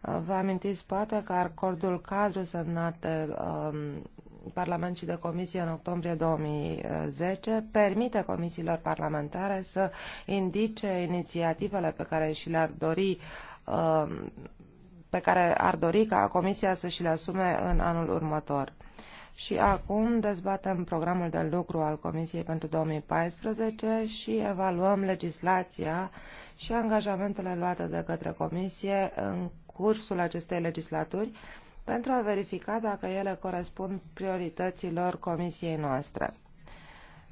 Vă amintiți poate că acordul cadru semnat de um, Parlament și de Comisie în octombrie 2010 permite comisiilor parlamentare să indice inițiativele pe care și le-ar dori um, pe care ar dori ca Comisia să și le asume în anul următor. Și acum dezbatem programul de lucru al Comisiei pentru 2014 și evaluăm legislația și angajamentele luate de către Comisie în cursul acestei legislaturi pentru a verifica dacă ele corespund priorităților Comisiei noastre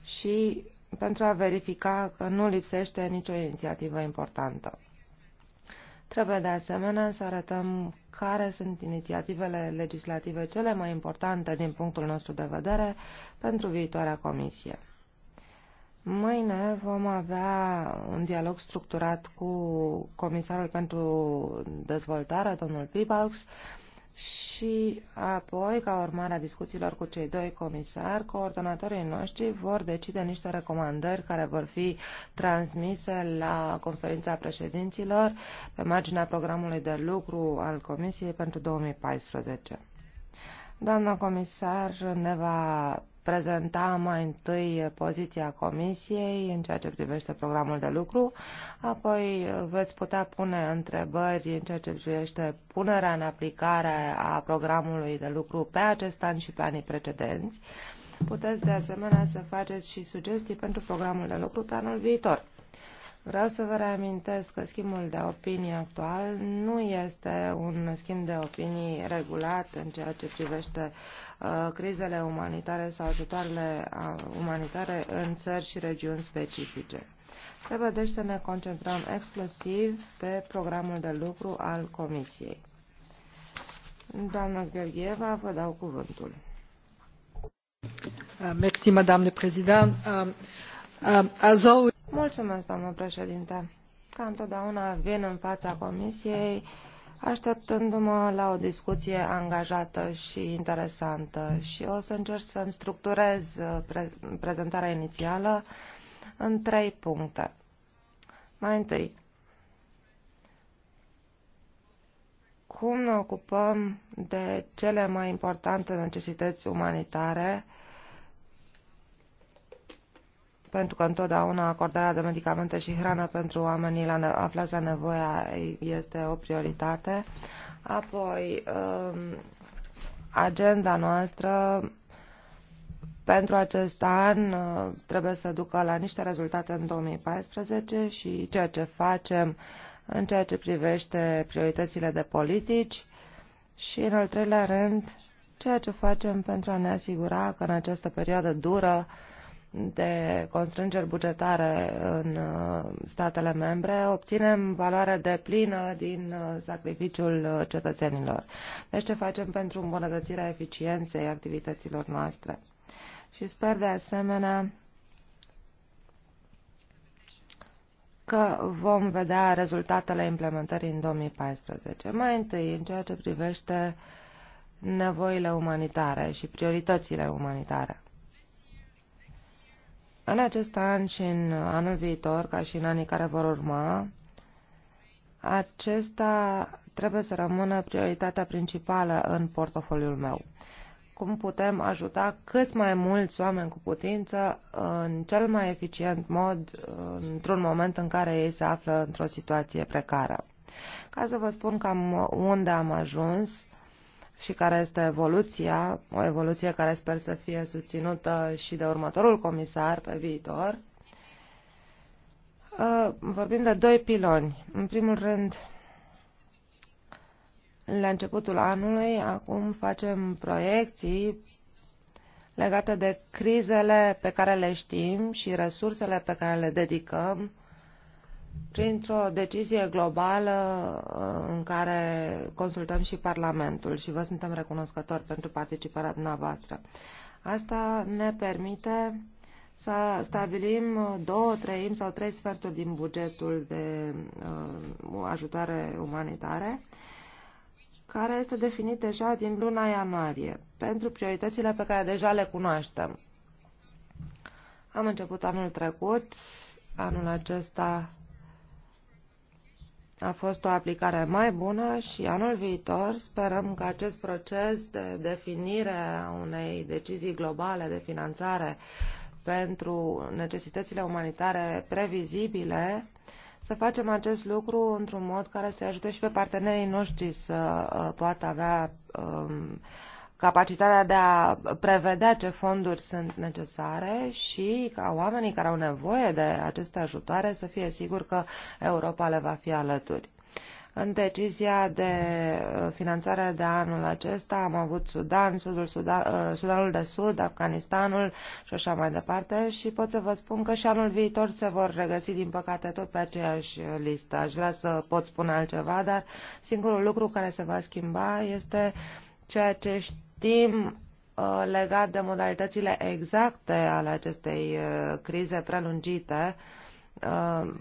și pentru a verifica că nu lipsește nicio inițiativă importantă. Trebuie de asemenea să arătăm care sunt inițiativele legislative cele mai importante din punctul nostru de vedere pentru viitoarea comisie. Mâine vom avea un dialog structurat cu Comisarul pentru Dezvoltare, domnul Pibalks, și apoi, ca urmare a discuțiilor cu cei doi comisari, coordonatorii noștri vor decide niște recomandări care vor fi transmise la conferința președinților pe marginea programului de lucru al Comisiei pentru 2014. Doamna comisar ne va prezenta mai întâi poziția Comisiei în ceea ce privește programul de lucru, apoi veți putea pune întrebări în ceea ce privește punerea în aplicare a programului de lucru pe acest an și pe anii precedenți. Puteți de asemenea să faceți și sugestii pentru programul de lucru pe anul viitor. Vreau să vă reamintesc că schimbul de opinii actual nu este un schimb de opinii regulat în ceea ce privește uh, crizele umanitare sau ajutoarele uh, umanitare în țări și regiuni specifice. Trebuie deci să ne concentrăm exclusiv pe programul de lucru al Comisiei. Doamna Gheorgheva, vă dau cuvântul. Uh, Mersi, Madame președinte. Uh, uh, Mulțumesc, doamnă președinte. Ca întotdeauna vin în fața Comisiei așteptându-mă la o discuție angajată și interesantă și o să încerc să-mi structurez uh, pre prezentarea inițială în trei puncte. Mai întâi, cum ne ocupăm de cele mai importante necesități umanitare pentru că întotdeauna acordarea de medicamente și hrană pentru oamenii la aflați la nevoia este o prioritate. Apoi, um, agenda noastră pentru acest an uh, trebuie să ducă la niște rezultate în 2014 și ceea ce facem în ceea ce privește prioritățile de politici și, în al treilea rând, ceea ce facem pentru a ne asigura că în această perioadă dură de constrângeri bugetare în uh, statele membre, obținem valoare de plină din uh, sacrificiul uh, cetățenilor. Deci ce facem pentru îmbunătățirea eficienței activităților noastre? Și sper de asemenea că vom vedea rezultatele implementării în 2014. Mai întâi, în ceea ce privește nevoile umanitare și prioritățile umanitare. În acest an și în anul viitor, ca și în anii care vor urma, acesta trebuie să rămână prioritatea principală în portofoliul meu. Cum putem ajuta cât mai mulți oameni cu putință în cel mai eficient mod într-un moment în care ei se află într-o situație precară. Ca să vă spun cam unde am ajuns și care este evoluția, o evoluție care sper să fie susținută și de următorul comisar pe viitor. Uh, vorbim de doi piloni. În primul rând, la începutul anului, acum facem proiecții legate de crizele pe care le știm și resursele pe care le dedicăm printr-o decizie globală uh, în care consultăm și Parlamentul și vă suntem recunoscători pentru participarea dumneavoastră. Asta ne permite să stabilim două treimi sau trei sferturi din bugetul de uh, ajutare umanitare, care este definit deja din luna ianuarie, pentru prioritățile pe care deja le cunoaștem. Am început anul trecut, anul acesta a fost o aplicare mai bună și anul viitor sperăm că acest proces de definire a unei decizii globale de finanțare pentru necesitățile umanitare previzibile, să facem acest lucru într-un mod care să ajute și pe partenerii noștri să uh, poată avea um, capacitatea de a prevedea ce fonduri sunt necesare și ca oamenii care au nevoie de aceste ajutoare să fie sigur că Europa le va fi alături. În decizia de uh, finanțare de anul acesta am avut Sudan, Sudul Sudan, uh, Sudanul de Sud, Afganistanul și așa mai departe și pot să vă spun că și anul viitor se vor regăsi, din păcate, tot pe aceeași listă. Aș vrea să pot spune altceva, dar singurul lucru care se va schimba este uh, Ceea ce știm uh, legat de modalitățile exacte ale acestei uh, crize prelungite uh,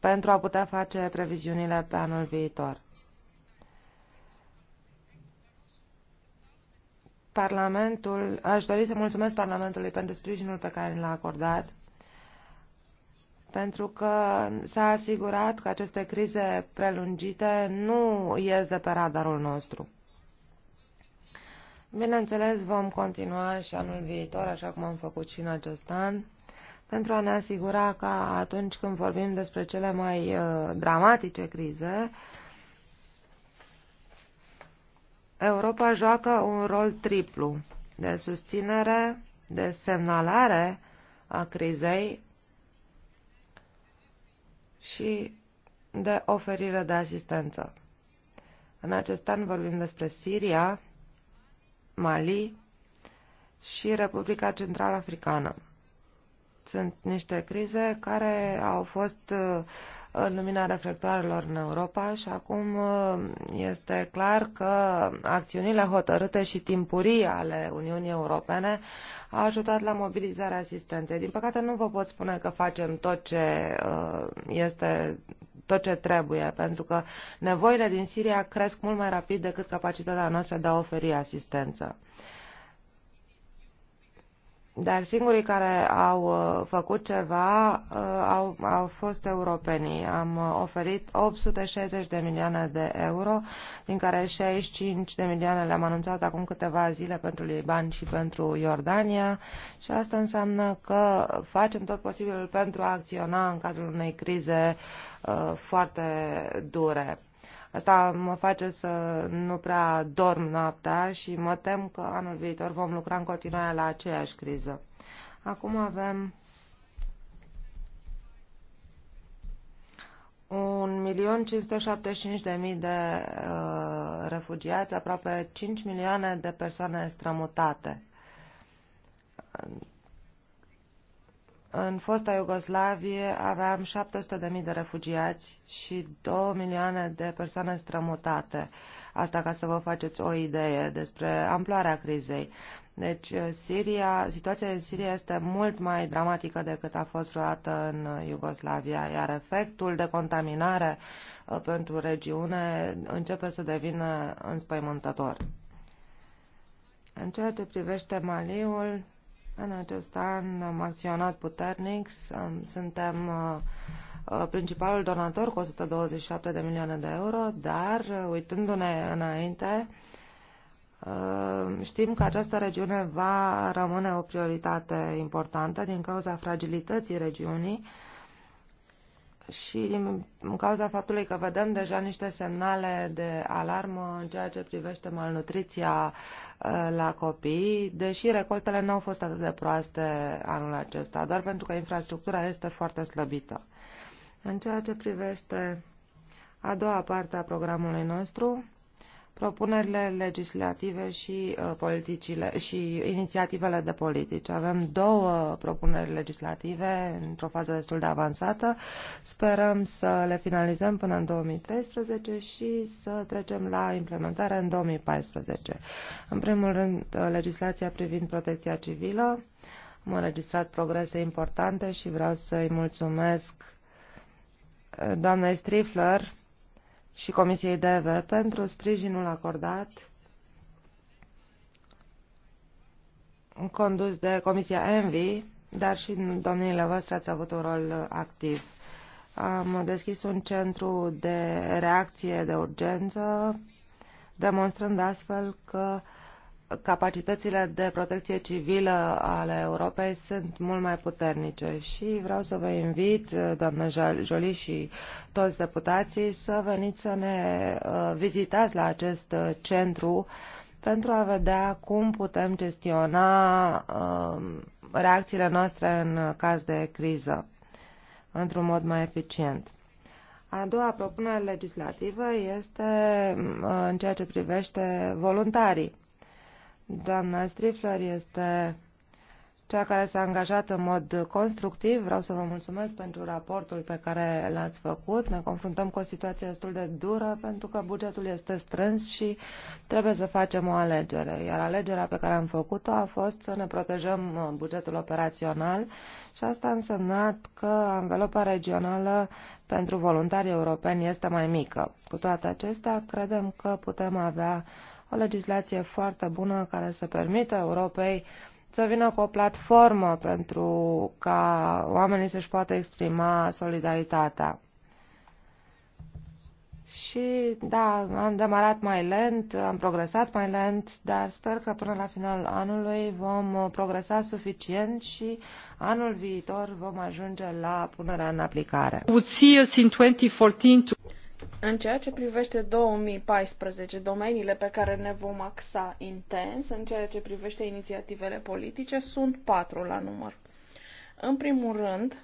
pentru a putea face previziunile pe anul viitor. Parlamentul, aș dori să mulțumesc Parlamentului pentru sprijinul pe care l-a acordat, pentru că s-a asigurat că aceste crize prelungite nu ies de pe radarul nostru. Bineînțeles, vom continua și anul viitor, așa cum am făcut și în acest an, pentru a ne asigura că atunci când vorbim despre cele mai uh, dramatice crize, Europa joacă un rol triplu de susținere, de semnalare a crizei și de oferire de asistență. În acest an vorbim despre Siria, Mali și Republica Central Africană. Sunt niște crize care au fost uh, în lumina reflectoarelor în Europa și acum uh, este clar că acțiunile hotărâte și timpurii ale Uniunii Europene au ajutat la mobilizarea asistenței. Din păcate nu vă pot spune că facem tot ce uh, este tot ce trebuie, pentru că nevoile din Siria cresc mult mai rapid decât capacitatea noastră de a oferi asistență. Dar singurii care au uh, făcut ceva uh, au, au fost europenii. Am uh, oferit 860 de milioane de euro, din care 65 de milioane le-am anunțat acum câteva zile pentru Liban și pentru Iordania și asta înseamnă că facem tot posibilul pentru a acționa în cadrul unei crize uh, foarte dure. Asta mă face să nu prea dorm noaptea și mă tem că anul viitor vom lucra în continuare la aceeași criză. Acum avem un milion 1.575.000 de uh, refugiați, aproape 5 milioane de persoane strămutate în fosta Iugoslavie aveam 700.000 de refugiați și 2 milioane de persoane strămutate. Asta ca să vă faceți o idee despre amploarea crizei. Deci eh, Siria, situația în Siria este mult mai dramatică decât a fost vreodată în Iugoslavia, iar efectul de contaminare eh, pentru regiune începe să devină înspăimântător. În ceea ce privește Maliul, în acest an am acționat puternic, suntem uh, uh, principalul donator cu 127 de milioane de euro, dar uh, uitându-ne înainte, Știm că această regiune va rămâne o prioritate importantă din cauza fragilității regiunii și din cauza faptului că vedem deja niște semnale de alarmă în ceea ce privește malnutriția uh, la copii, deși recoltele nu au fost atât de proaste anul acesta, doar pentru că infrastructura este foarte slăbită. În ceea ce privește a doua parte a programului nostru, propunerile legislative și uh, politicile și inițiativele de politici. Avem două propuneri legislative într-o fază destul de avansată. Sperăm să le finalizăm până în 2013 și să trecem la implementare în 2014. În primul rând, uh, legislația privind protecția civilă. Am înregistrat progrese importante și vreau să-i mulțumesc uh, doamnei Strifler, și Comisiei DV pentru sprijinul acordat condus de Comisia ENVI, dar și domniile voastre ați avut un rol activ. Am deschis un centru de reacție de urgență, demonstrând astfel că uh, capacitățile de protecție civilă ale Europei sunt mult mai puternice și vreau să vă invit, doamnă Jolie și toți deputații, să veniți să ne uh, vizitați la acest uh, centru pentru a vedea cum putem gestiona um, reacțiile noastre în caz de criză într-un mod mai eficient. A doua propunere legislativă este uh, în ceea ce privește voluntarii. Doamna Strifler este cea care s-a angajat în mod constructiv. Vreau să vă mulțumesc pentru raportul pe care l-ați făcut. Ne confruntăm cu o situație destul de dură pentru că bugetul este strâns și trebuie să facem o alegere. Iar alegerea pe care am făcut-o a fost să ne protejăm uh, bugetul operațional și asta a însemnat că anvelopa regională pentru voluntarii europeni este mai mică. Cu toate acestea, credem că putem avea o legislație foarte bună care să permită Europei să vină cu o platformă pentru ca oamenii să-și poată exprima solidaritatea. Și da, am demarat mai lent, am progresat mai lent, dar sper că până la finalul anului vom progresa suficient și anul viitor vom ajunge la punerea în aplicare. see us in 2014 în ceea ce privește 2014, domeniile pe care ne vom axa intens, în ceea ce privește inițiativele politice, sunt patru la număr. În primul rând,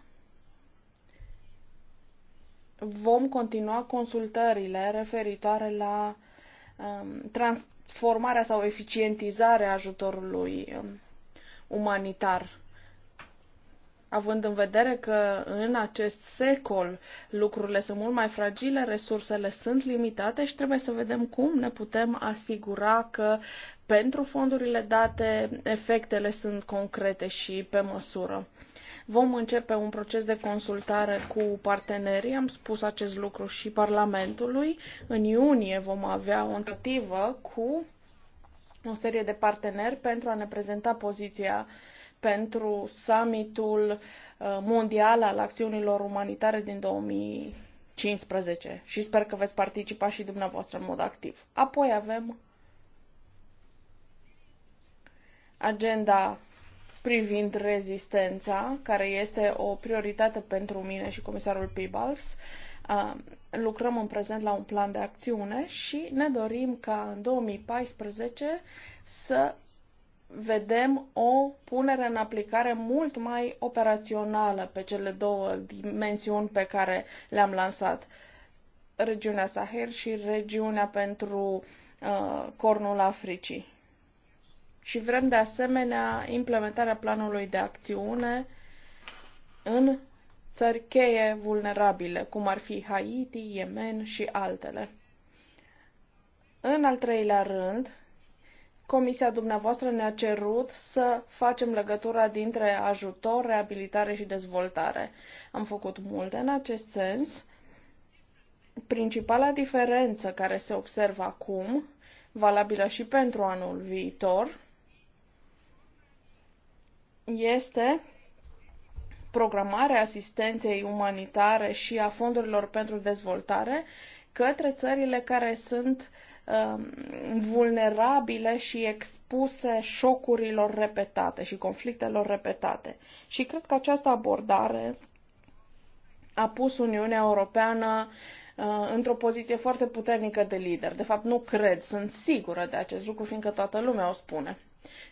vom continua consultările referitoare la um, transformarea sau eficientizarea ajutorului um, umanitar având în vedere că în acest secol lucrurile sunt mult mai fragile, resursele sunt limitate și trebuie să vedem cum ne putem asigura că pentru fondurile date efectele sunt concrete și pe măsură. Vom începe un proces de consultare cu partenerii, am spus acest lucru și Parlamentului. În iunie vom avea o întâlnire cu o serie de parteneri pentru a ne prezenta poziția uh, pentru summitul uh, mondial al acțiunilor umanitare din 2015 și sper că veți participa și dumneavoastră în mod activ. Apoi avem agenda privind rezistența, care este o prioritate pentru mine și comisarul Peebles. Uh, lucrăm în prezent la un plan de acțiune și ne dorim ca în 2014 să vedem o punere în aplicare mult mai operațională pe cele două dimensiuni pe care le-am lansat. Regiunea Sahel și regiunea pentru uh, Cornul Africii. Și vrem de asemenea implementarea planului de acțiune în țări cheie vulnerabile, cum ar fi Haiti, Yemen și altele. În al treilea rând, Comisia dumneavoastră ne-a cerut să facem legătura dintre ajutor, reabilitare și dezvoltare. Am făcut multe în acest sens. Principala diferență care se observă acum, valabilă și pentru anul viitor, este programarea asistenței umanitare și a fondurilor pentru dezvoltare către țările care sunt uh, Um, vulnerabile și expuse șocurilor repetate și conflictelor repetate. Și cred că această abordare a pus Uniunea Europeană uh, într-o poziție foarte puternică de lider. De fapt, nu cred, sunt sigură de acest lucru, fiindcă toată lumea o spune.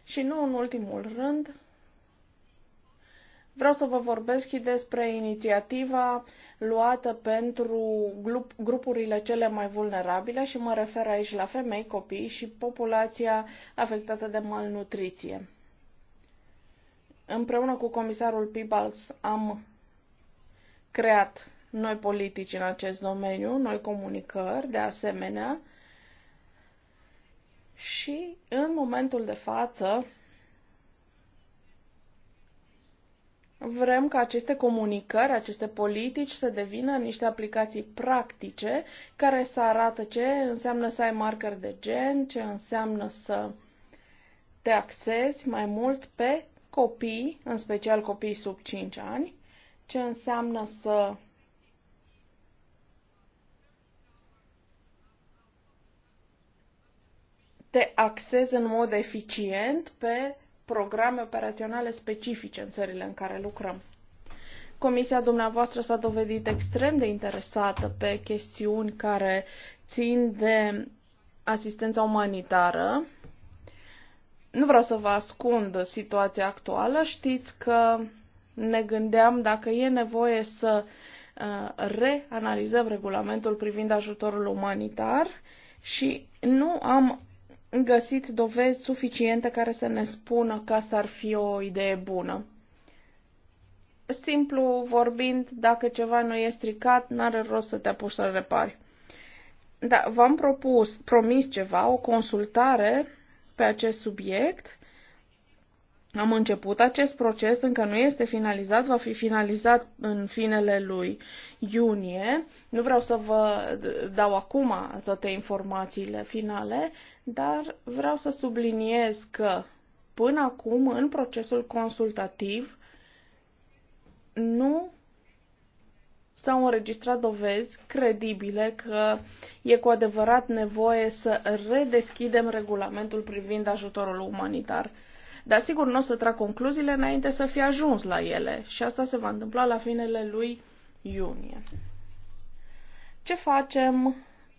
Și nu în ultimul rând, Vreau să vă vorbesc și despre inițiativa luată pentru grupurile cele mai vulnerabile și mă refer aici la femei, copii și populația afectată de malnutriție. Împreună cu comisarul Pibals am creat noi politici în acest domeniu, noi comunicări de asemenea și în momentul de față Vrem ca aceste comunicări, aceste politici să devină niște aplicații practice care să arată ce înseamnă să ai marker de gen, ce înseamnă să te axezi mai mult pe copii, în special copii sub 5 ani, ce înseamnă să te axezi în mod eficient pe programe operaționale specifice în țările în care lucrăm. Comisia dumneavoastră s-a dovedit extrem de interesată pe chestiuni care țin de asistența umanitară. Nu vreau să vă ascund situația actuală. Știți că ne gândeam dacă e nevoie să uh, reanalizăm regulamentul privind ajutorul umanitar și nu am găsit dovezi suficiente care să ne spună că asta ar fi o idee bună. Simplu vorbind, dacă ceva nu e stricat, n-are rost să te apuci să repari. Da, v-am propus, promis ceva, o consultare pe acest subiect. Am început acest proces, încă nu este finalizat, va fi finalizat în finele lui iunie. Nu vreau să vă dau acum toate informațiile finale, dar vreau să subliniez că până acum, în procesul consultativ, nu s-au înregistrat dovezi credibile că e cu adevărat nevoie să redeschidem regulamentul privind ajutorul umanitar. Dar sigur nu o să trag concluziile înainte să fie ajuns la ele și asta se va întâmpla la finele lui iunie. Ce facem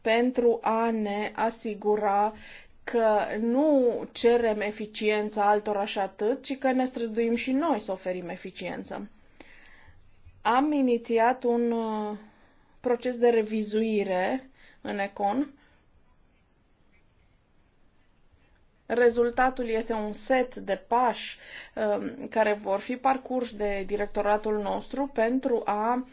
pentru a ne asigura că nu cerem eficiența altora și atât, ci că ne străduim și noi să oferim eficiență. Am inițiat un uh, proces de revizuire în Econ. Rezultatul este un set de pași um, care vor fi parcurși de directoratul nostru pentru a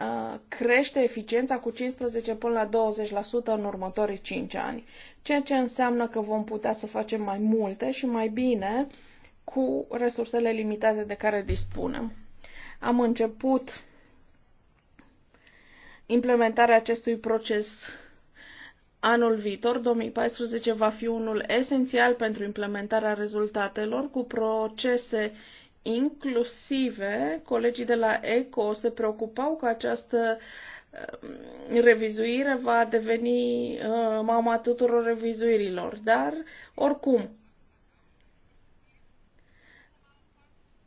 Uh, crește eficiența cu 15 până la 20% în următorii 5 ani, ceea ce înseamnă că vom putea să facem mai multe și mai bine cu resursele limitate de care dispunem. Am început implementarea acestui proces Anul viitor, 2014, va fi unul esențial pentru implementarea rezultatelor cu procese inclusive colegii de la ECO se preocupau că această um, revizuire va deveni uh, mama tuturor revizuirilor, dar oricum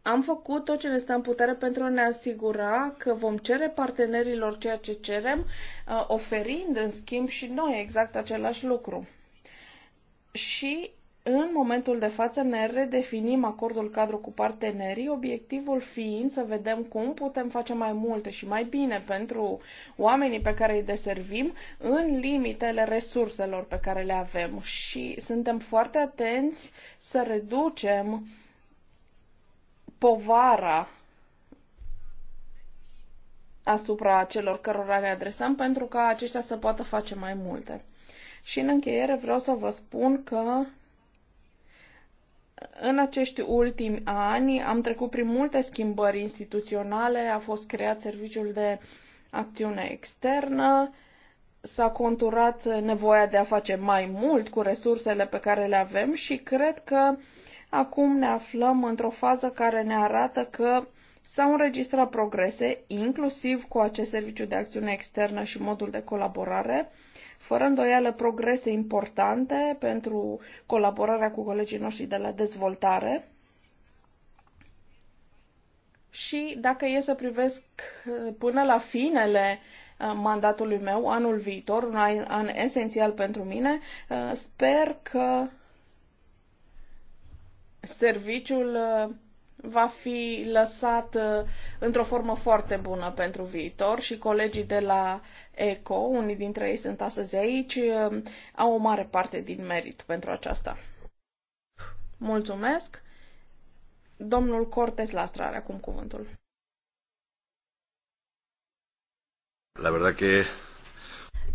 am făcut tot ce ne stă în putere pentru a ne asigura că vom cere partenerilor ceea ce cerem, uh, oferind în schimb și noi exact același lucru. Și în momentul de față ne redefinim acordul cadru cu partenerii, obiectivul fiind să vedem cum putem face mai multe și mai bine pentru oamenii pe care îi deservim în limitele resurselor pe care le avem și suntem foarte atenți să reducem povara asupra celor cărora le adresăm pentru ca aceștia să poată face mai multe. Și în încheiere vreau să vă spun că în acești ultimi ani am trecut prin multe schimbări instituționale, a fost creat serviciul de acțiune externă, s-a conturat nevoia de a face mai mult cu resursele pe care le avem și cred că acum ne aflăm într-o fază care ne arată că s-au înregistrat progrese, inclusiv cu acest serviciu de acțiune externă și modul de colaborare, fără îndoială progrese importante pentru colaborarea cu colegii noștri de la dezvoltare. Și dacă e să privesc uh, până la finele uh, mandatului meu, anul viitor, un an esențial pentru mine, uh, sper că serviciul va fi lăsat uh, într-o formă foarte bună pentru viitor și colegii de la ECO, unii dintre ei sunt astăzi aici, uh, au o mare parte din merit pentru aceasta. Mulțumesc! Domnul Cortes Lastra are acum cuvântul. La verdad que...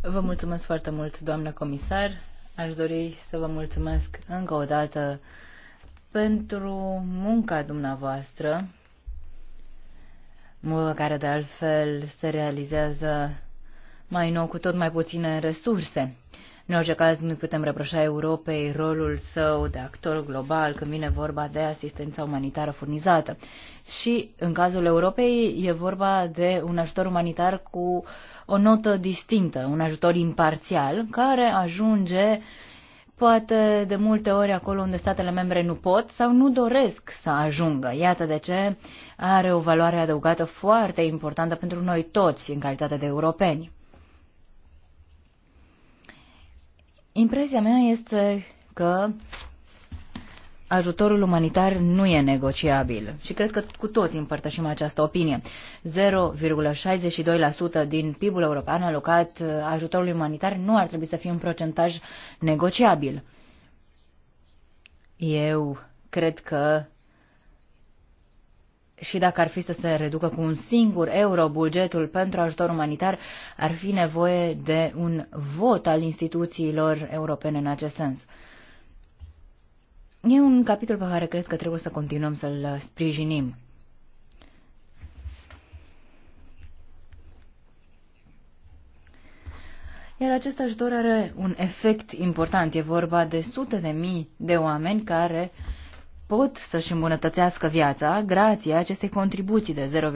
Vă mulțumesc foarte mult, doamnă comisar. Aș dori să vă mulțumesc încă o dată pentru munca dumneavoastră, muncă care de altfel se realizează mai nou cu tot mai puține resurse. În orice caz, nu putem reproșa Europei rolul său de actor global când vine vorba de asistența umanitară furnizată. Și, în cazul Europei, e vorba de un ajutor umanitar cu o notă distinctă, un ajutor imparțial, care ajunge uh, poate de multe ori acolo unde statele membre nu pot sau nu doresc să ajungă. Iată de ce are o valoare adăugată foarte importantă pentru noi toți în calitate de europeni. Impresia mea este că ajutorul umanitar nu e negociabil și cred că cu toți împărtășim această opinie. 0,62% din PIB-ul european alocat uh, ajutorului umanitar nu ar trebui să fie un procentaj negociabil. Eu cred că și dacă ar fi să se reducă cu un singur euro bugetul pentru ajutor umanitar, ar fi nevoie de un vot al instituțiilor europene în acest sens. E un capitol pe care cred că trebuie să continuăm să-l sprijinim. Iar acesta ajutor are un efect important. E vorba de sute de mii de oameni care pot să-și îmbunătățească viața grație acestei contribuții de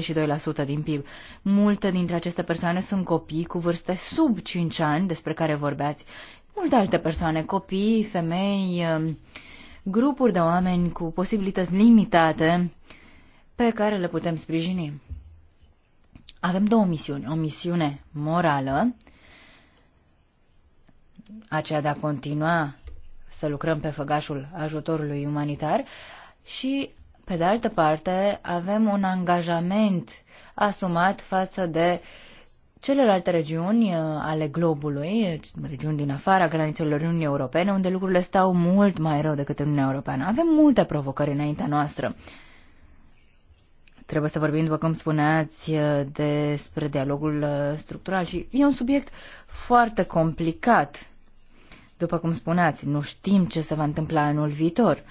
0,62% din PIB. Multe dintre aceste persoane sunt copii cu vârste sub 5 ani despre care vorbeați multe alte persoane, copii, femei, um, grupuri de oameni cu posibilități limitate pe care le putem sprijini. Avem două misiuni. O misiune morală, aceea de a continua să lucrăm pe făgașul ajutorului umanitar și, pe de altă parte, avem un angajament asumat față de uh, celelalte regiuni uh, ale globului, regiuni din afara granițelor Uniunii Europene, unde lucrurile stau mult mai rău decât în Uniunea Europeană. Avem multe provocări înaintea noastră. Trebuie să vorbim, după cum spuneați, uh, despre dialogul uh, structural și e un subiect foarte complicat. După cum spuneați, nu știm ce se va întâmpla anul viitor.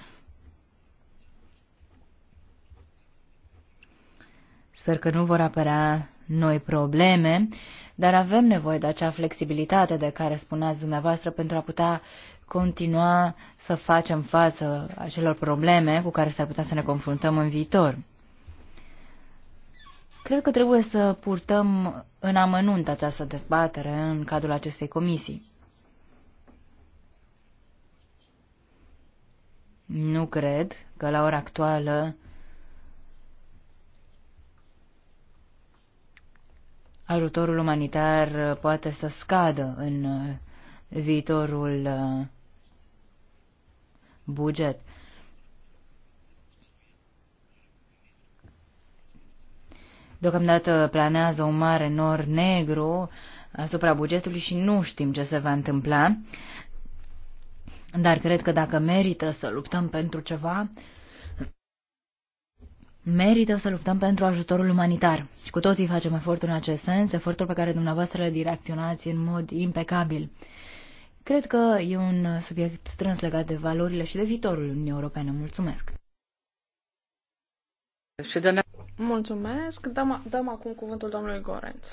Sper că nu vor apărea noi probleme, dar avem nevoie de acea flexibilitate de care spuneați dumneavoastră pentru a putea continua să facem față acelor probleme cu care s-ar putea să ne confruntăm în viitor. Cred că trebuie să purtăm în amănunt această dezbatere în cadrul acestei comisii. Nu cred că la ora actuală ajutorul umanitar poate să scadă în uh, viitorul uh, buget. Deocamdată planează un mare nor negru asupra bugetului și nu știm ce se va întâmpla, dar cred că dacă merită să luptăm pentru ceva, Merită să luptăm pentru ajutorul umanitar și cu toții facem efortul în acest sens, efortul pe care dumneavoastră le direcționați în mod impecabil. Cred că e un subiect strâns legat de valorile și de viitorul Uniunii Europene. Mulțumesc! Mulțumesc! Dăm, dăm acum cuvântul domnului Gorenț.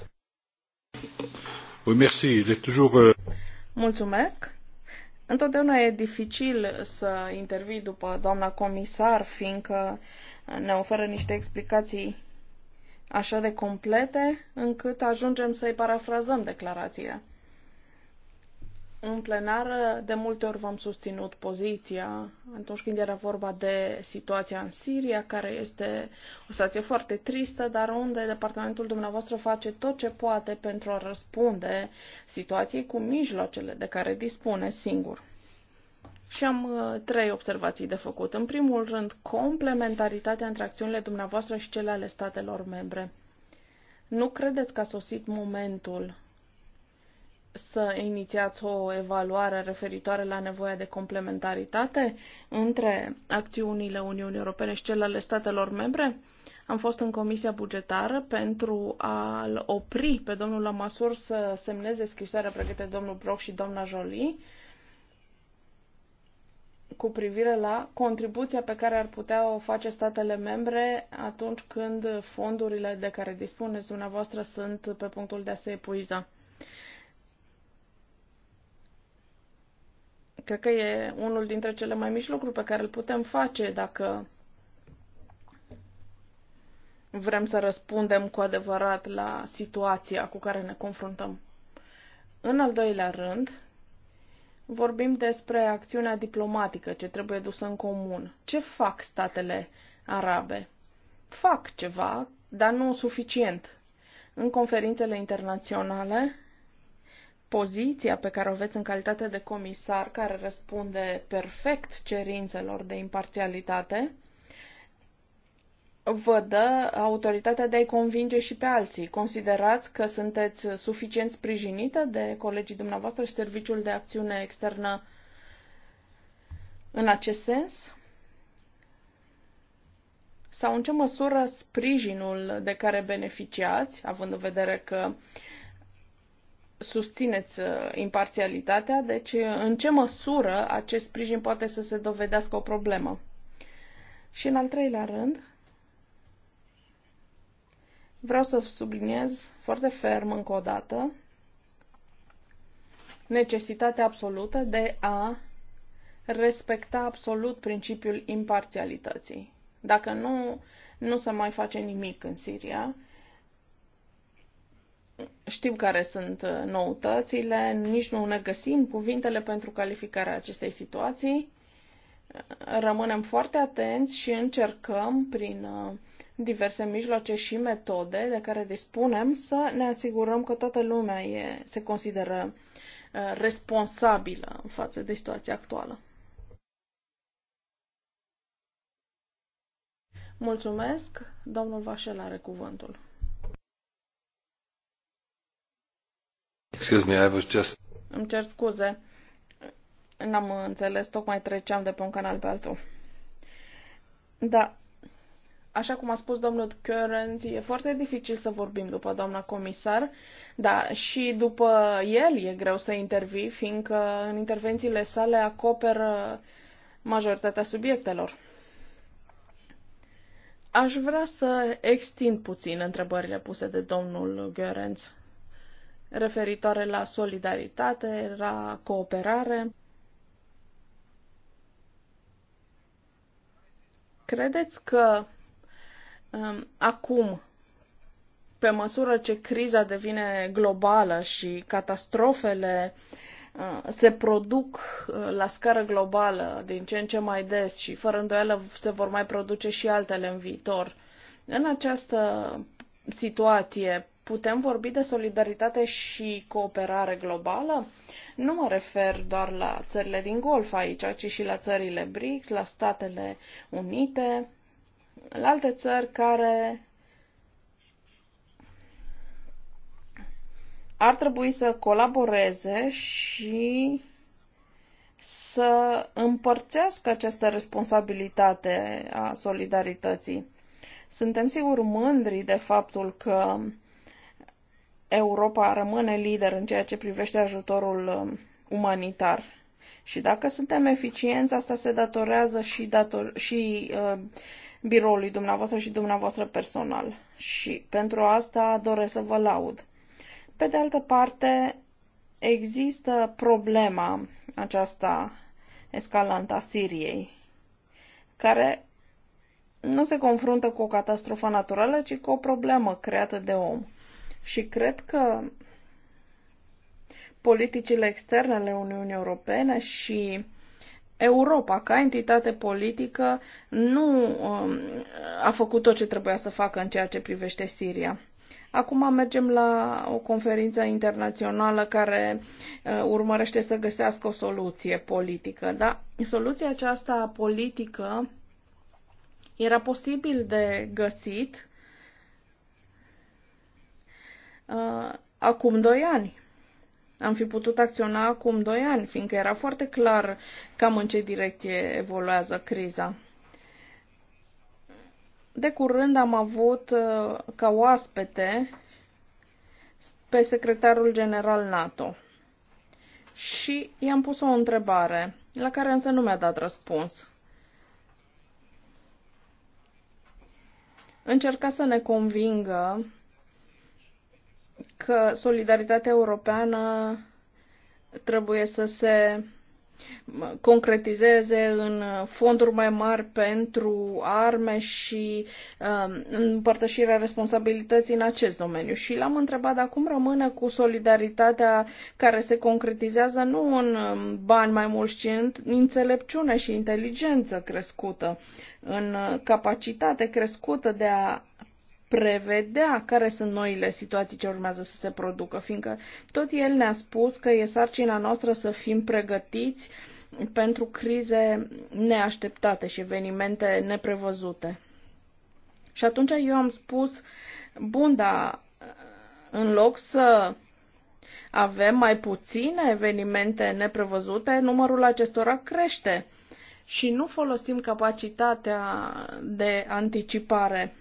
Oui, merci. toujours... Euh, Mulțumesc! Întotdeauna e dificil să intervii după doamna comisar, fiindcă uh, ne oferă niște explicații așa de complete încât ajungem să-i parafrazăm declarațiile. În plenară, de multe ori v-am susținut poziția atunci când era vorba de situația în Siria, care este o situație foarte tristă, dar unde departamentul dumneavoastră face tot ce poate pentru a răspunde situației cu mijloacele de care dispune singur. Și am uh, trei observații de făcut. În primul rând, complementaritatea între acțiunile dumneavoastră și cele ale statelor membre. Nu credeți că a sosit momentul să inițiați o evaluare referitoare la nevoia de complementaritate între acțiunile Uniunii Europene și cele ale statelor membre? Am fost în comisia bugetară pentru a-l opri pe domnul Lamasur să semneze scrisoarea pregătită de domnul Brock și doamna Jolie cu privire la contribuția pe care ar putea o face statele membre atunci când fondurile de care dispuneți dumneavoastră sunt pe punctul de a se epuiza. Cred că e unul dintre cele mai mici lucruri pe care îl putem face dacă vrem să răspundem cu adevărat la situația cu care ne confruntăm. În al doilea rând, Vorbim despre acțiunea diplomatică ce trebuie dusă în comun. Ce fac statele arabe? Fac ceva, dar nu suficient. În conferințele internaționale, poziția pe care o veți în calitate de comisar care răspunde perfect cerințelor de imparțialitate, vă dă autoritatea de a-i convinge și pe alții. Considerați că sunteți suficient sprijinită de colegii dumneavoastră și Serviciul de Acțiune Externă în acest sens? Sau în ce măsură sprijinul de care beneficiați, având în vedere că susțineți uh, imparțialitatea, deci uh, în ce măsură acest sprijin poate să se dovedească o problemă? Și în al treilea rând, Vreau să subliniez foarte ferm încă o dată necesitatea absolută de a respecta absolut principiul imparțialității. Dacă nu, nu se mai face nimic în Siria. Știm care sunt noutățile, nici nu ne găsim cuvintele pentru calificarea acestei situații. Rămânem foarte atenți și încercăm prin uh, diverse mijloace și metode de care dispunem să ne asigurăm că toată lumea e, se consideră uh, responsabilă față de situația actuală. Mulțumesc. Domnul Vașel are cuvântul. Excuse me, I was just... Îmi cer scuze. N-am înțeles, tocmai treceam de pe un canal pe altul. Da, Așa cum a spus domnul Currens, e foarte dificil să vorbim după doamna comisar, dar și după el e greu să intervii, fiindcă în intervențiile sale acoperă majoritatea subiectelor. Aș vrea să extind puțin întrebările puse de domnul Görenț referitoare la solidaritate, la cooperare. Credeți că Um, acum, pe măsură ce criza devine globală și catastrofele uh, se produc uh, la scară globală din ce în ce mai des și fără îndoială se vor mai produce și altele în viitor. În această situație putem vorbi de solidaritate și cooperare globală? Nu mă refer doar la țările din Golf aici, ci și la țările BRICS, la Statele Unite, la alte țări care ar trebui să colaboreze și să împărțească această responsabilitate a solidarității. Suntem sigur mândri de faptul că Europa rămâne lider în ceea ce privește ajutorul um, umanitar. Și dacă suntem eficienți, asta se datorează și, dator- și uh, biroului dumneavoastră și dumneavoastră personal. Și pentru asta doresc să vă laud. Pe de altă parte, există problema aceasta escalantă a Siriei, care nu se confruntă cu o catastrofă naturală, ci cu o problemă creată de om. Și cred că politicile externe ale Uniunii Europene și Europa, ca entitate politică, nu um, a făcut tot ce trebuia să facă în ceea ce privește Siria. Acum mergem la o conferință internațională care uh, urmărește să găsească o soluție politică. Da? Soluția aceasta politică era posibil de găsit uh, acum doi ani. Am fi putut acționa acum doi ani, fiindcă era foarte clar cam în ce direcție evoluează criza. De curând am avut uh, ca oaspete pe secretarul general NATO și i-am pus o întrebare, la care însă nu mi-a dat răspuns. Încerca să ne convingă că solidaritatea europeană trebuie să se concretizeze în fonduri mai mari pentru arme și um, împărtășirea responsabilității în acest domeniu. Și l-am întrebat dacă cum rămâne cu solidaritatea care se concretizează nu în um, bani mai mulți, ci în înțelepciune și inteligență crescută, în uh, capacitate crescută de a prevedea care sunt noile situații ce urmează să se producă, fiindcă tot el ne-a spus că e sarcina noastră să fim pregătiți pentru crize neașteptate și evenimente neprevăzute. Și atunci eu am spus, bun, dar în loc să avem mai puține evenimente neprevăzute, numărul acestora crește și nu folosim capacitatea de anticipare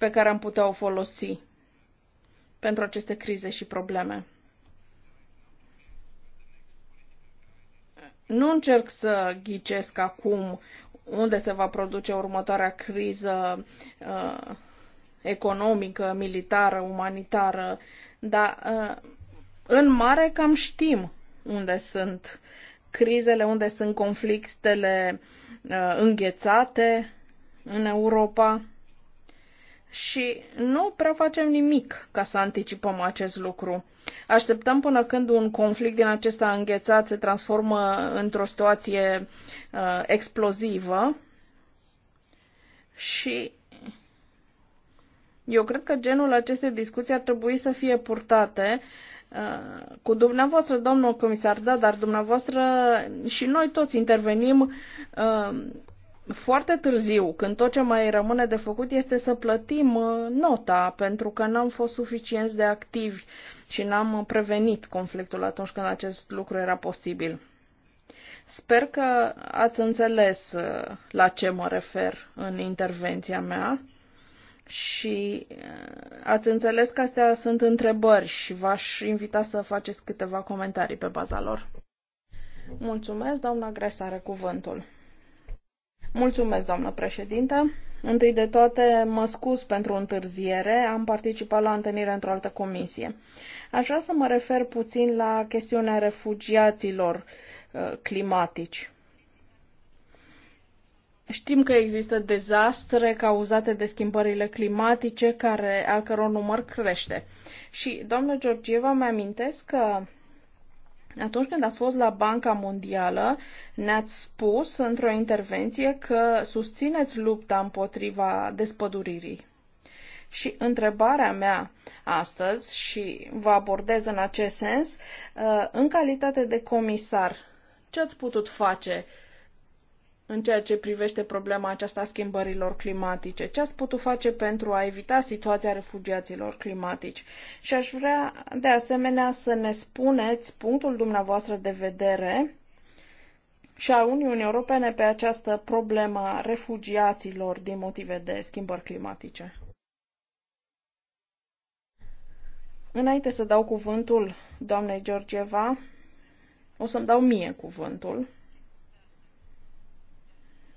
pe care am putea o folosi pentru aceste crize și probleme. Nu încerc să ghicesc acum unde se va produce următoarea criză uh, economică, militară, umanitară, dar uh, în mare cam știm unde sunt crizele, unde sunt conflictele uh, înghețate în Europa și nu prea facem nimic ca să anticipăm acest lucru. Așteptăm până când un conflict din acesta înghețat se transformă într-o situație uh, explozivă și eu cred că genul acestei discuții ar trebui să fie purtate uh, cu dumneavoastră, domnul comisar, da, dar dumneavoastră și noi toți intervenim uh, foarte târziu, când tot ce mai rămâne de făcut este să plătim uh, nota, pentru că n-am fost suficienți de activi și n-am uh, prevenit conflictul atunci când acest lucru era posibil. Sper că ați înțeles uh, la ce mă refer în intervenția mea și ați înțeles că astea sunt întrebări și v-aș invita să faceți câteva comentarii pe baza lor. Mulțumesc, doamna Gresare, cuvântul. Mulțumesc, doamnă președinte. Întâi de toate, mă scuz pentru întârziere, am participat la întâlnire într-o altă comisie. Aș vrea să mă refer puțin la chestiunea refugiaților uh, climatici. Știm că există dezastre cauzate de schimbările climatice, care, al căror număr crește. Și, doamnă Georgieva, mi amintesc că atunci când ați fost la Banca Mondială, ne-ați spus într-o intervenție că susțineți lupta împotriva despăduririi. Și întrebarea mea astăzi, și vă abordez în acest sens, uh, în calitate de comisar, ce ați putut face în ceea ce privește problema aceasta a schimbărilor climatice? Ce ați putut face pentru a evita situația refugiaților climatici? Și aș vrea, de asemenea, să ne spuneți punctul dumneavoastră de vedere și a Uniunii Europene pe această problemă a refugiaților din motive de schimbări climatice. Înainte să dau cuvântul doamnei Georgieva, o să-mi dau mie cuvântul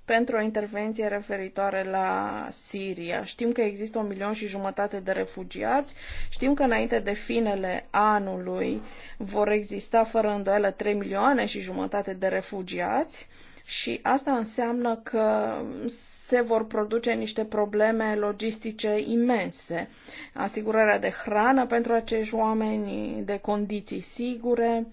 pentru o intervenție referitoare la Siria. Știm că există un milion și jumătate de refugiați, știm că înainte de finele anului vor exista fără îndoială 3 milioane și jumătate de refugiați și asta înseamnă că se vor produce niște probleme logistice imense. Asigurarea de hrană pentru acești oameni, de condiții sigure,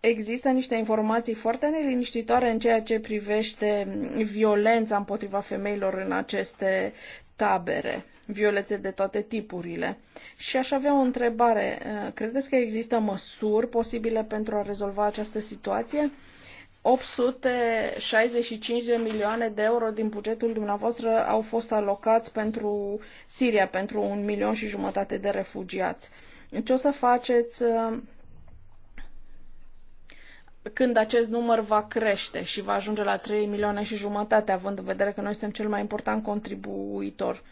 există niște informații foarte neliniștitoare în ceea ce privește violența împotriva femeilor în aceste tabere, violențe de toate tipurile. Și aș avea o întrebare. Uh, credeți că există măsuri posibile pentru a rezolva această situație? 865 de milioane de euro din bugetul dumneavoastră au fost alocați pentru Siria, pentru un milion și jumătate de refugiați. Ce o să faceți uh, când acest număr va crește și va ajunge la 3 milioane și jumătate, având în vedere că noi suntem cel mai important contribuitor.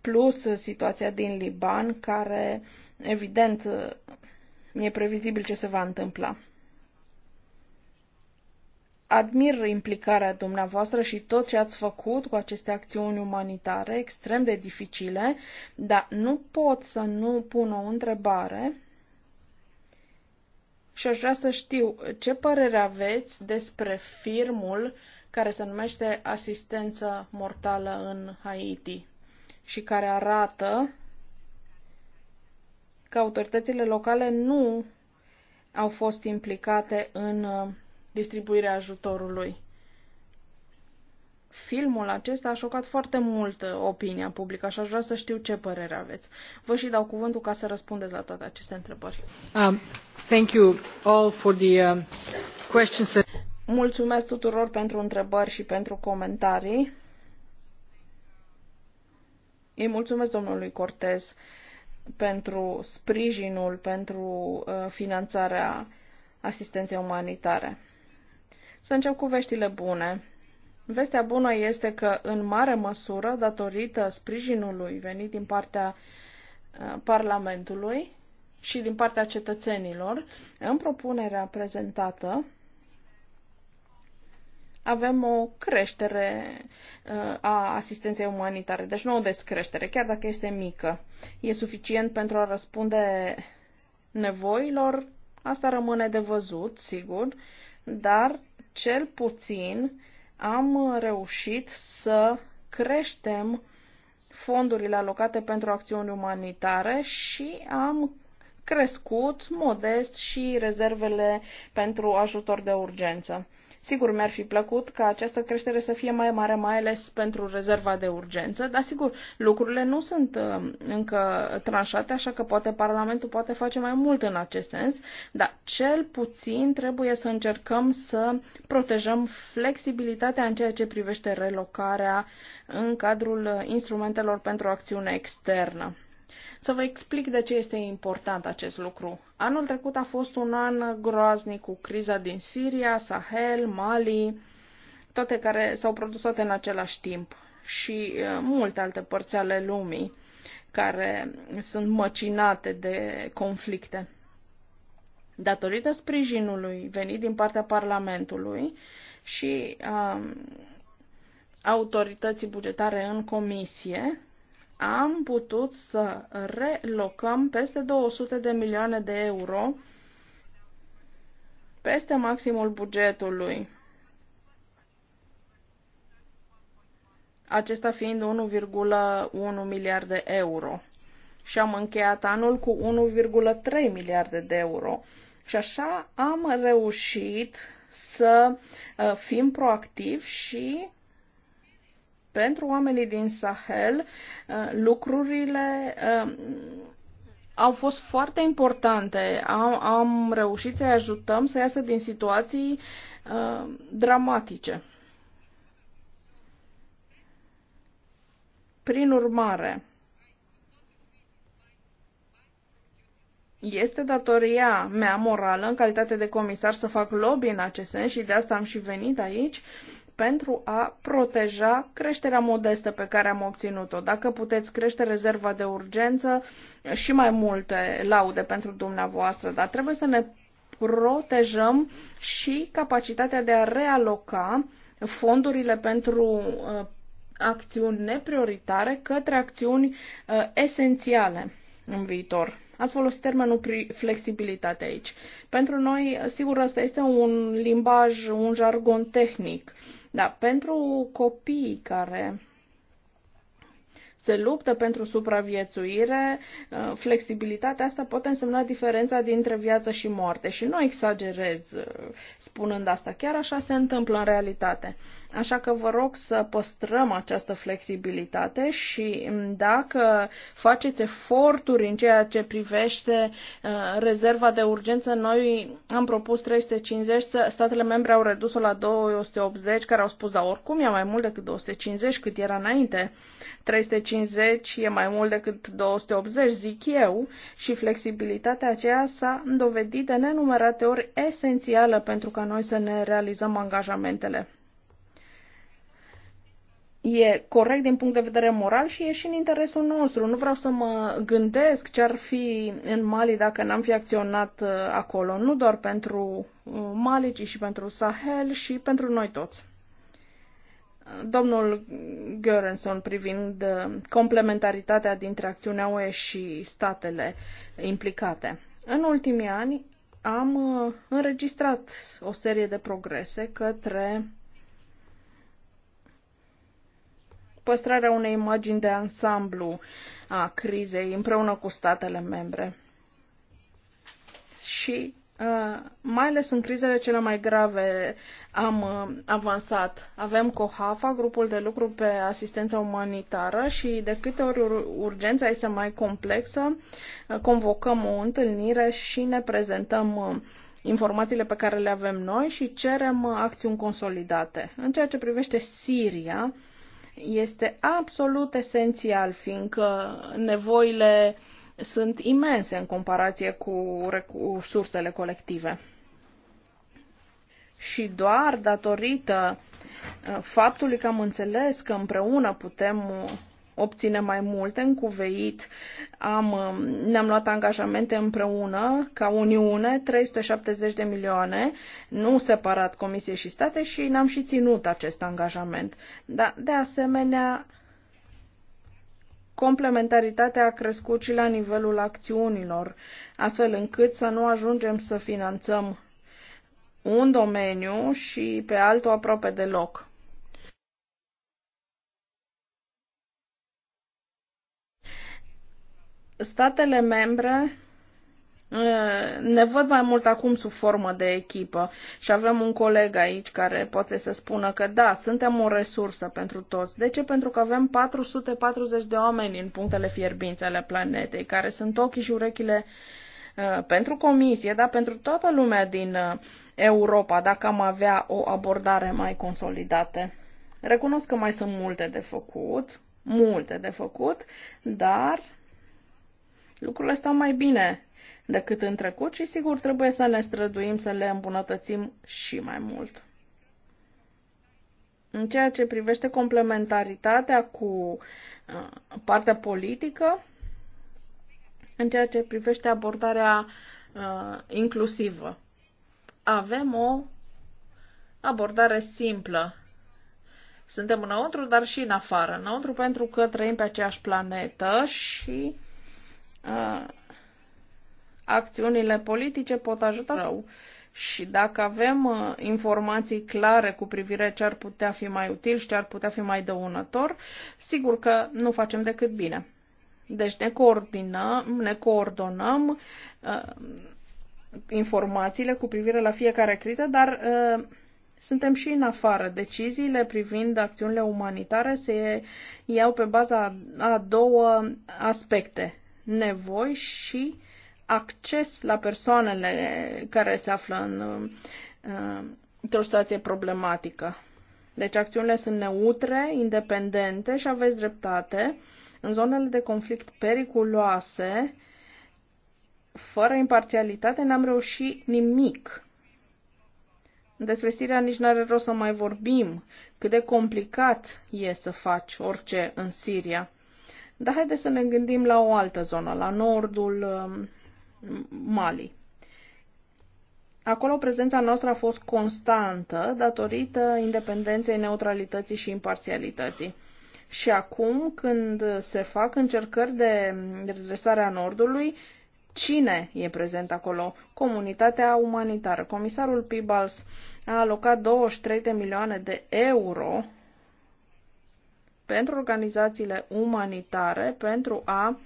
Plus uh, situația din Liban, care, evident, uh, e previzibil ce se va întâmpla. Admir implicarea dumneavoastră și tot ce ați făcut cu aceste acțiuni umanitare extrem de dificile, dar nu pot să nu pun o întrebare și aș vrea să știu ce părere aveți despre firmul care se numește Asistență Mortală în Haiti și care arată că autoritățile locale nu au fost implicate în uh, distribuirea ajutorului. Filmul acesta a șocat foarte mult uh, opinia publică și aș vrea să știu ce părere aveți. Vă și dau cuvântul ca să răspundeți la toate aceste întrebări. Um, Uh, mulțumesc tuturor pentru întrebări și pentru comentarii. Îi mulțumesc domnului Cortez pentru sprijinul, pentru uh, finanțarea asistenței umanitare. Să încep cu veștile bune. Vestea bună este că, în mare măsură, datorită sprijinului venit din partea uh, Parlamentului, și din partea cetățenilor. În propunerea prezentată avem o creștere uh, a asistenței umanitare, deci nu o descreștere, chiar dacă este mică. E suficient pentru a răspunde nevoilor? Asta rămâne de văzut, sigur, dar cel puțin am reușit să creștem fondurile alocate pentru acțiuni umanitare și am crescut modest și rezervele pentru ajutor de urgență. Sigur, mi-ar fi plăcut ca această creștere să fie mai mare, mai ales pentru rezerva de urgență, dar sigur, lucrurile nu sunt uh, încă tranșate, așa că poate Parlamentul poate face mai mult în acest sens, dar cel puțin trebuie să încercăm să protejăm flexibilitatea în ceea ce privește relocarea în cadrul uh, instrumentelor pentru acțiune externă. Să vă explic de ce este important acest lucru. Anul trecut a fost un an groaznic cu criza din Siria, Sahel, Mali, toate care s-au produs toate în același timp și multe alte părți ale lumii care sunt măcinate de conflicte. Datorită sprijinului venit din partea Parlamentului și um, autorității bugetare în comisie, am putut să relocăm peste 200 de milioane de euro peste maximul bugetului. Acesta fiind 1,1 miliarde de euro. Și am încheiat anul cu 1,3 miliarde de euro. Și așa am reușit să uh, fim proactivi și pentru oamenii din Sahel uh, lucrurile uh, au fost foarte importante. Am, am reușit să-i ajutăm să iasă din situații uh, dramatice. Prin urmare, este datoria mea morală, în calitate de comisar, să fac lobby în acest sens și de asta am și venit aici. Uh, pentru a proteja creșterea modestă pe care am obținut-o. Dacă puteți crește rezerva de urgență eh, și mai multe laude pentru dumneavoastră, dar trebuie să ne protejăm și capacitatea de a realoca fondurile pentru eh, acțiuni neprioritare către acțiuni eh, esențiale în viitor. Ați folosit termenul flexibilitate aici. Pentru noi, sigur, asta este un limbaj, un jargon tehnic. Da, pentru copiii care se luptă pentru supraviețuire, uh, flexibilitatea asta poate însemna diferența dintre viață și moarte. Și nu exagerez uh, spunând asta, chiar așa se întâmplă în realitate. Așa că vă rog să păstrăm această flexibilitate și mm, dacă faceți eforturi în ceea ce privește uh, rezerva de urgență, noi am propus 350, statele membre au redus-o la 280, care au spus, da, oricum e mai mult decât 250 cât era înainte. 350 250 e mai mult decât 280, zic eu, și flexibilitatea aceea s-a dovedit de nenumărate ori esențială pentru ca noi să ne realizăm angajamentele. E corect din punct de vedere moral și e și în interesul nostru. Nu vreau să mă gândesc ce ar fi în Mali dacă n-am fi acționat uh, acolo, nu doar pentru uh, Mali, ci și pentru Sahel și pentru noi toți domnul Göransson privind uh, complementaritatea dintre acțiunea UE și statele implicate. În ultimii ani am uh, înregistrat o serie de progrese către păstrarea unei imagini de ansamblu a crizei împreună cu statele membre. Și uh, mai ales în crizele cele mai grave am uh, avansat. Avem COHAFA, grupul de lucru pe asistența umanitară și de câte ori urgența este mai complexă, uh, convocăm o întâlnire și ne prezentăm uh, informațiile pe care le avem noi și cerem acțiuni consolidate. În ceea ce privește Siria, este absolut esențial, fiindcă nevoile sunt imense în comparație cu resursele colective și doar datorită uh, faptului că am înțeles că împreună putem uh, obține mai multe în cuveit. Am, um, ne-am luat angajamente împreună ca Uniune, 370 de milioane, nu separat Comisie și state și n-am și ținut acest angajament. Dar, de asemenea, complementaritatea a crescut și la nivelul acțiunilor, astfel încât să nu ajungem să finanțăm un domeniu și pe altul aproape deloc. Statele membre eh, ne văd mai mult acum sub formă de echipă și avem un coleg aici care poate să spună că da, suntem o resursă pentru toți. De ce? Pentru că avem 440 de oameni în punctele fierbințe ale planetei, care sunt ochii și urechile uh, pentru comisie, dar pentru toată lumea din eh, Europa dacă am avea o abordare mai consolidată. Recunosc că mai sunt multe de făcut, multe de făcut, dar lucrurile stau mai bine decât în trecut și sigur trebuie să ne străduim să le îmbunătățim și mai mult. În ceea ce privește complementaritatea cu uh, partea politică, în ceea ce privește abordarea uh, inclusivă avem o abordare simplă. Suntem înăuntru, dar și în afară. Înăuntru pentru că trăim pe aceeași planetă și uh, acțiunile politice pot ajuta rău. Și dacă avem uh, informații clare cu privire ce ar putea fi mai util și ce ar putea fi mai dăunător, sigur că nu facem decât bine. Deci ne coordinăm, ne coordonăm uh, informațiile cu privire la fiecare criză, dar uh, suntem și în afară. Deciziile privind acțiunile umanitare se iau pe baza a două aspecte. Nevoi și acces la persoanele care se află în, uh, într-o situație problematică. Deci acțiunile sunt neutre, independente și aveți dreptate. În zonele de conflict periculoase, fără imparțialitate n-am reușit nimic. Despre Siria nici n-are rost să mai vorbim, cât de complicat e să faci orice în Siria. Dar haideți să ne gândim la o altă zonă, la nordul um, Mali. Acolo prezența noastră a fost constantă datorită independenței, neutralității și imparțialității. Și acum, când se fac încercări de redresare a Nordului, cine e prezent acolo. Comunitatea umanitară. Comisarul Pibals a alocat 23 de milioane de euro pentru organizațiile umanitare pentru a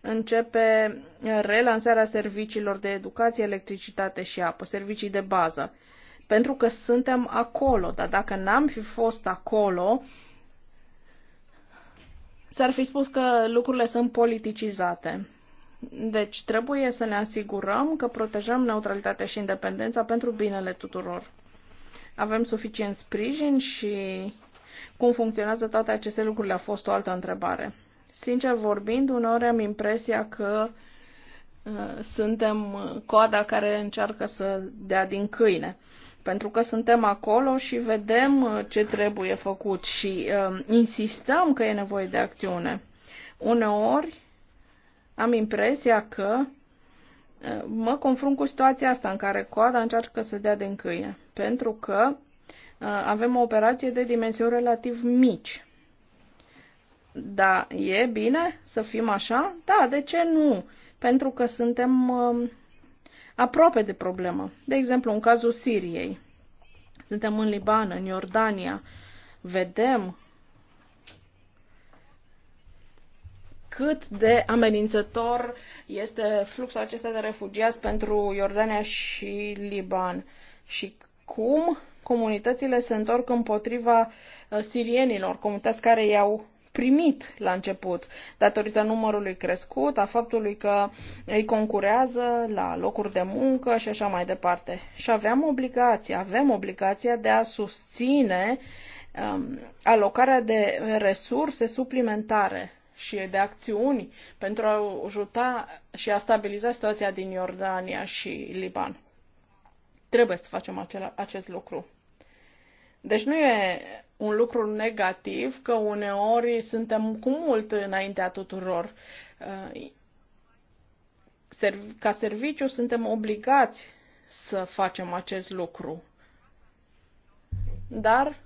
începe relansarea serviciilor de educație, electricitate și apă, servicii de bază. Pentru că suntem acolo, dar dacă n-am fi fost acolo, s-ar fi spus că lucrurile sunt politicizate. Deci trebuie să ne asigurăm că protejăm neutralitatea și independența pentru binele tuturor. Avem suficient sprijin și cum funcționează toate aceste lucruri a fost o altă întrebare. Sincer vorbind, uneori am impresia că uh, suntem coada care încearcă să dea din câine pentru că suntem acolo și vedem uh, ce trebuie făcut și uh, insistăm că e nevoie de acțiune. Uneori am impresia că uh, mă confrunt cu situația asta în care coada încearcă să dea de încâie, pentru că uh, avem o operație de dimensiuni relativ mici. Da, e bine să fim așa? Da, de ce nu? Pentru că suntem uh, aproape de problemă. De exemplu, în cazul Siriei. Suntem în Liban, în Iordania. Vedem cât de amenințător este fluxul acesta de refugiați pentru Iordania și Liban și cum comunitățile se întorc împotriva uh, sirienilor, comunități care i-au primit la început, datorită numărului crescut, a faptului că îi concurează la locuri de muncă și așa mai departe. Și aveam obligația, avem obligația de a susține um, alocarea de resurse suplimentare și de acțiuni pentru a ajuta și a stabiliza situația din Iordania și Liban. Trebuie să facem acel, acest lucru. Deci nu e un lucru negativ că uneori suntem cu mult înaintea tuturor. Uh, ca serviciu suntem obligați să facem acest lucru. Dar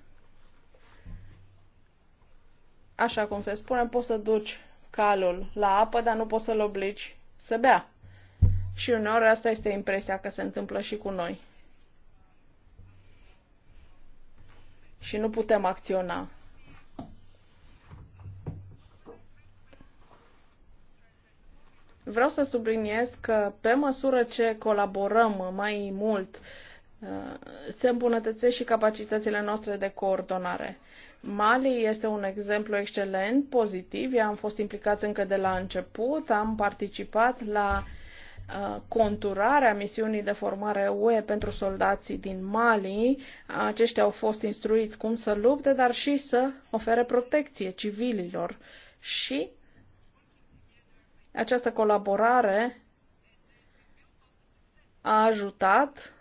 așa cum se spune, poți să duci calul la apă, dar nu poți să-l obligi să bea. Și uneori asta este impresia că se întâmplă și cu noi. Și nu putem acționa. Vreau să subliniez că pe măsură ce colaborăm mai mult, uh, se îmbunătățesc și capacitățile noastre de coordonare. Mali este un exemplu excelent, pozitiv. Eu am fost implicați încă de la început, am participat la uh, conturarea misiunii de formare UE pentru soldații din Mali. Aceștia au fost instruiți cum să lupte, dar și să ofere protecție civililor. Și această colaborare a ajutat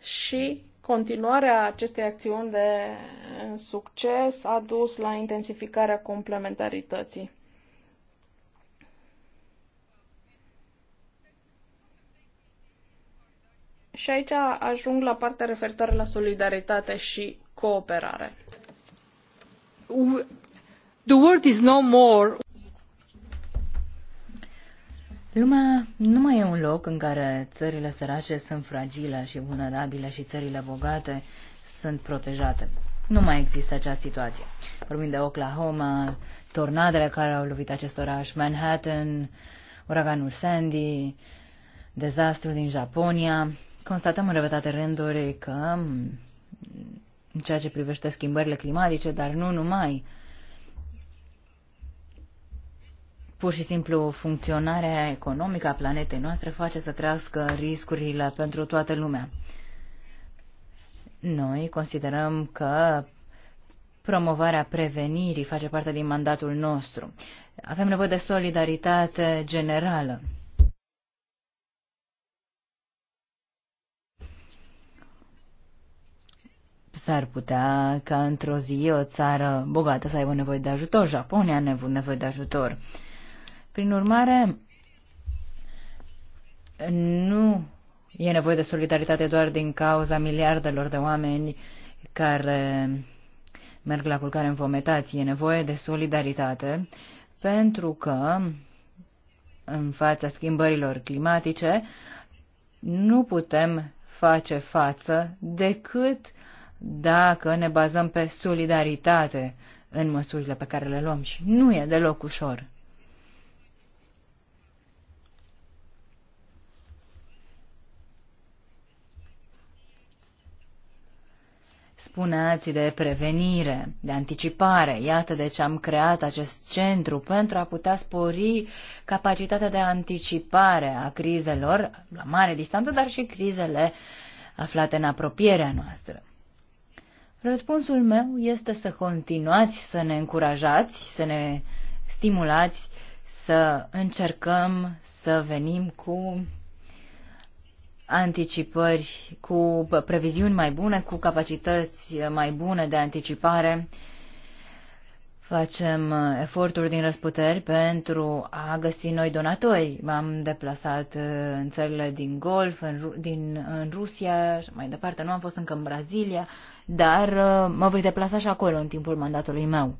și Continuarea acestei acțiuni de succes a dus la intensificarea complementarității. Și aici ajung la partea referitoare la solidaritate și cooperare. The world is no more. Lumea nu mai e un loc în care țările sărace sunt fragile și vulnerabile și țările bogate sunt protejate. Nu mai există această situație. Vorbim de Oklahoma, tornadele care au lovit acest oraș, Manhattan, uraganul Sandy, dezastrul din Japonia. Constatăm în repetate rânduri că mm, în ceea ce privește schimbările climatice, dar nu numai, Pur și simplu, funcționarea economică a planetei noastre face să crească riscurile pentru toată lumea. Noi considerăm că promovarea prevenirii face parte din mandatul nostru. Avem nevoie de solidaritate generală. S-ar putea ca într-o zi o țară bogată să aibă nevoie de ajutor, Japonia a nevoie de ajutor. Prin urmare, nu e nevoie de solidaritate doar din cauza miliardelor de oameni care merg la culcare vometați. E nevoie de solidaritate pentru că în fața schimbărilor climatice nu putem face față decât dacă ne bazăm pe solidaritate în măsurile pe care le luăm și nu e deloc ușor. Spuneați de prevenire, de anticipare. Iată de ce am creat acest centru pentru a putea spori capacitatea de anticipare a crizelor la mare distanță, dar și crizele aflate în apropierea noastră. Răspunsul meu este să continuați să ne încurajați, să ne stimulați, să încercăm să venim cu anticipări cu previziuni mai bune, cu capacități mai bune de anticipare. Facem eforturi din răsputeri pentru a găsi noi donatori. M-am deplasat în țările din Golf, în, Ru- din, în Rusia și mai departe. Nu am fost încă în Brazilia, dar uh, mă voi deplasa și acolo în timpul mandatului meu.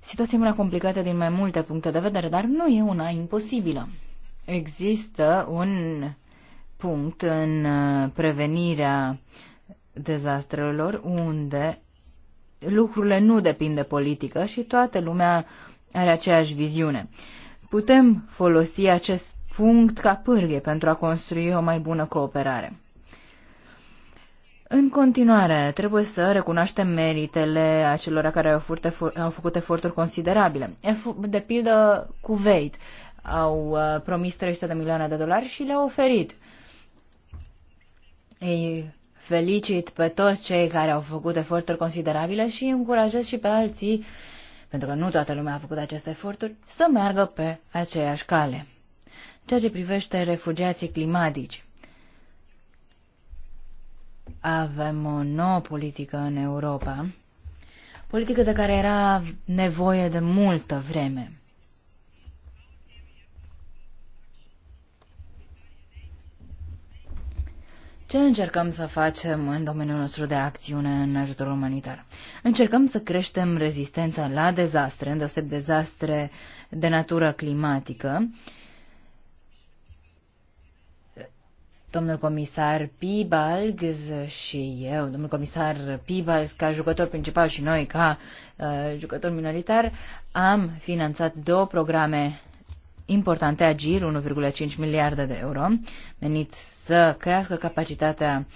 Situația e una complicată din mai multe puncte de vedere, dar nu e una imposibilă există un punct în uh, prevenirea dezastrelor unde lucrurile nu depind de politică și toată lumea are aceeași viziune. Putem folosi acest punct ca pârghie pentru a construi o mai bună cooperare. În continuare, trebuie să recunoaștem meritele acelora care au, au făcut eforturi considerabile. De pildă, Kuwait au uh, promis 300 de milioane de dolari și le-au oferit. Ei felicit pe toți cei care au făcut eforturi considerabile și încurajez și pe alții, pentru că nu toată lumea a făcut aceste eforturi, să meargă pe aceeași cale. Ceea ce privește refugiații climatici. Avem o nouă politică în Europa, politică de care era nevoie de multă vreme. Ce încercăm să facem în domeniul nostru de acțiune în ajutorul umanitar? Încercăm să creștem rezistența la dezastre, îndeoseb dezastre de natură climatică. Domnul comisar Pibalgs și eu, domnul comisar Pibalgs ca jucător principal și noi ca uh, jucător minoritar, am finanțat două programe importante Agir, 1,5 miliarde de euro, menit să crească capacitatea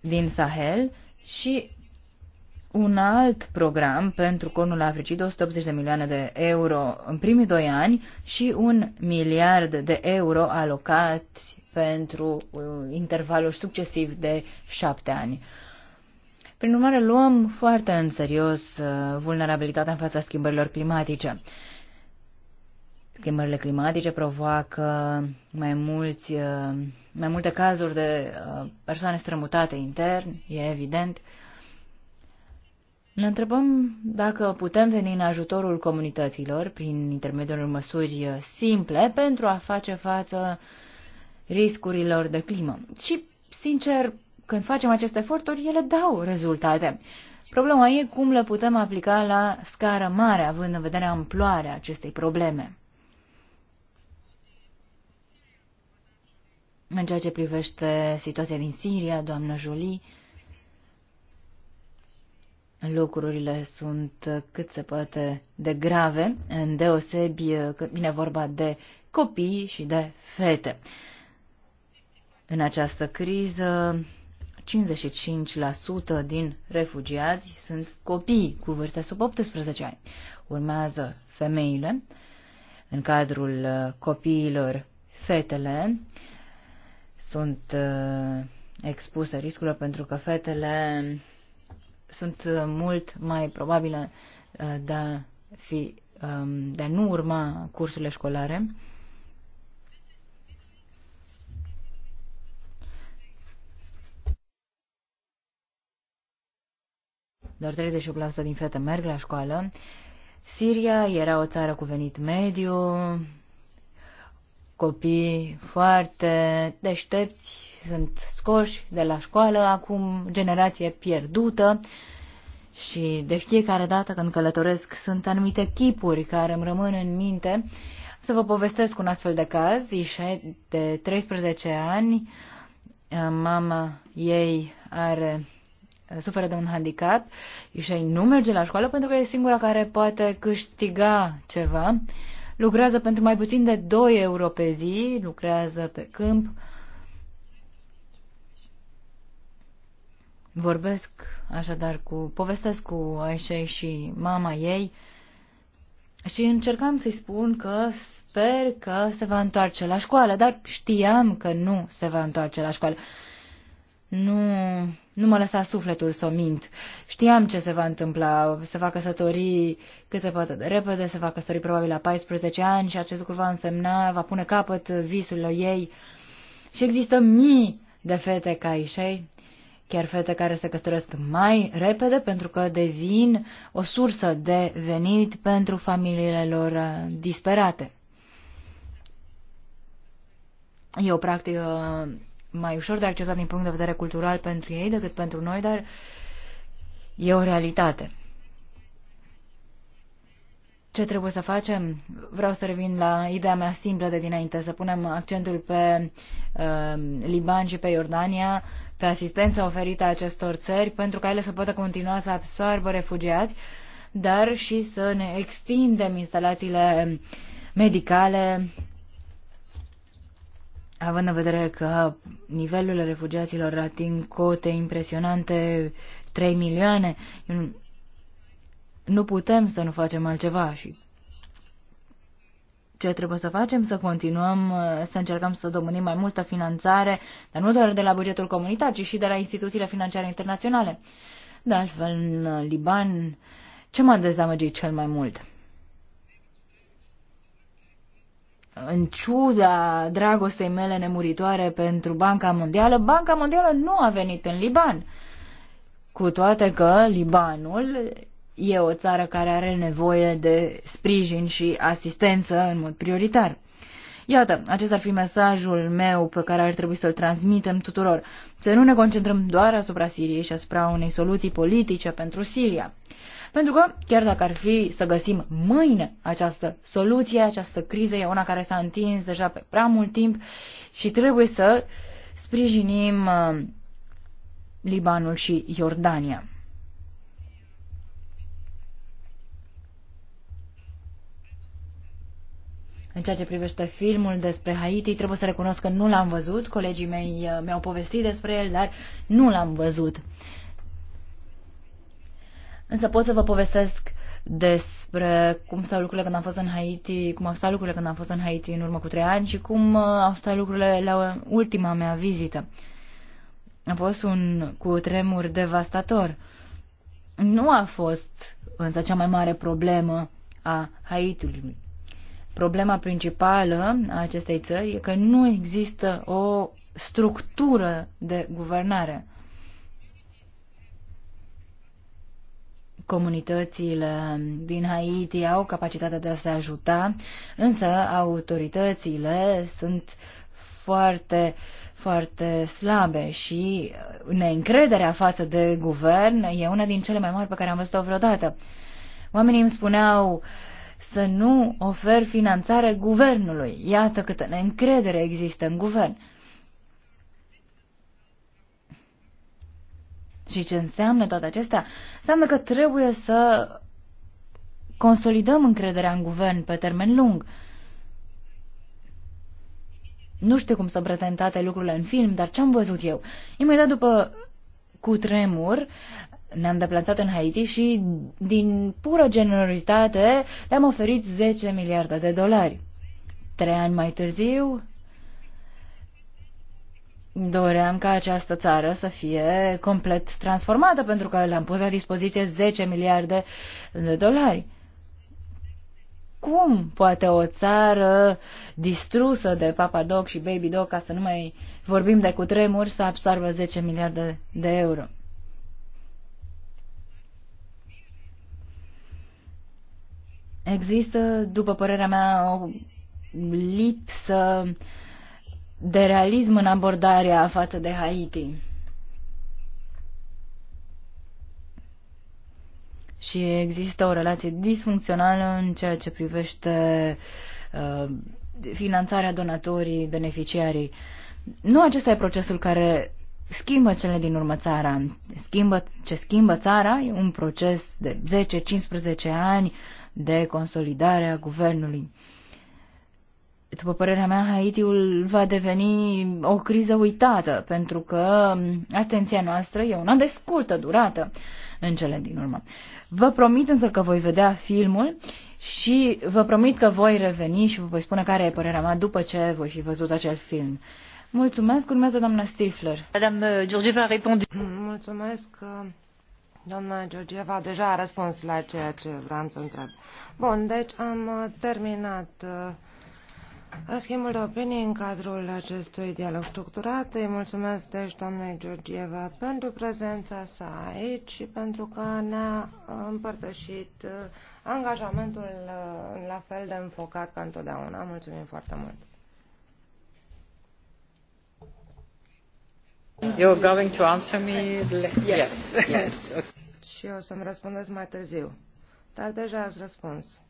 din Sahel și un alt program pentru Cornul Africii 280 de milioane de euro în primii doi ani și un miliard de euro alocat pentru uh, intervaluri succesiv de șapte ani. Prin urmare, luăm foarte în serios uh, vulnerabilitatea în fața schimbărilor climatice. Schimbările climatice provoacă mai, mulți, uh, mai multe cazuri de uh, persoane strămutate intern, e evident. Ne întrebăm dacă putem veni în ajutorul comunităților prin intermediul măsuri uh, simple pentru a face față riscurilor de climă. Și, sincer, când facem aceste eforturi, ele dau rezultate. Problema e cum le putem aplica la scară mare, având în vedere amploarea acestei probleme. În ceea ce privește situația din Siria, doamnă Jolie, lucrurile sunt cât se poate de grave, în deosebi că vine vorba de copii și de fete. În această criză, 55% din refugiați sunt copii cu vârste sub 18 ani. Urmează femeile, în cadrul copiilor fetele, sunt uh, expuse riscurilor pentru că fetele sunt mult mai probabile uh, de a, fi, um, de a nu urma cursurile școlare. Doar 38% din fete merg la școală. Siria era o țară cu venit mediu, copii foarte deștepți, sunt scoși de la școală, acum generație pierdută și de fiecare dată când călătoresc sunt anumite chipuri care îmi rămân în minte. Să vă povestesc un astfel de caz, Ișe de 13 ani, mama ei are suferă de un handicap, Ișei nu merge la școală pentru că e singura care poate câștiga ceva. Uh, lucrează pentru mai puțin de 2 euro pe zi, lucrează pe câmp. Vorbesc așadar cu, povestesc cu Aisha și mama ei și încercam să-i spun că sper că se va întoarce la școală, dar știam că nu se va întoarce la școală. Nu nu mă lăsa sufletul să o mint. Știam ce se va întâmpla, se va căsători cât se poate de repede, se va căsători probabil la 14 ani și acest lucru va însemna, va pune capăt visurilor ei. Și există mii de fete ca ei, chiar fete care se căsătoresc mai repede pentru că devin o sursă de venit pentru familiile lor disperate. E o practică mai ușor de acceptat din punct de vedere cultural pentru ei decât pentru noi, dar e o realitate. Ce trebuie să facem? Vreau să revin la ideea mea simplă de dinainte, să punem accentul pe uh, Liban și pe Iordania, pe asistența oferită acestor țări, pentru ca ele să poată continua să absoarbă refugiați, dar și să ne extindem instalațiile medicale Având în vedere că nivelul refugiaților ating cote impresionante, 3 milioane, nu putem să nu facem altceva și ce trebuie să facem? Să continuăm uh, să încercăm să domânim mai multă finanțare, dar nu doar de la bugetul comunitar, ci și de la instituțiile financiare internaționale. De altfel, în Liban, ce m-a dezamăgit cel mai mult? în ciuda dragostei mele nemuritoare pentru Banca Mondială, Banca Mondială nu a venit în Liban. Cu toate că Libanul e o țară care are nevoie de sprijin și asistență în mod prioritar. Iată, acesta ar fi mesajul meu pe care ar trebui să-l transmitem tuturor. Să nu ne concentrăm doar asupra Siriei și asupra unei soluții politice pentru Siria. Pentru că, chiar dacă ar fi să găsim mâine această soluție, această criză e una care s-a întins deja pe prea mult timp și trebuie să sprijinim uh, Libanul și Iordania. În ceea ce privește filmul despre Haiti, trebuie să recunosc că nu l-am văzut. Colegii mei uh, mi-au povestit despre el, dar nu l-am văzut. Însă pot să vă povestesc despre cum stau lucrurile când am fost în Haiti, cum au stat lucrurile când am fost în Haiti în urmă cu trei ani și cum uh, au stat lucrurile la ultima mea vizită. A fost un cutremur devastator. Nu a fost însă cea mai mare problemă a Haitiului. Problema principală a acestei țări e că nu există o structură de guvernare. Comunitățile din Haiti au capacitatea de a se ajuta, însă autoritățile sunt foarte, foarte slabe și neîncrederea față de guvern e una din cele mai mari pe care am văzut-o vreodată. Oamenii îmi spuneau să nu ofer finanțare guvernului. Iată câtă neîncredere există în guvern. Și ce înseamnă toate acestea? Înseamnă că trebuie să consolidăm încrederea în guvern pe termen lung. Nu știu cum să prezentate lucrurile în film, dar ce am văzut eu? Imediat după cu tremur, ne-am deplasat în Haiti și, din pură generozitate, le-am oferit 10 miliarde de dolari. Trei ani mai târziu, doream ca această țară să fie complet transformată, pentru că le-am pus la dispoziție 10 miliarde de dolari. Cum poate o țară distrusă de Papa Doc și Baby Doc, ca să nu mai vorbim de cutremuri, să absorbe 10 miliarde de euro? Există, după părerea mea, o lipsă uh, de realism în abordarea față de Haiti. Și există o relație disfuncțională în ceea ce privește uh, finanțarea donatorii, beneficiarii. Nu acesta e procesul care schimbă cele din urmă țara. Schimbă, ce schimbă țara e un proces de 10-15 ani de consolidare a guvernului după părerea mea, Haitiul va deveni o criză uitată, pentru că atenția noastră e una de scurtă durată în cele din urmă. Vă promit însă că voi vedea filmul și vă promit că voi reveni și vă voi spune care e părerea mea după ce voi fi văzut acel film. Mulțumesc, urmează doamna Stifler. Madame uh, Georgieva a răspuns. Mulțumesc. Uh, doamna Georgieva deja a răspuns la ceea ce vreau să întreb. Bun, deci am uh, terminat uh, schimbul de opinii în cadrul acestui dialog structurat. Îi mulțumesc deci doamnei Georgieva pentru prezența sa aici și pentru că ne-a împărtășit uh, angajamentul uh, la fel de înfocat ca întotdeauna. Mulțumim foarte mult! You're going to answer me? Yes. yes. și o să-mi răspundeți mai târziu. Dar deja ați răspuns.